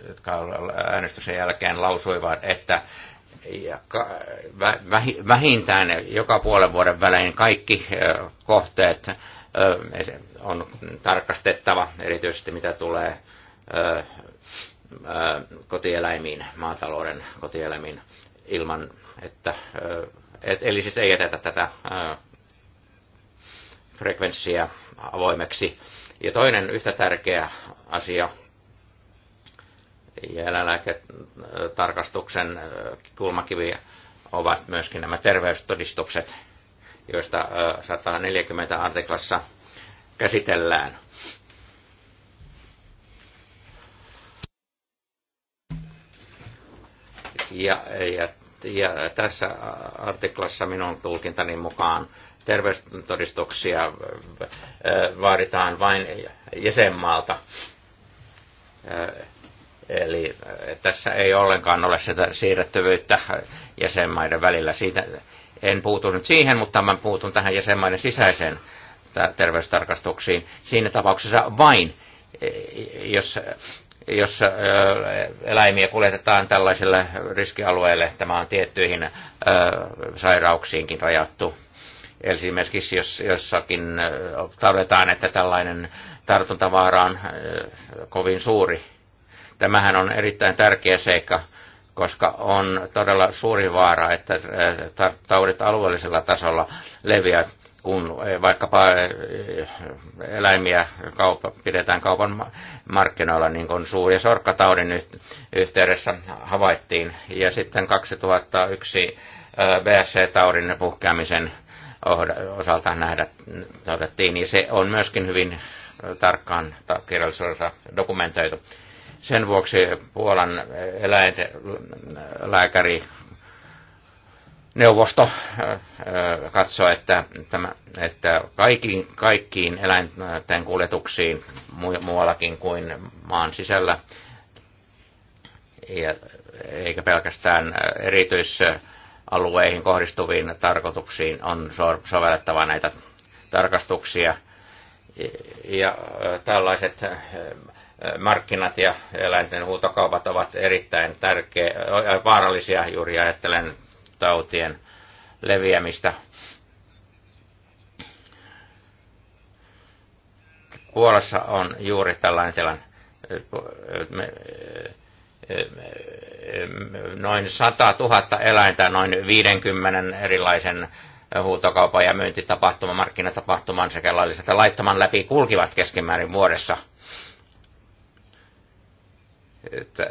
jotka äänestyksen jälkeen lausuivat, että vähintään joka puolen vuoden välein kaikki kohteet on tarkastettava, erityisesti mitä tulee kotieläimiin, maatalouden kotieläimiin ilman, että, et, eli siis ei jätetä tätä frekvenssiä avoimeksi. Ja toinen yhtä tärkeä asia ja eläinlääketarkastuksen kulmakivi ovat myöskin nämä terveystodistukset, joista 140 artiklassa käsitellään. Ja, ja, ja tässä artiklassa minun tulkintani mukaan terveystodistuksia äh, vaaditaan vain jäsenmaalta. Äh, eli äh, tässä ei ollenkaan ole sitä siirrettävyyttä jäsenmaiden välillä. Siitä en puutu nyt siihen, mutta mä puutun tähän jäsenmaiden sisäiseen terveystarkastuksiin. Siinä tapauksessa vain, eh, jos jos eläimiä kuljetetaan tällaiselle riskialueelle, tämä on tiettyihin sairauksiinkin rajattu. Eli esimerkiksi jos jossakin tarvitaan, että tällainen tartuntavaara on kovin suuri. Tämähän on erittäin tärkeä seikka, koska on todella suuri vaara, että taudit alueellisella tasolla leviävät kun vaikkapa eh, eh, eläimiä kaupa, pidetään kaupan markkinoilla, niin kuin ja sorkkataudin yhteydessä havaittiin. Ja sitten 2001 eh, BSC-taudin puhkeamisen osalta nähdä, todettiin, niin se on myöskin hyvin tarkkaan kirjallisuudessa dokumentoitu. Sen vuoksi Puolan eläinlääkäri neuvosto äh, äh, katsoo, että, tämä, että kaikkiin, kaikkiin eläinten kuljetuksiin muuallakin kuin maan sisällä, ja, eikä pelkästään erityisalueihin kohdistuviin tarkoituksiin on sovellettava näitä tarkastuksia. Ja äh, tällaiset markkinat ja eläinten huutokaupat ovat erittäin tärkeä, vaarallisia juuri ajattelen tautien leviämistä. Puolassa on juuri tällainen tilanne. Noin 100 000 eläintä noin 50 erilaisen huutokaupan ja myyntitapahtuman, markkinatapahtuman sekä laillisen laittoman läpi kulkivat keskimäärin vuodessa. Että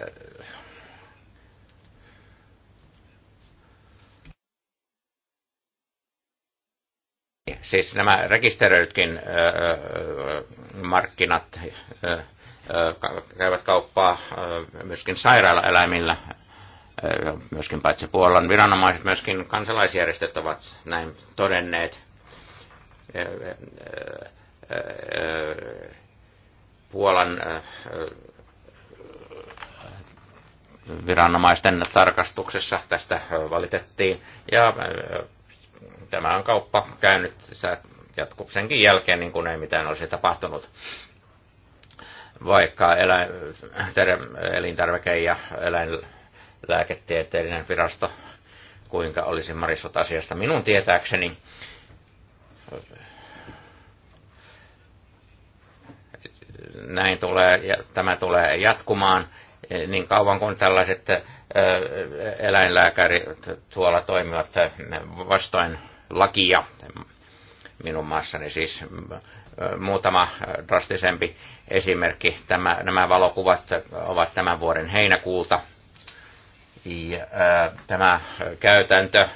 Siis nämä rekisteröidytkin markkinat käyvät kauppaa myöskin sairaalaeläimillä, myöskin paitsi Puolan viranomaiset, myöskin kansalaisjärjestöt ovat näin todenneet. Puolan viranomaisten tarkastuksessa tästä valitettiin ja tämä on kauppa käynyt jatkuu senkin jälkeen, niin kuin ei mitään olisi tapahtunut. Vaikka eläin, ter, elintarvike- ja eläinlääketieteellinen virasto kuinka olisi marissut asiasta minun tietääkseni, näin tulee, ja tämä tulee jatkumaan niin kauan kuin tällaiset eläinlääkärit tuolla toimivat vastoin lakia minun maassani siis muutama drastisempi esimerkki. Tämä, nämä valokuvat ovat tämän vuoden heinäkuulta. Ja, ää, tämä käytäntö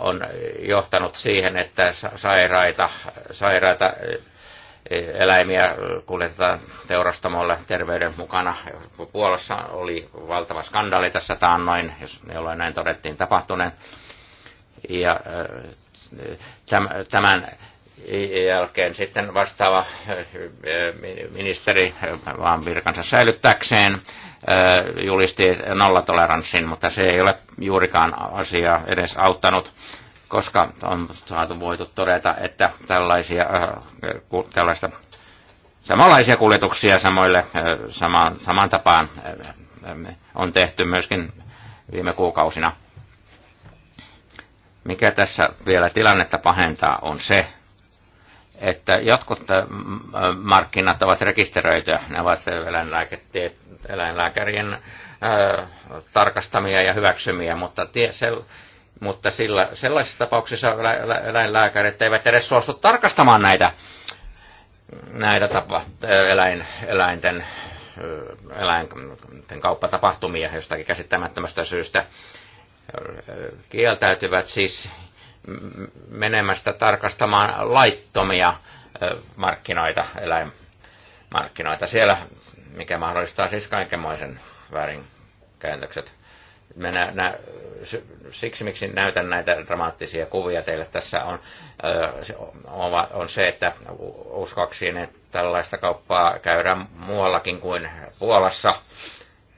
on johtanut siihen, että sairaita, sairaita eläimiä kuljetetaan teurastamolle terveyden mukana. Puolassa oli valtava skandaali tässä taannoin, jos jollain näin todettiin tapahtuneen ja äh, tämän jälkeen sitten vastaava äh, ministeri vaan virkansa säilyttäkseen äh, julisti nollatoleranssin, mutta se ei ole juurikaan asia edes auttanut, koska on saatu voitu todeta, että tällaisia, tällaista samanlaisia kuljetuksia samoille, samaan, samaan tapaan on tehty myöskin viime kuukausina. Mikä tässä vielä tilannetta pahentaa on se, että jotkut äh, markkinat ovat rekisteröityjä. Ne ovat eläinlääkärien ää, äh, tarkastamia ja hyväksymiä, mutta, tie, se, mutta sillä, sellaisissa tapauksissa eläinlääkärit eivät edes suostu tarkastamaan näitä, näitä tapa, äh, eläin, eläinten, eläinten kauppatapahtumia jostakin käsittämättömästä syystä kieltäytyvät siis menemästä tarkastamaan laittomia markkinoita, eläinmarkkinoita siellä, mikä mahdollistaa siis kaikenmoisen väärinkäytökset. Nä, nä, siksi, miksi näytän näitä dramaattisia kuvia teille tässä, on, on se, että uskoakseni että tällaista kauppaa käydään muuallakin kuin Puolassa.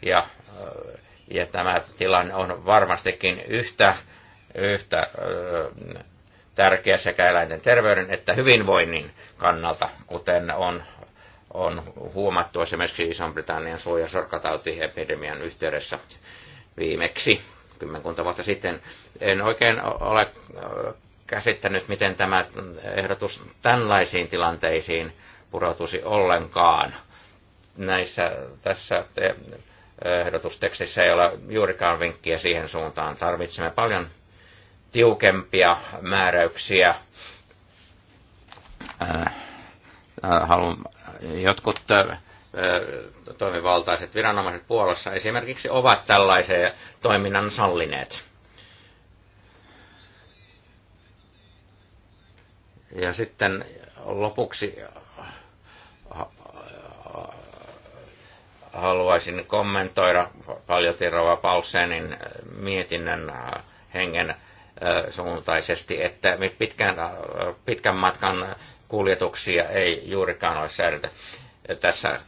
Ja ja tämä tilanne on varmastikin yhtä, yhtä tärkeä sekä eläinten terveyden että hyvinvoinnin kannalta, kuten on, on huomattu esimerkiksi Iso-Britannian suojasorkkatautiepidemian yhteydessä viimeksi kymmenkunta vuotta sitten. En oikein ole käsittänyt, miten tämä ehdotus tällaisiin tilanteisiin pureutuisi ollenkaan. Näissä, tässä ehdotustekstissä ei ole juurikaan vinkkiä siihen suuntaan. Tarvitsemme paljon tiukempia määräyksiä. Haluan jotkut toimivaltaiset viranomaiset puolossa, esimerkiksi ovat tällaisen toiminnan sallineet. Ja sitten lopuksi haluaisin kommentoida paljon Rova Paulsenin äh, mietinnän äh, hengen äh, suuntaisesti, että pitkän, pitkän matkan kuljetuksia ei juurikaan ole säädetty. Tässä,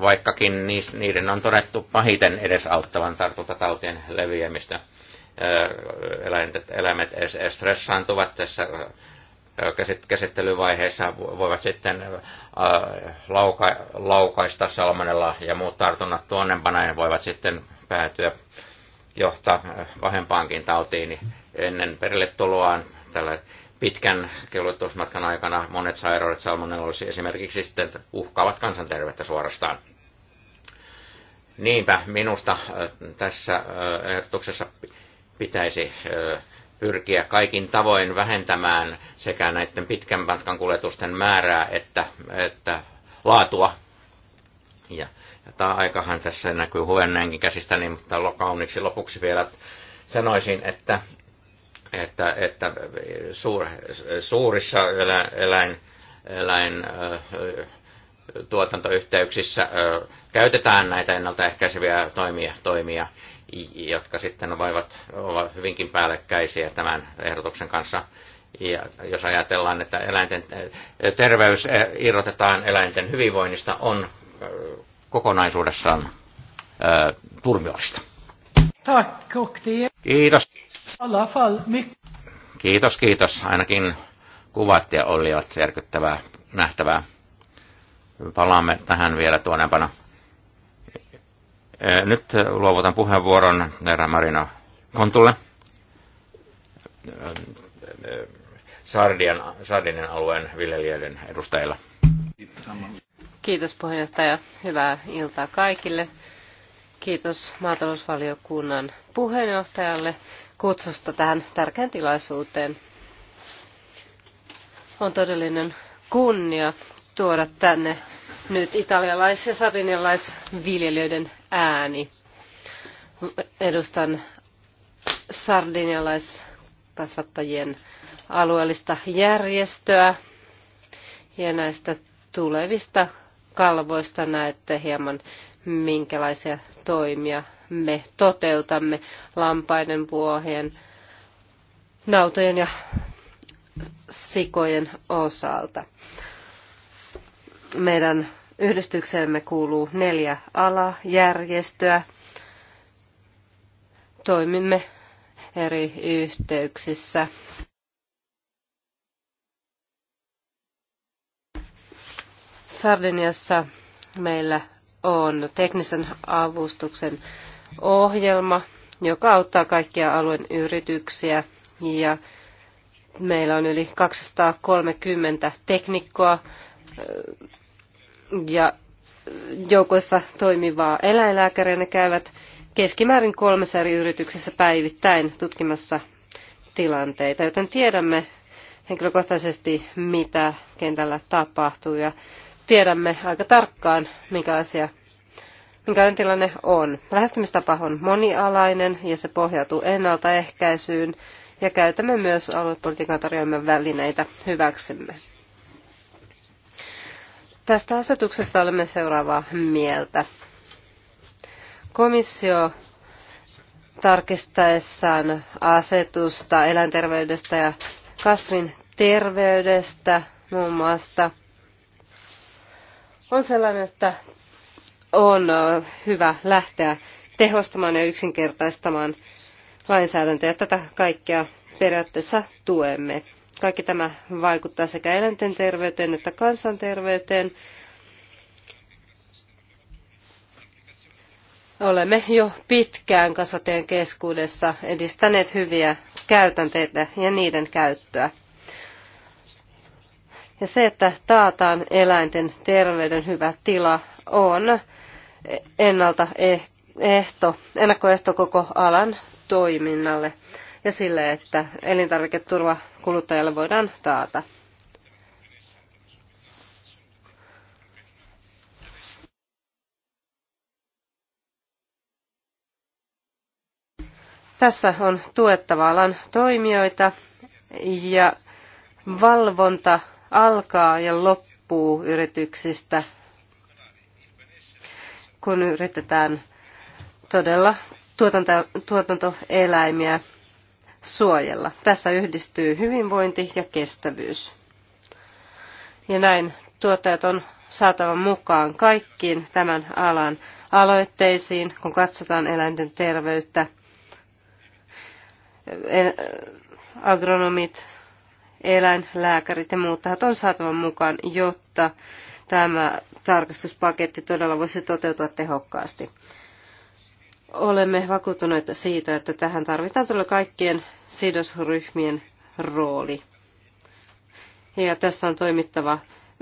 vaikkakin niiden on todettu pahiten edesauttavan tartuntatautien leviämistä. Eläimet stressaantuvat tässä käsittelyvaiheessa voivat sitten lauka, laukaista salmonella ja muut tartunnat tuonnempana ja voivat sitten päätyä johtaa pahempaankin tautiin niin ennen perille tuloaan. Tällä pitkän keulutusmatkan aikana monet sairaudet salmonellosi esimerkiksi sitten uhkaavat kansanterveyttä suorastaan. Niinpä minusta tässä ehdotuksessa pitäisi pyrkiä kaikin tavoin vähentämään sekä näiden pitkän matkan kuljetusten määrää että, että laatua. Ja, ja tämä aikahan tässä näkyy huvenneenkin käsistäni, niin mutta kauniksi lopuksi vielä sanoisin, että, että, että suur, suurissa eläin, eläin tuotantoyhteyksissä käytetään näitä ennaltaehkäiseviä toimia, toimia jotka sitten voivat olla hyvinkin päällekkäisiä tämän ehdotuksen kanssa. Ja jos ajatellaan, että eläinten eh, terveys eh, irrotetaan eläinten hyvinvoinnista, on eh, kokonaisuudessaan turmiollista. Kiitos. Kiitos, kiitos. Ainakin kuvat ja olivat järkyttävää nähtävää. Palaamme tähän vielä tuonempana. Eh, nyt eh, luovutan puheenvuoron Herra Marino Kontulle. Eh, Sardian, Sardinen alueen viljelijöiden edustajilla. Kiitos puheenjohtaja. Hyvää iltaa kaikille. Kiitos maatalousvaliokunnan puheenjohtajalle kutsusta tähän tärkeän tilaisuuteen. On todellinen kunnia tuoda tänne nyt italialais- ja sardinialaisviljelijöiden ääni. Edustan sardinialaiskasvattajien alueellista järjestöä ja näistä tulevista kalvoista näette hieman, minkälaisia toimia me toteutamme lampaiden, vuohien, nautojen ja sikojen osalta. Meidän Yhdistykseemme kuuluu neljä alajärjestöä. Toimimme eri yhteyksissä. Sardiniassa meillä on teknisen avustuksen ohjelma, joka auttaa kaikkia alueen yrityksiä ja meillä on yli 230 teknikkoa ja joukoissa toimivaa eläinlääkäriä. Ne käyvät keskimäärin kolmessa eri yrityksessä päivittäin tutkimassa tilanteita, joten tiedämme henkilökohtaisesti, mitä kentällä tapahtuu ja tiedämme aika tarkkaan, asia minkälainen tilanne on. Lähestymistapa on monialainen ja se pohjautuu ennaltaehkäisyyn ja käytämme myös aluepolitiikan tarjoamia välineitä hyväksemme. Tästä asetuksesta olemme seuraavaa mieltä. Komissio tarkistaessaan asetusta eläinterveydestä ja kasvin terveydestä muun muassa on sellainen, että on hyvä lähteä tehostamaan ja yksinkertaistamaan lainsäädäntöä. Tätä kaikkea periaatteessa tuemme. Kaikki tämä vaikuttaa sekä eläinten terveyteen että kansanterveyteen. Olemme jo pitkään kasvattajien keskuudessa edistäneet hyviä käytänteitä ja niiden käyttöä. Ja se, että taataan eläinten terveyden hyvä tila, on ennalta eh- ehto, ennakkoehto koko alan toiminnalle ja sille, että elintarviketurva kuluttajalle voidaan taata. Tässä on tuettava alan toimijoita ja valvonta alkaa ja loppuu yrityksistä, kun yritetään todella tuotanto, tuotantoeläimiä suojella. Tässä yhdistyy hyvinvointi ja kestävyys. Ja näin tuottajat on saatava mukaan kaikkiin tämän alan aloitteisiin, kun katsotaan eläinten terveyttä. E, e, agronomit, eläinlääkärit ja muut tahot on saatava mukaan, jotta tämä tarkastuspaketti todella voisi toteutua tehokkaasti. Olemme vakuuttuneita siitä, että tähän tarvitaan tulla kaikkien sidosryhmien rooli. Ja tässä on toimittava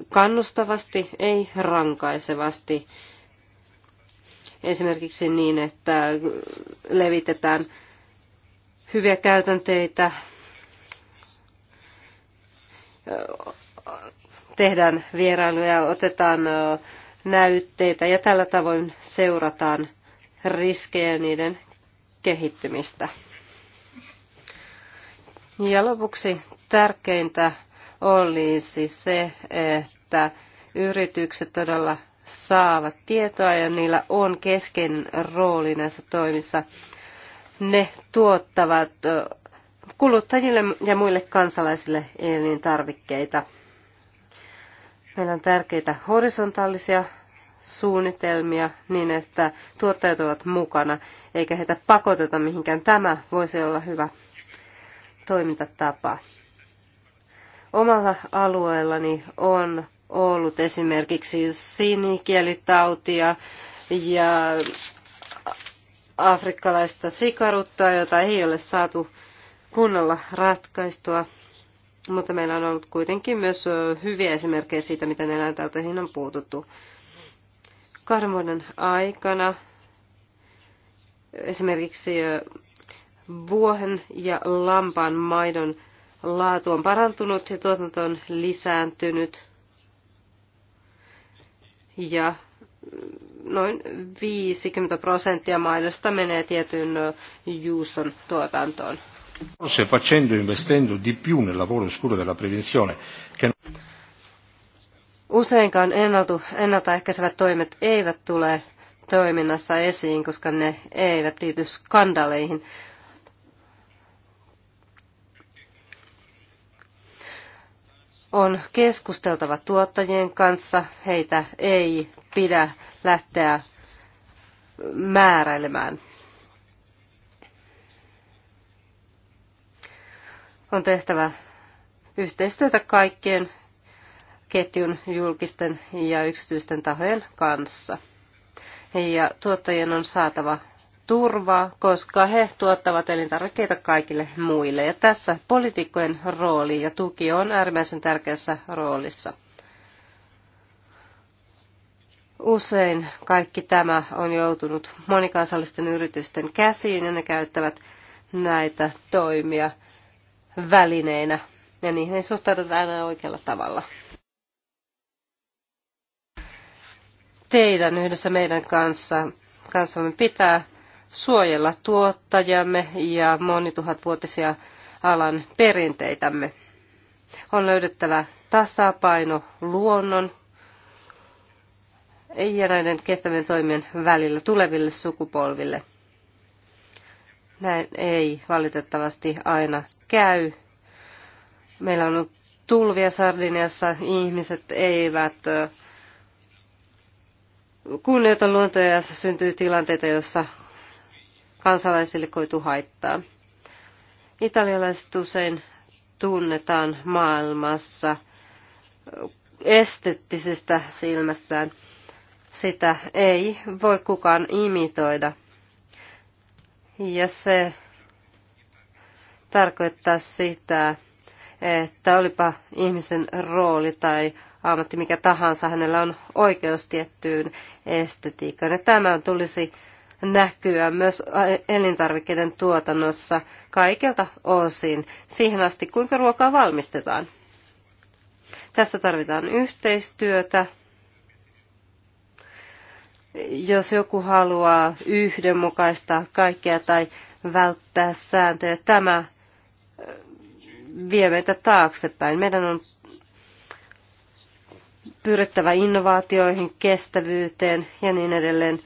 kannustavasti, ei rankaisevasti. Esimerkiksi niin, että levitetään hyviä käytänteitä, tehdään vierailuja, otetaan näytteitä ja tällä tavoin seurataan riskejä ja niiden kehittymistä. Ja lopuksi tärkeintä olisi se, että yritykset todella saavat tietoa ja niillä on kesken rooli näissä toimissa. Ne tuottavat kuluttajille ja muille kansalaisille elintarvikkeita. Meillä on tärkeitä horisontaalisia suunnitelmia niin, että tuottajat ovat mukana, eikä heitä pakoteta mihinkään. Tämä voisi olla hyvä toimintatapa. Omalla alueellani on ollut esimerkiksi sinikielitautia ja afrikkalaista sikaruttoa, jota ei ole saatu kunnolla ratkaistua. Mutta meillä on ollut kuitenkin myös hyviä esimerkkejä siitä, miten eläintauteihin on puututtu kahden vuoden aikana esimerkiksi vuohen ja lampaan maidon laatu on parantunut ja tuotanto on lisääntynyt. Ja noin 50 prosenttia maidosta menee tietyn juuston tuotantoon. Forse facendo e investendo di più nel lavoro oscuro della prevenzione che Useinkaan ennalta, ennaltaehkäisevät toimet eivät tule toiminnassa esiin, koska ne eivät liity skandaleihin. On keskusteltava tuottajien kanssa, heitä ei pidä lähteä määräilemään. On tehtävä yhteistyötä kaikkien ketjun julkisten ja yksityisten tahojen kanssa. Ja tuottajien on saatava turvaa, koska he tuottavat elintarvikkeita kaikille muille. Ja tässä poliitikkojen rooli ja tuki on äärimmäisen tärkeässä roolissa. Usein kaikki tämä on joutunut monikansallisten yritysten käsiin ja ne käyttävät näitä toimia välineinä. Ja niihin ei suhtauduta aina oikealla tavalla. teidän yhdessä meidän kanssa, kanssamme pitää suojella tuottajamme ja monituhatvuotisia alan perinteitämme. On löydettävä tasapaino luonnon ja näiden kestävien toimien välillä tuleville sukupolville. Näin ei valitettavasti aina käy. Meillä on tulvia Sardiniassa, ihmiset eivät kunnioita luontoja ja syntyy tilanteita, joissa kansalaisille koitu haittaa. Italialaiset usein tunnetaan maailmassa estettisestä silmästään. Sitä ei voi kukaan imitoida. Ja se tarkoittaa sitä, että olipa ihmisen rooli tai ammatti mikä tahansa, hänellä on oikeus tiettyyn estetiikkaan. Tämä tulisi näkyä myös elintarvikkeiden tuotannossa kaikilta osin siihen asti, kuinka ruokaa valmistetaan. Tässä tarvitaan yhteistyötä. Jos joku haluaa yhdenmukaista kaikkea tai välttää sääntöjä, tämä vie meitä taaksepäin. Meidän on pyrittävä innovaatioihin, kestävyyteen ja niin edelleen,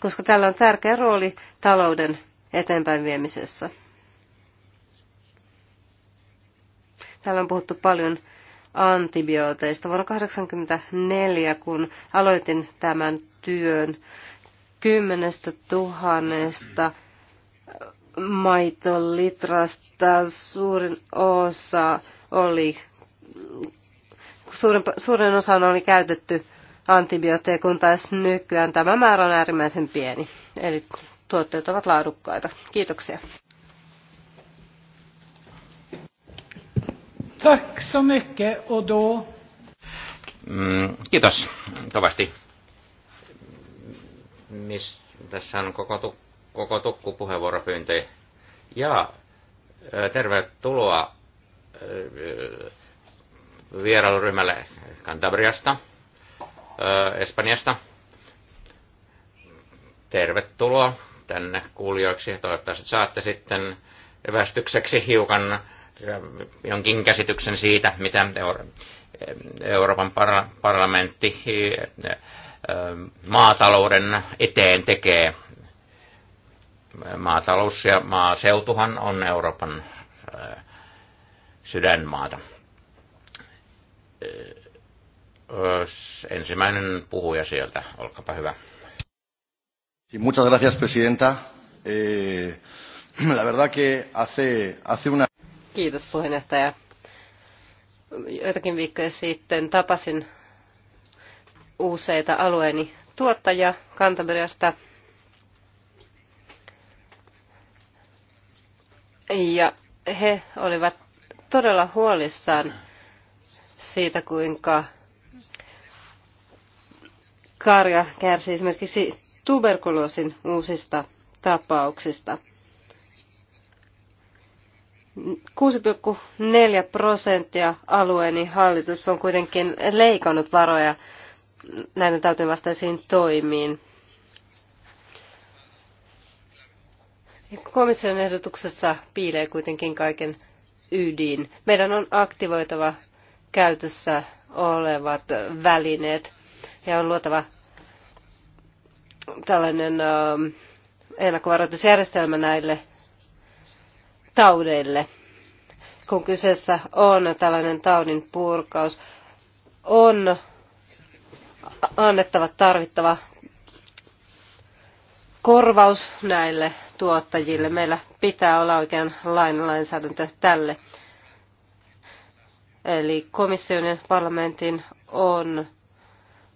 koska tällä on tärkeä rooli talouden eteenpäin viemisessä. Täällä on puhuttu paljon antibiooteista. Vuonna 1984, kun aloitin tämän työn, kymmenestä tuhannesta maitolitrasta suurin osa oli suurin, suurin osa käytetty antibiootteja, kun taas nykyään tämä määrä on äärimmäisen pieni. Eli tuotteet ovat laadukkaita. Kiitoksia. Tack så mycket och då... Mm, kiitos kovasti. Mis, tässä on koko, tuk- koko tukku puheenvuoropyyntö. Ja tervetuloa vierailuryhmälle Cantabriasta, Espanjasta. Tervetuloa tänne kuulijoiksi. Toivottavasti saatte sitten evästykseksi hiukan jonkin käsityksen siitä, mitä Euroopan parlamentti maatalouden eteen tekee. Maatalous ja maaseutuhan on Euroopan sydänmaata ensimmäinen puhuja sieltä, olkapa hyvä. Sí, Muchas gracias, presidenta. Eh, la verdad que hace, hace una... Kiitos puheenjohtaja. Joitakin viikkoja sitten tapasin useita alueeni tuottajia Kantaberiasta. Ja he olivat todella huolissaan siitä, kuinka karja kärsii esimerkiksi tuberkuloosin uusista tapauksista. 6,4 prosenttia alueeni hallitus on kuitenkin leikannut varoja näiden tautinvastaisiin toimiin. Komission ehdotuksessa piilee kuitenkin kaiken ydin. Meidän on aktivoitava käytössä olevat välineet ja on luotava tällainen ennakkovaroitusjärjestelmä näille taudeille. Kun kyseessä on tällainen taudin purkaus, on annettava tarvittava korvaus näille tuottajille. Meillä pitää olla oikean lainsäädäntö tälle Eli komission ja parlamentin on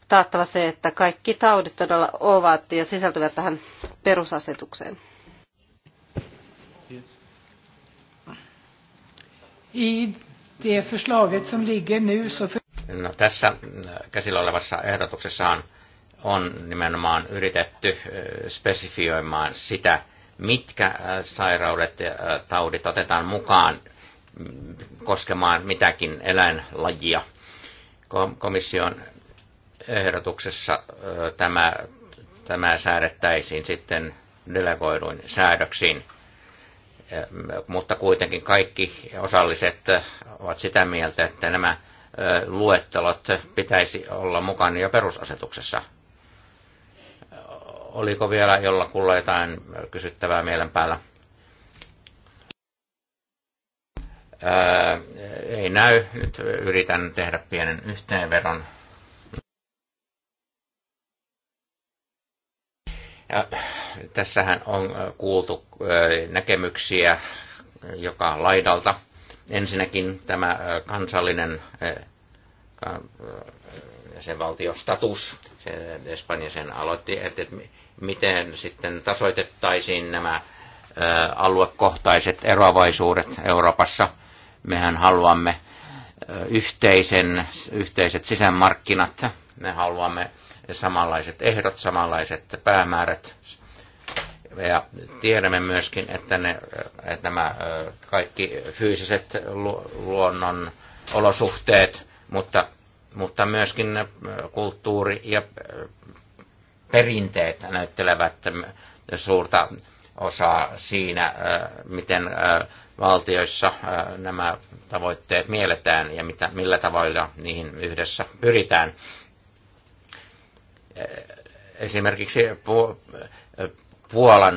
taattava se, että kaikki taudit todella ovat ja sisältyvät tähän perusasetukseen. I det förslaget som ligger nu så... No, tässä äh, käsillä olevassa on, on nimenomaan yritetty äh, spesifioimaan sitä, mitkä äh, sairaudet ja taudit otetaan mukaan Mm, koskemaan mitäkin eläinlajia. Komission ehdotuksessa tämä, tämä säädettäisiin sitten delegoiduin säädöksiin. Mutta kuitenkin kaikki osalliset ovat sitä mieltä, että nämä luettelot pitäisi olla mukana jo perusasetuksessa. Oliko vielä jollakulla jotain kysyttävää mielen päällä? ää, ei näy. Nyt yritän tehdä pienen yhteenvedon. Ja tässähän on kuultu näkemyksiä joka laidalta. Ensinnäkin tämä kansallinen jäsenvaltiostatus, se Espanja sen aloitti, että miten sitten tasoitettaisiin nämä aluekohtaiset eroavaisuudet Euroopassa – Mehän haluamme yhteisen, yhteiset sisämarkkinat. Me haluamme samanlaiset ehdot, samanlaiset päämäärät. Ja tiedämme myöskin, että, ne, että nämä kaikki fyysiset luonnon olosuhteet, mutta, mutta myöskin kulttuuri ja perinteet näyttelevät suurta osaa siinä, äh, miten äh, valtioissa äh, nämä tavoitteet mielletään ja mitä, millä tavoilla niihin yhdessä pyritään. Esimerkiksi Puolan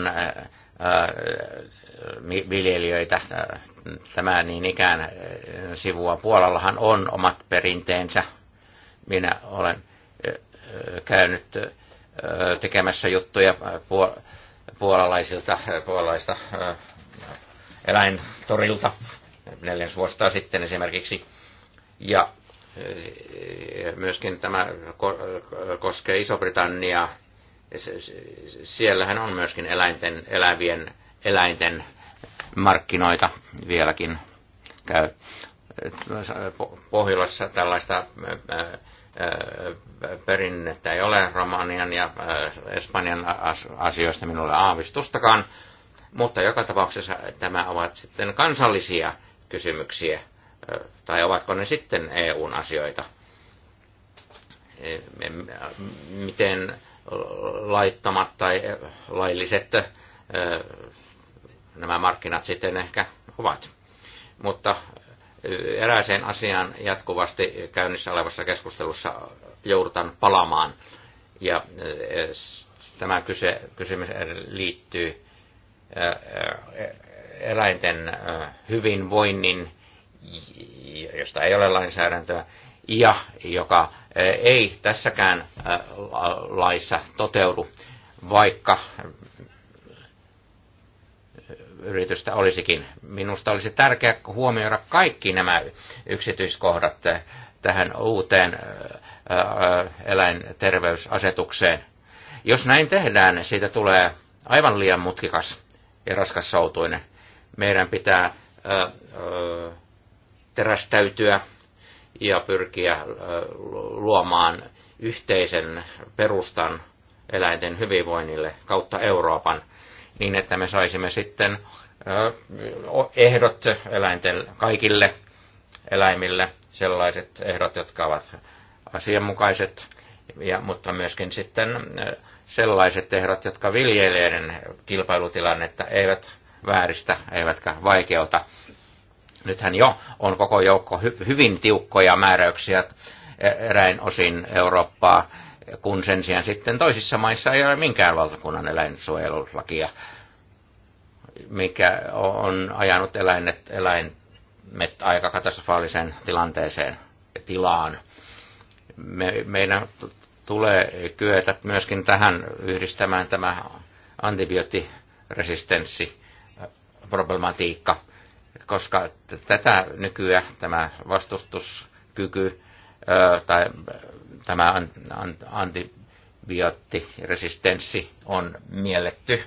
viljelijöitä tämä niin ikään sivua. Puolallahan on omat perinteensä. Minä olen käynyt tekemässä juttuja puolalaisilta, äh, puolalaista äh, eläintorilta neljäs vuotta sitten esimerkiksi. Ja äh, myöskin tämä koskee Iso-Britanniaa. Siellähän on myöskin eläinten, elävien eläinten markkinoita vieläkin käy. Pohjolassa tällaista Äh, perinnettä ei ole Romanian ja äh, Espanjan asioista minulle aavistustakaan, mutta joka tapauksessa tämä ovat sitten kansallisia kysymyksiä, äh, tai ovatko ne sitten EUn asioita. E, miten laittomat tai lailliset nämä markkinat sitten ehkä ovat. Mutta erääseen asiaan jatkuvasti käynnissä olevassa keskustelussa joudutaan palamaan. Ja e, e, tämä kyse, kysymys liittyy e, eläinten hyvinvoinnin, josta ei ole lainsäädäntöä, ja joka ei tässäkään laissa toteudu, vaikka yritystä olisikin. Minusta olisi tärkeää huomioida kaikki nämä yksityiskohdat tähän uuteen eläinterveysasetukseen. Jos näin tehdään, siitä tulee aivan liian mutkikas ja raskas soutuinen. Meidän pitää terästäytyä ja pyrkiä luomaan yhteisen perustan eläinten hyvinvoinnille kautta Euroopan – niin että me saisimme sitten ehdot eläinten kaikille eläimille, sellaiset ehdot, jotka ovat asianmukaiset, ja, mutta myöskin sitten sellaiset ehdot, jotka viljelijöiden kilpailutilannetta eivät vääristä eivätkä vaikeuta. Nythän jo on koko joukko hy, hyvin tiukkoja määräyksiä e, eräin osin Eurooppaa kun sen sijaan sitten toisissa maissa ei ole minkään valtakunnan eläinsuojelulakia, mikä on ajanut eläinet, eläimet aika katastrofaaliseen tilanteeseen, tilaan. Me, meidän tulee kyetä myöskin tähän yhdistämään tämä antibioottiresistenssi äh, problematiikka, koska tätä nykyään tämä vastustuskyky äh, tai tämä antibioottiresistenssi on mielletty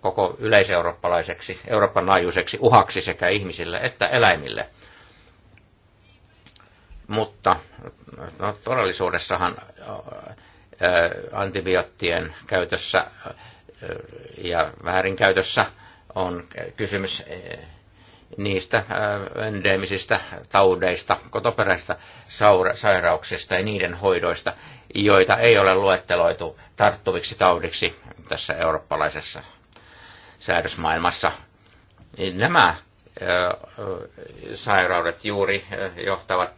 koko yleiseurooppalaiseksi, Euroopan laajuiseksi uhaksi sekä ihmisille että eläimille. Mutta no, todellisuudessahan antibioottien käytössä ja väärinkäytössä on kysymys niistä äh, endeemisistä taudeista, kotoperäisistä sairauksista ja niiden hoidoista, joita ei ole luetteloitu tarttuviksi taudiksi tässä eurooppalaisessa säädösmaailmassa. Niin nämä äh, sairaudet juuri äh, johtavat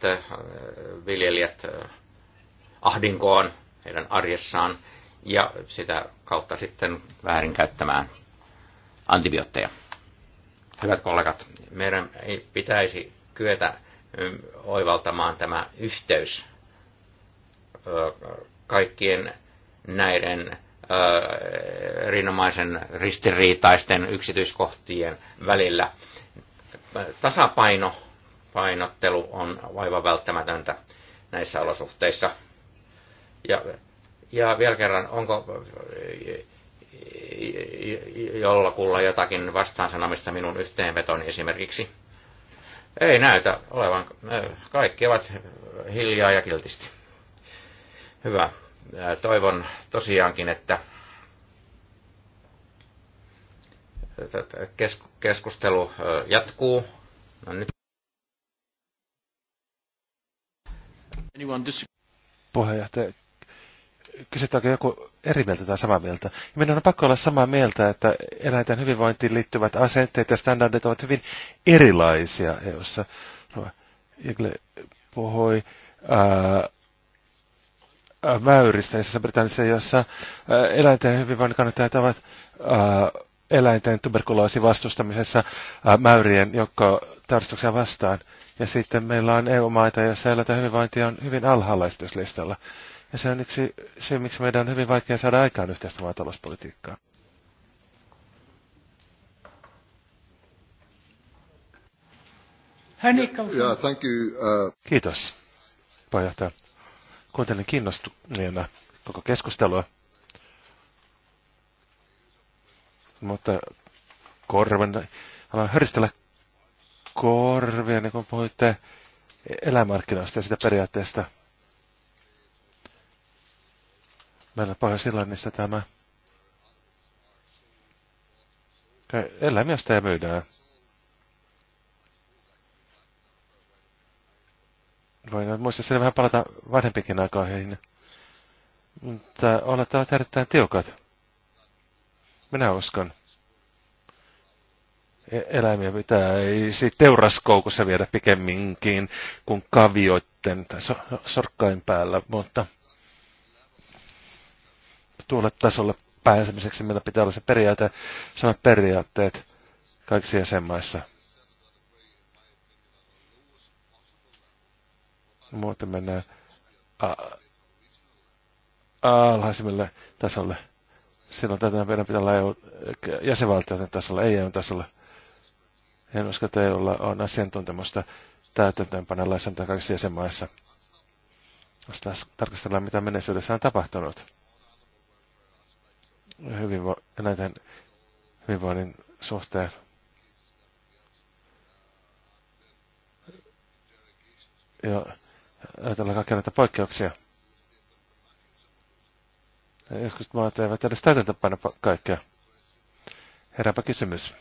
viljelijät ahdinkoon heidän arjessaan ja sitä kautta sitten väärinkäyttämään antibiootteja. Hyvät kollegat, meidän pitäisi kyetä oivaltamaan tämä yhteys kaikkien näiden erinomaisen ristiriitaisten yksityiskohtien välillä. Tasapaino, painottelu on aivan välttämätöntä näissä olosuhteissa. Ja, ja vielä kerran, onko jollakulla jotakin vastaansanomista minun yhteenvetoni esimerkiksi. Ei näytä olevan. Kaikki ovat hiljaa ja kiltisti. Hyvä. Toivon tosiaankin, että keskustelu jatkuu. No nyt. Puheenjohtaja kysytäänkö joku eri mieltä tai samaa mieltä. meidän on pakko olla samaa mieltä, että eläinten hyvinvointiin liittyvät asenteet ja standardit ovat hyvin erilaisia EU-ssa. Igle puhui ää, mäyristä jossa Britanniassa, jossa ää, eläinten hyvinvoinnin kannattajat ovat ää, eläinten tuberkuloosi vastustamisessa ää, mäyrien joukko tarkistuksia vastaan. Ja sitten meillä on EU-maita, joissa eläinten hyvinvointi on hyvin alhaalla ja se on yksi syy, miksi meidän on hyvin vaikea saada aikaan yhteistä maatalouspolitiikkaa. Herr Nicholson. Yeah, thank you, uh... Kiitos, puheenjohtaja. Kuuntelin kiinnostuneena koko keskustelua. Mutta korven, haluan höristellä korvia, niin kun puhuitte elämarkkinoista ja sitä periaatteesta – meillä Pohjois-Irlannissa tämä eläimiä ja myydään. Voin muistaa sinne vähän palata vanhempikin aikoihin. Mutta olette ovat erittäin tiukat. Minä uskon. E- eläimiä pitää siitä teuraskoukussa viedä pikemminkin kuin kavioitten tai sorkkain päällä, mutta tuolle tasolle pääsemiseksi meillä pitää olla se periaate, samat periaatteet kaikissa jäsenmaissa. Muuten mennään a- alhaisimmille tasolle. Silloin tätä meidän pitää olla EU, jäsenvaltioiden tasolla, ei EU tasolla. En usko, että EUlla on asiantuntemusta täytäntöönpanelaisen tai kaikissa jäsenmaissa. Jos tarkastellaan, mitä menneisyydessä on tapahtunut hyvinvo- eläinten hyvinvoinnin suhteen. Ja ajatellaan kaikkia näitä poikkeuksia. Ja joskus maat eivät edes paina kaikkea. Herääpä kysymys.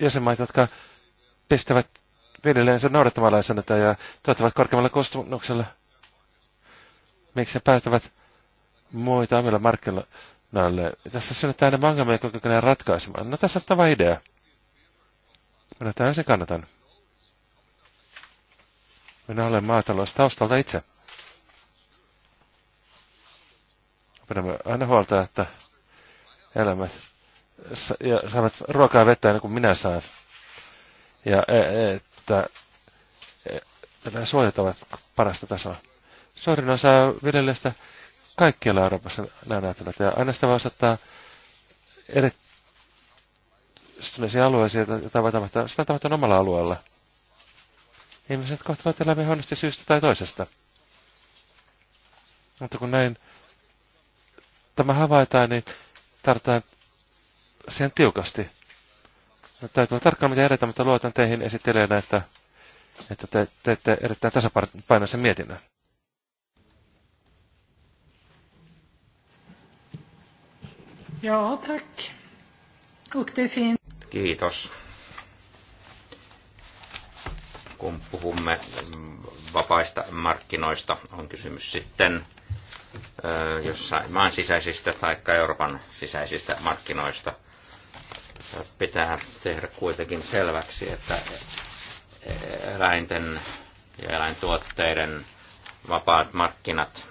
jäsenmaat, jotka pistävät viljelijänsä noudattamaan ja tuottavat korkeammalla kustannuksella – miksi he päästävät muita omilla markkinoille. Tässä synnytään enemmän ongelmia, jotka kykenee ratkaisemaan. No tässä on tämä idea. Minä täysin kannatan. Minä olen taustalta itse. Pidämme aina huolta, että elämät ja saavat ruokaa ja vettä ennen kuin minä saan. Ja e- e- että e- nämä suojat ovat parasta tasoa. Suurin osa viljelijöistä kaikkialla Euroopassa näin ajatellaan. Ja aina sitä voi osoittaa erityisiä alueisia, joita voi tapahtua, sitä tapahtuu omalla alueella. Ihmiset kohtavat eläimiä huonosti syystä tai toisesta. Mutta kun näin tämä havaitaan, niin tarvitaan siihen tiukasti. täytyy olla tarkkaan mitä edetä, mutta luotan teihin esittelijänä, että, että te teette erittäin tasapainoisen mietinnän. Joo, tack. Och det fin- Kiitos. Kun puhumme vapaista markkinoista, on kysymys sitten jossain maan sisäisistä tai Euroopan sisäisistä markkinoista. Pitää tehdä kuitenkin selväksi, että eläinten ja eläintuotteiden vapaat markkinat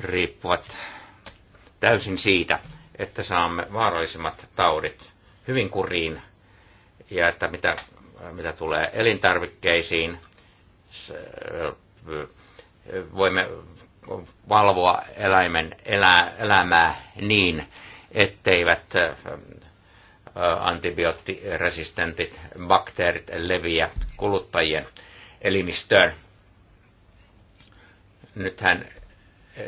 riippuvat täysin siitä, että saamme vaarallisimmat taudit hyvin kuriin ja että mitä, mitä tulee elintarvikkeisiin, voimme valvoa eläimen elämää niin, etteivät antibioottiresistentit bakteerit leviä kuluttajien elimistöön. Nythän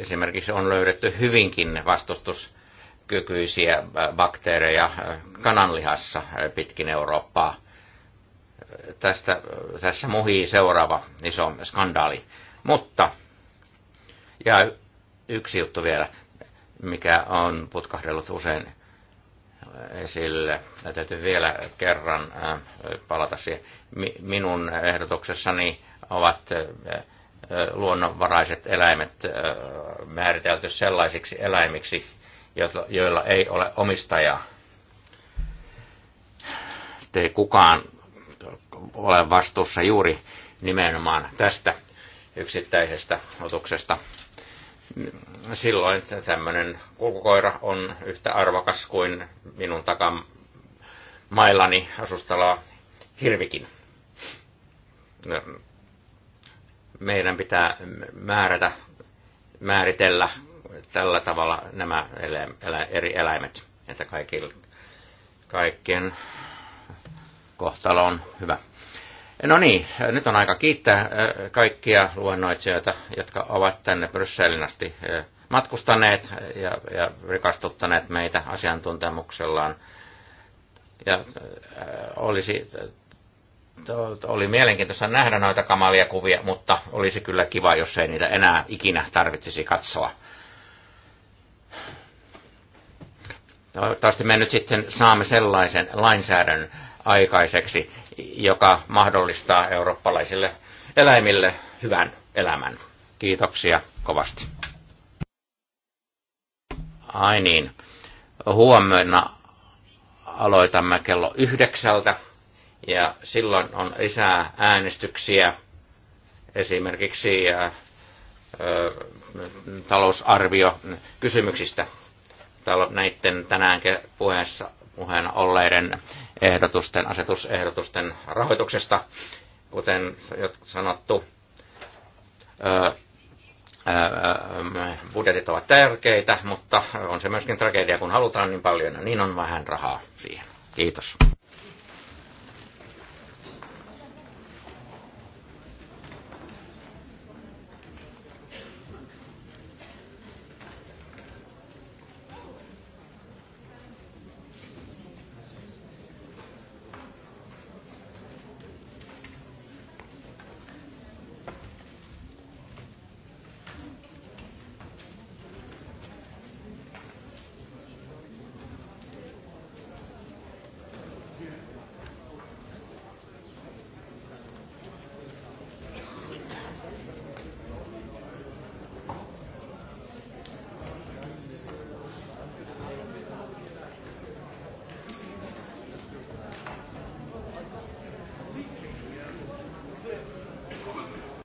Esimerkiksi on löydetty hyvinkin vastustuskykyisiä bakteereja kananlihassa pitkin Eurooppaa. Tästä, tässä muhii seuraava iso skandaali. Mutta, ja yksi juttu vielä, mikä on putkahdellut usein esille. Ja täytyy vielä kerran äh, palata siihen. Minun ehdotuksessani ovat äh, luonnonvaraiset eläimet määritelty sellaisiksi eläimiksi, joilla ei ole omistajaa. Ei kukaan ole vastuussa juuri nimenomaan tästä yksittäisestä otuksesta. Silloin tämmöinen kulkukoira on yhtä arvokas kuin minun takan maillani asustalaa hirvikin meidän pitää määrätä, määritellä tällä tavalla nämä eri eläimet, että kaikille, kaikkien kohtalo on hyvä. No niin, nyt on aika kiittää äh, kaikkia luennoitsijoita, jotka ovat tänne Brysselin asti äh, matkustaneet ja, ja rikastuttaneet meitä asiantuntemuksellaan. Ja äh, olisi oli mielenkiintoista nähdä noita kamalia kuvia, mutta olisi kyllä kiva, jos ei niitä enää ikinä tarvitsisi katsoa. Toivottavasti me nyt sitten saamme sellaisen lainsäädännön aikaiseksi, joka mahdollistaa eurooppalaisille eläimille hyvän elämän. Kiitoksia kovasti. Ai niin. Huomenna aloitamme kello yhdeksältä. Ja silloin on lisää äänestyksiä esimerkiksi äh, äh, talousarvio kysymyksistä näiden tänään puheessa puheena olleiden ehdotusten, asetusehdotusten rahoituksesta, kuten sanottu, äh, budjetit ovat tärkeitä, mutta on se myöskin tragedia, kun halutaan niin paljon, niin on vähän rahaa siihen. Kiitos.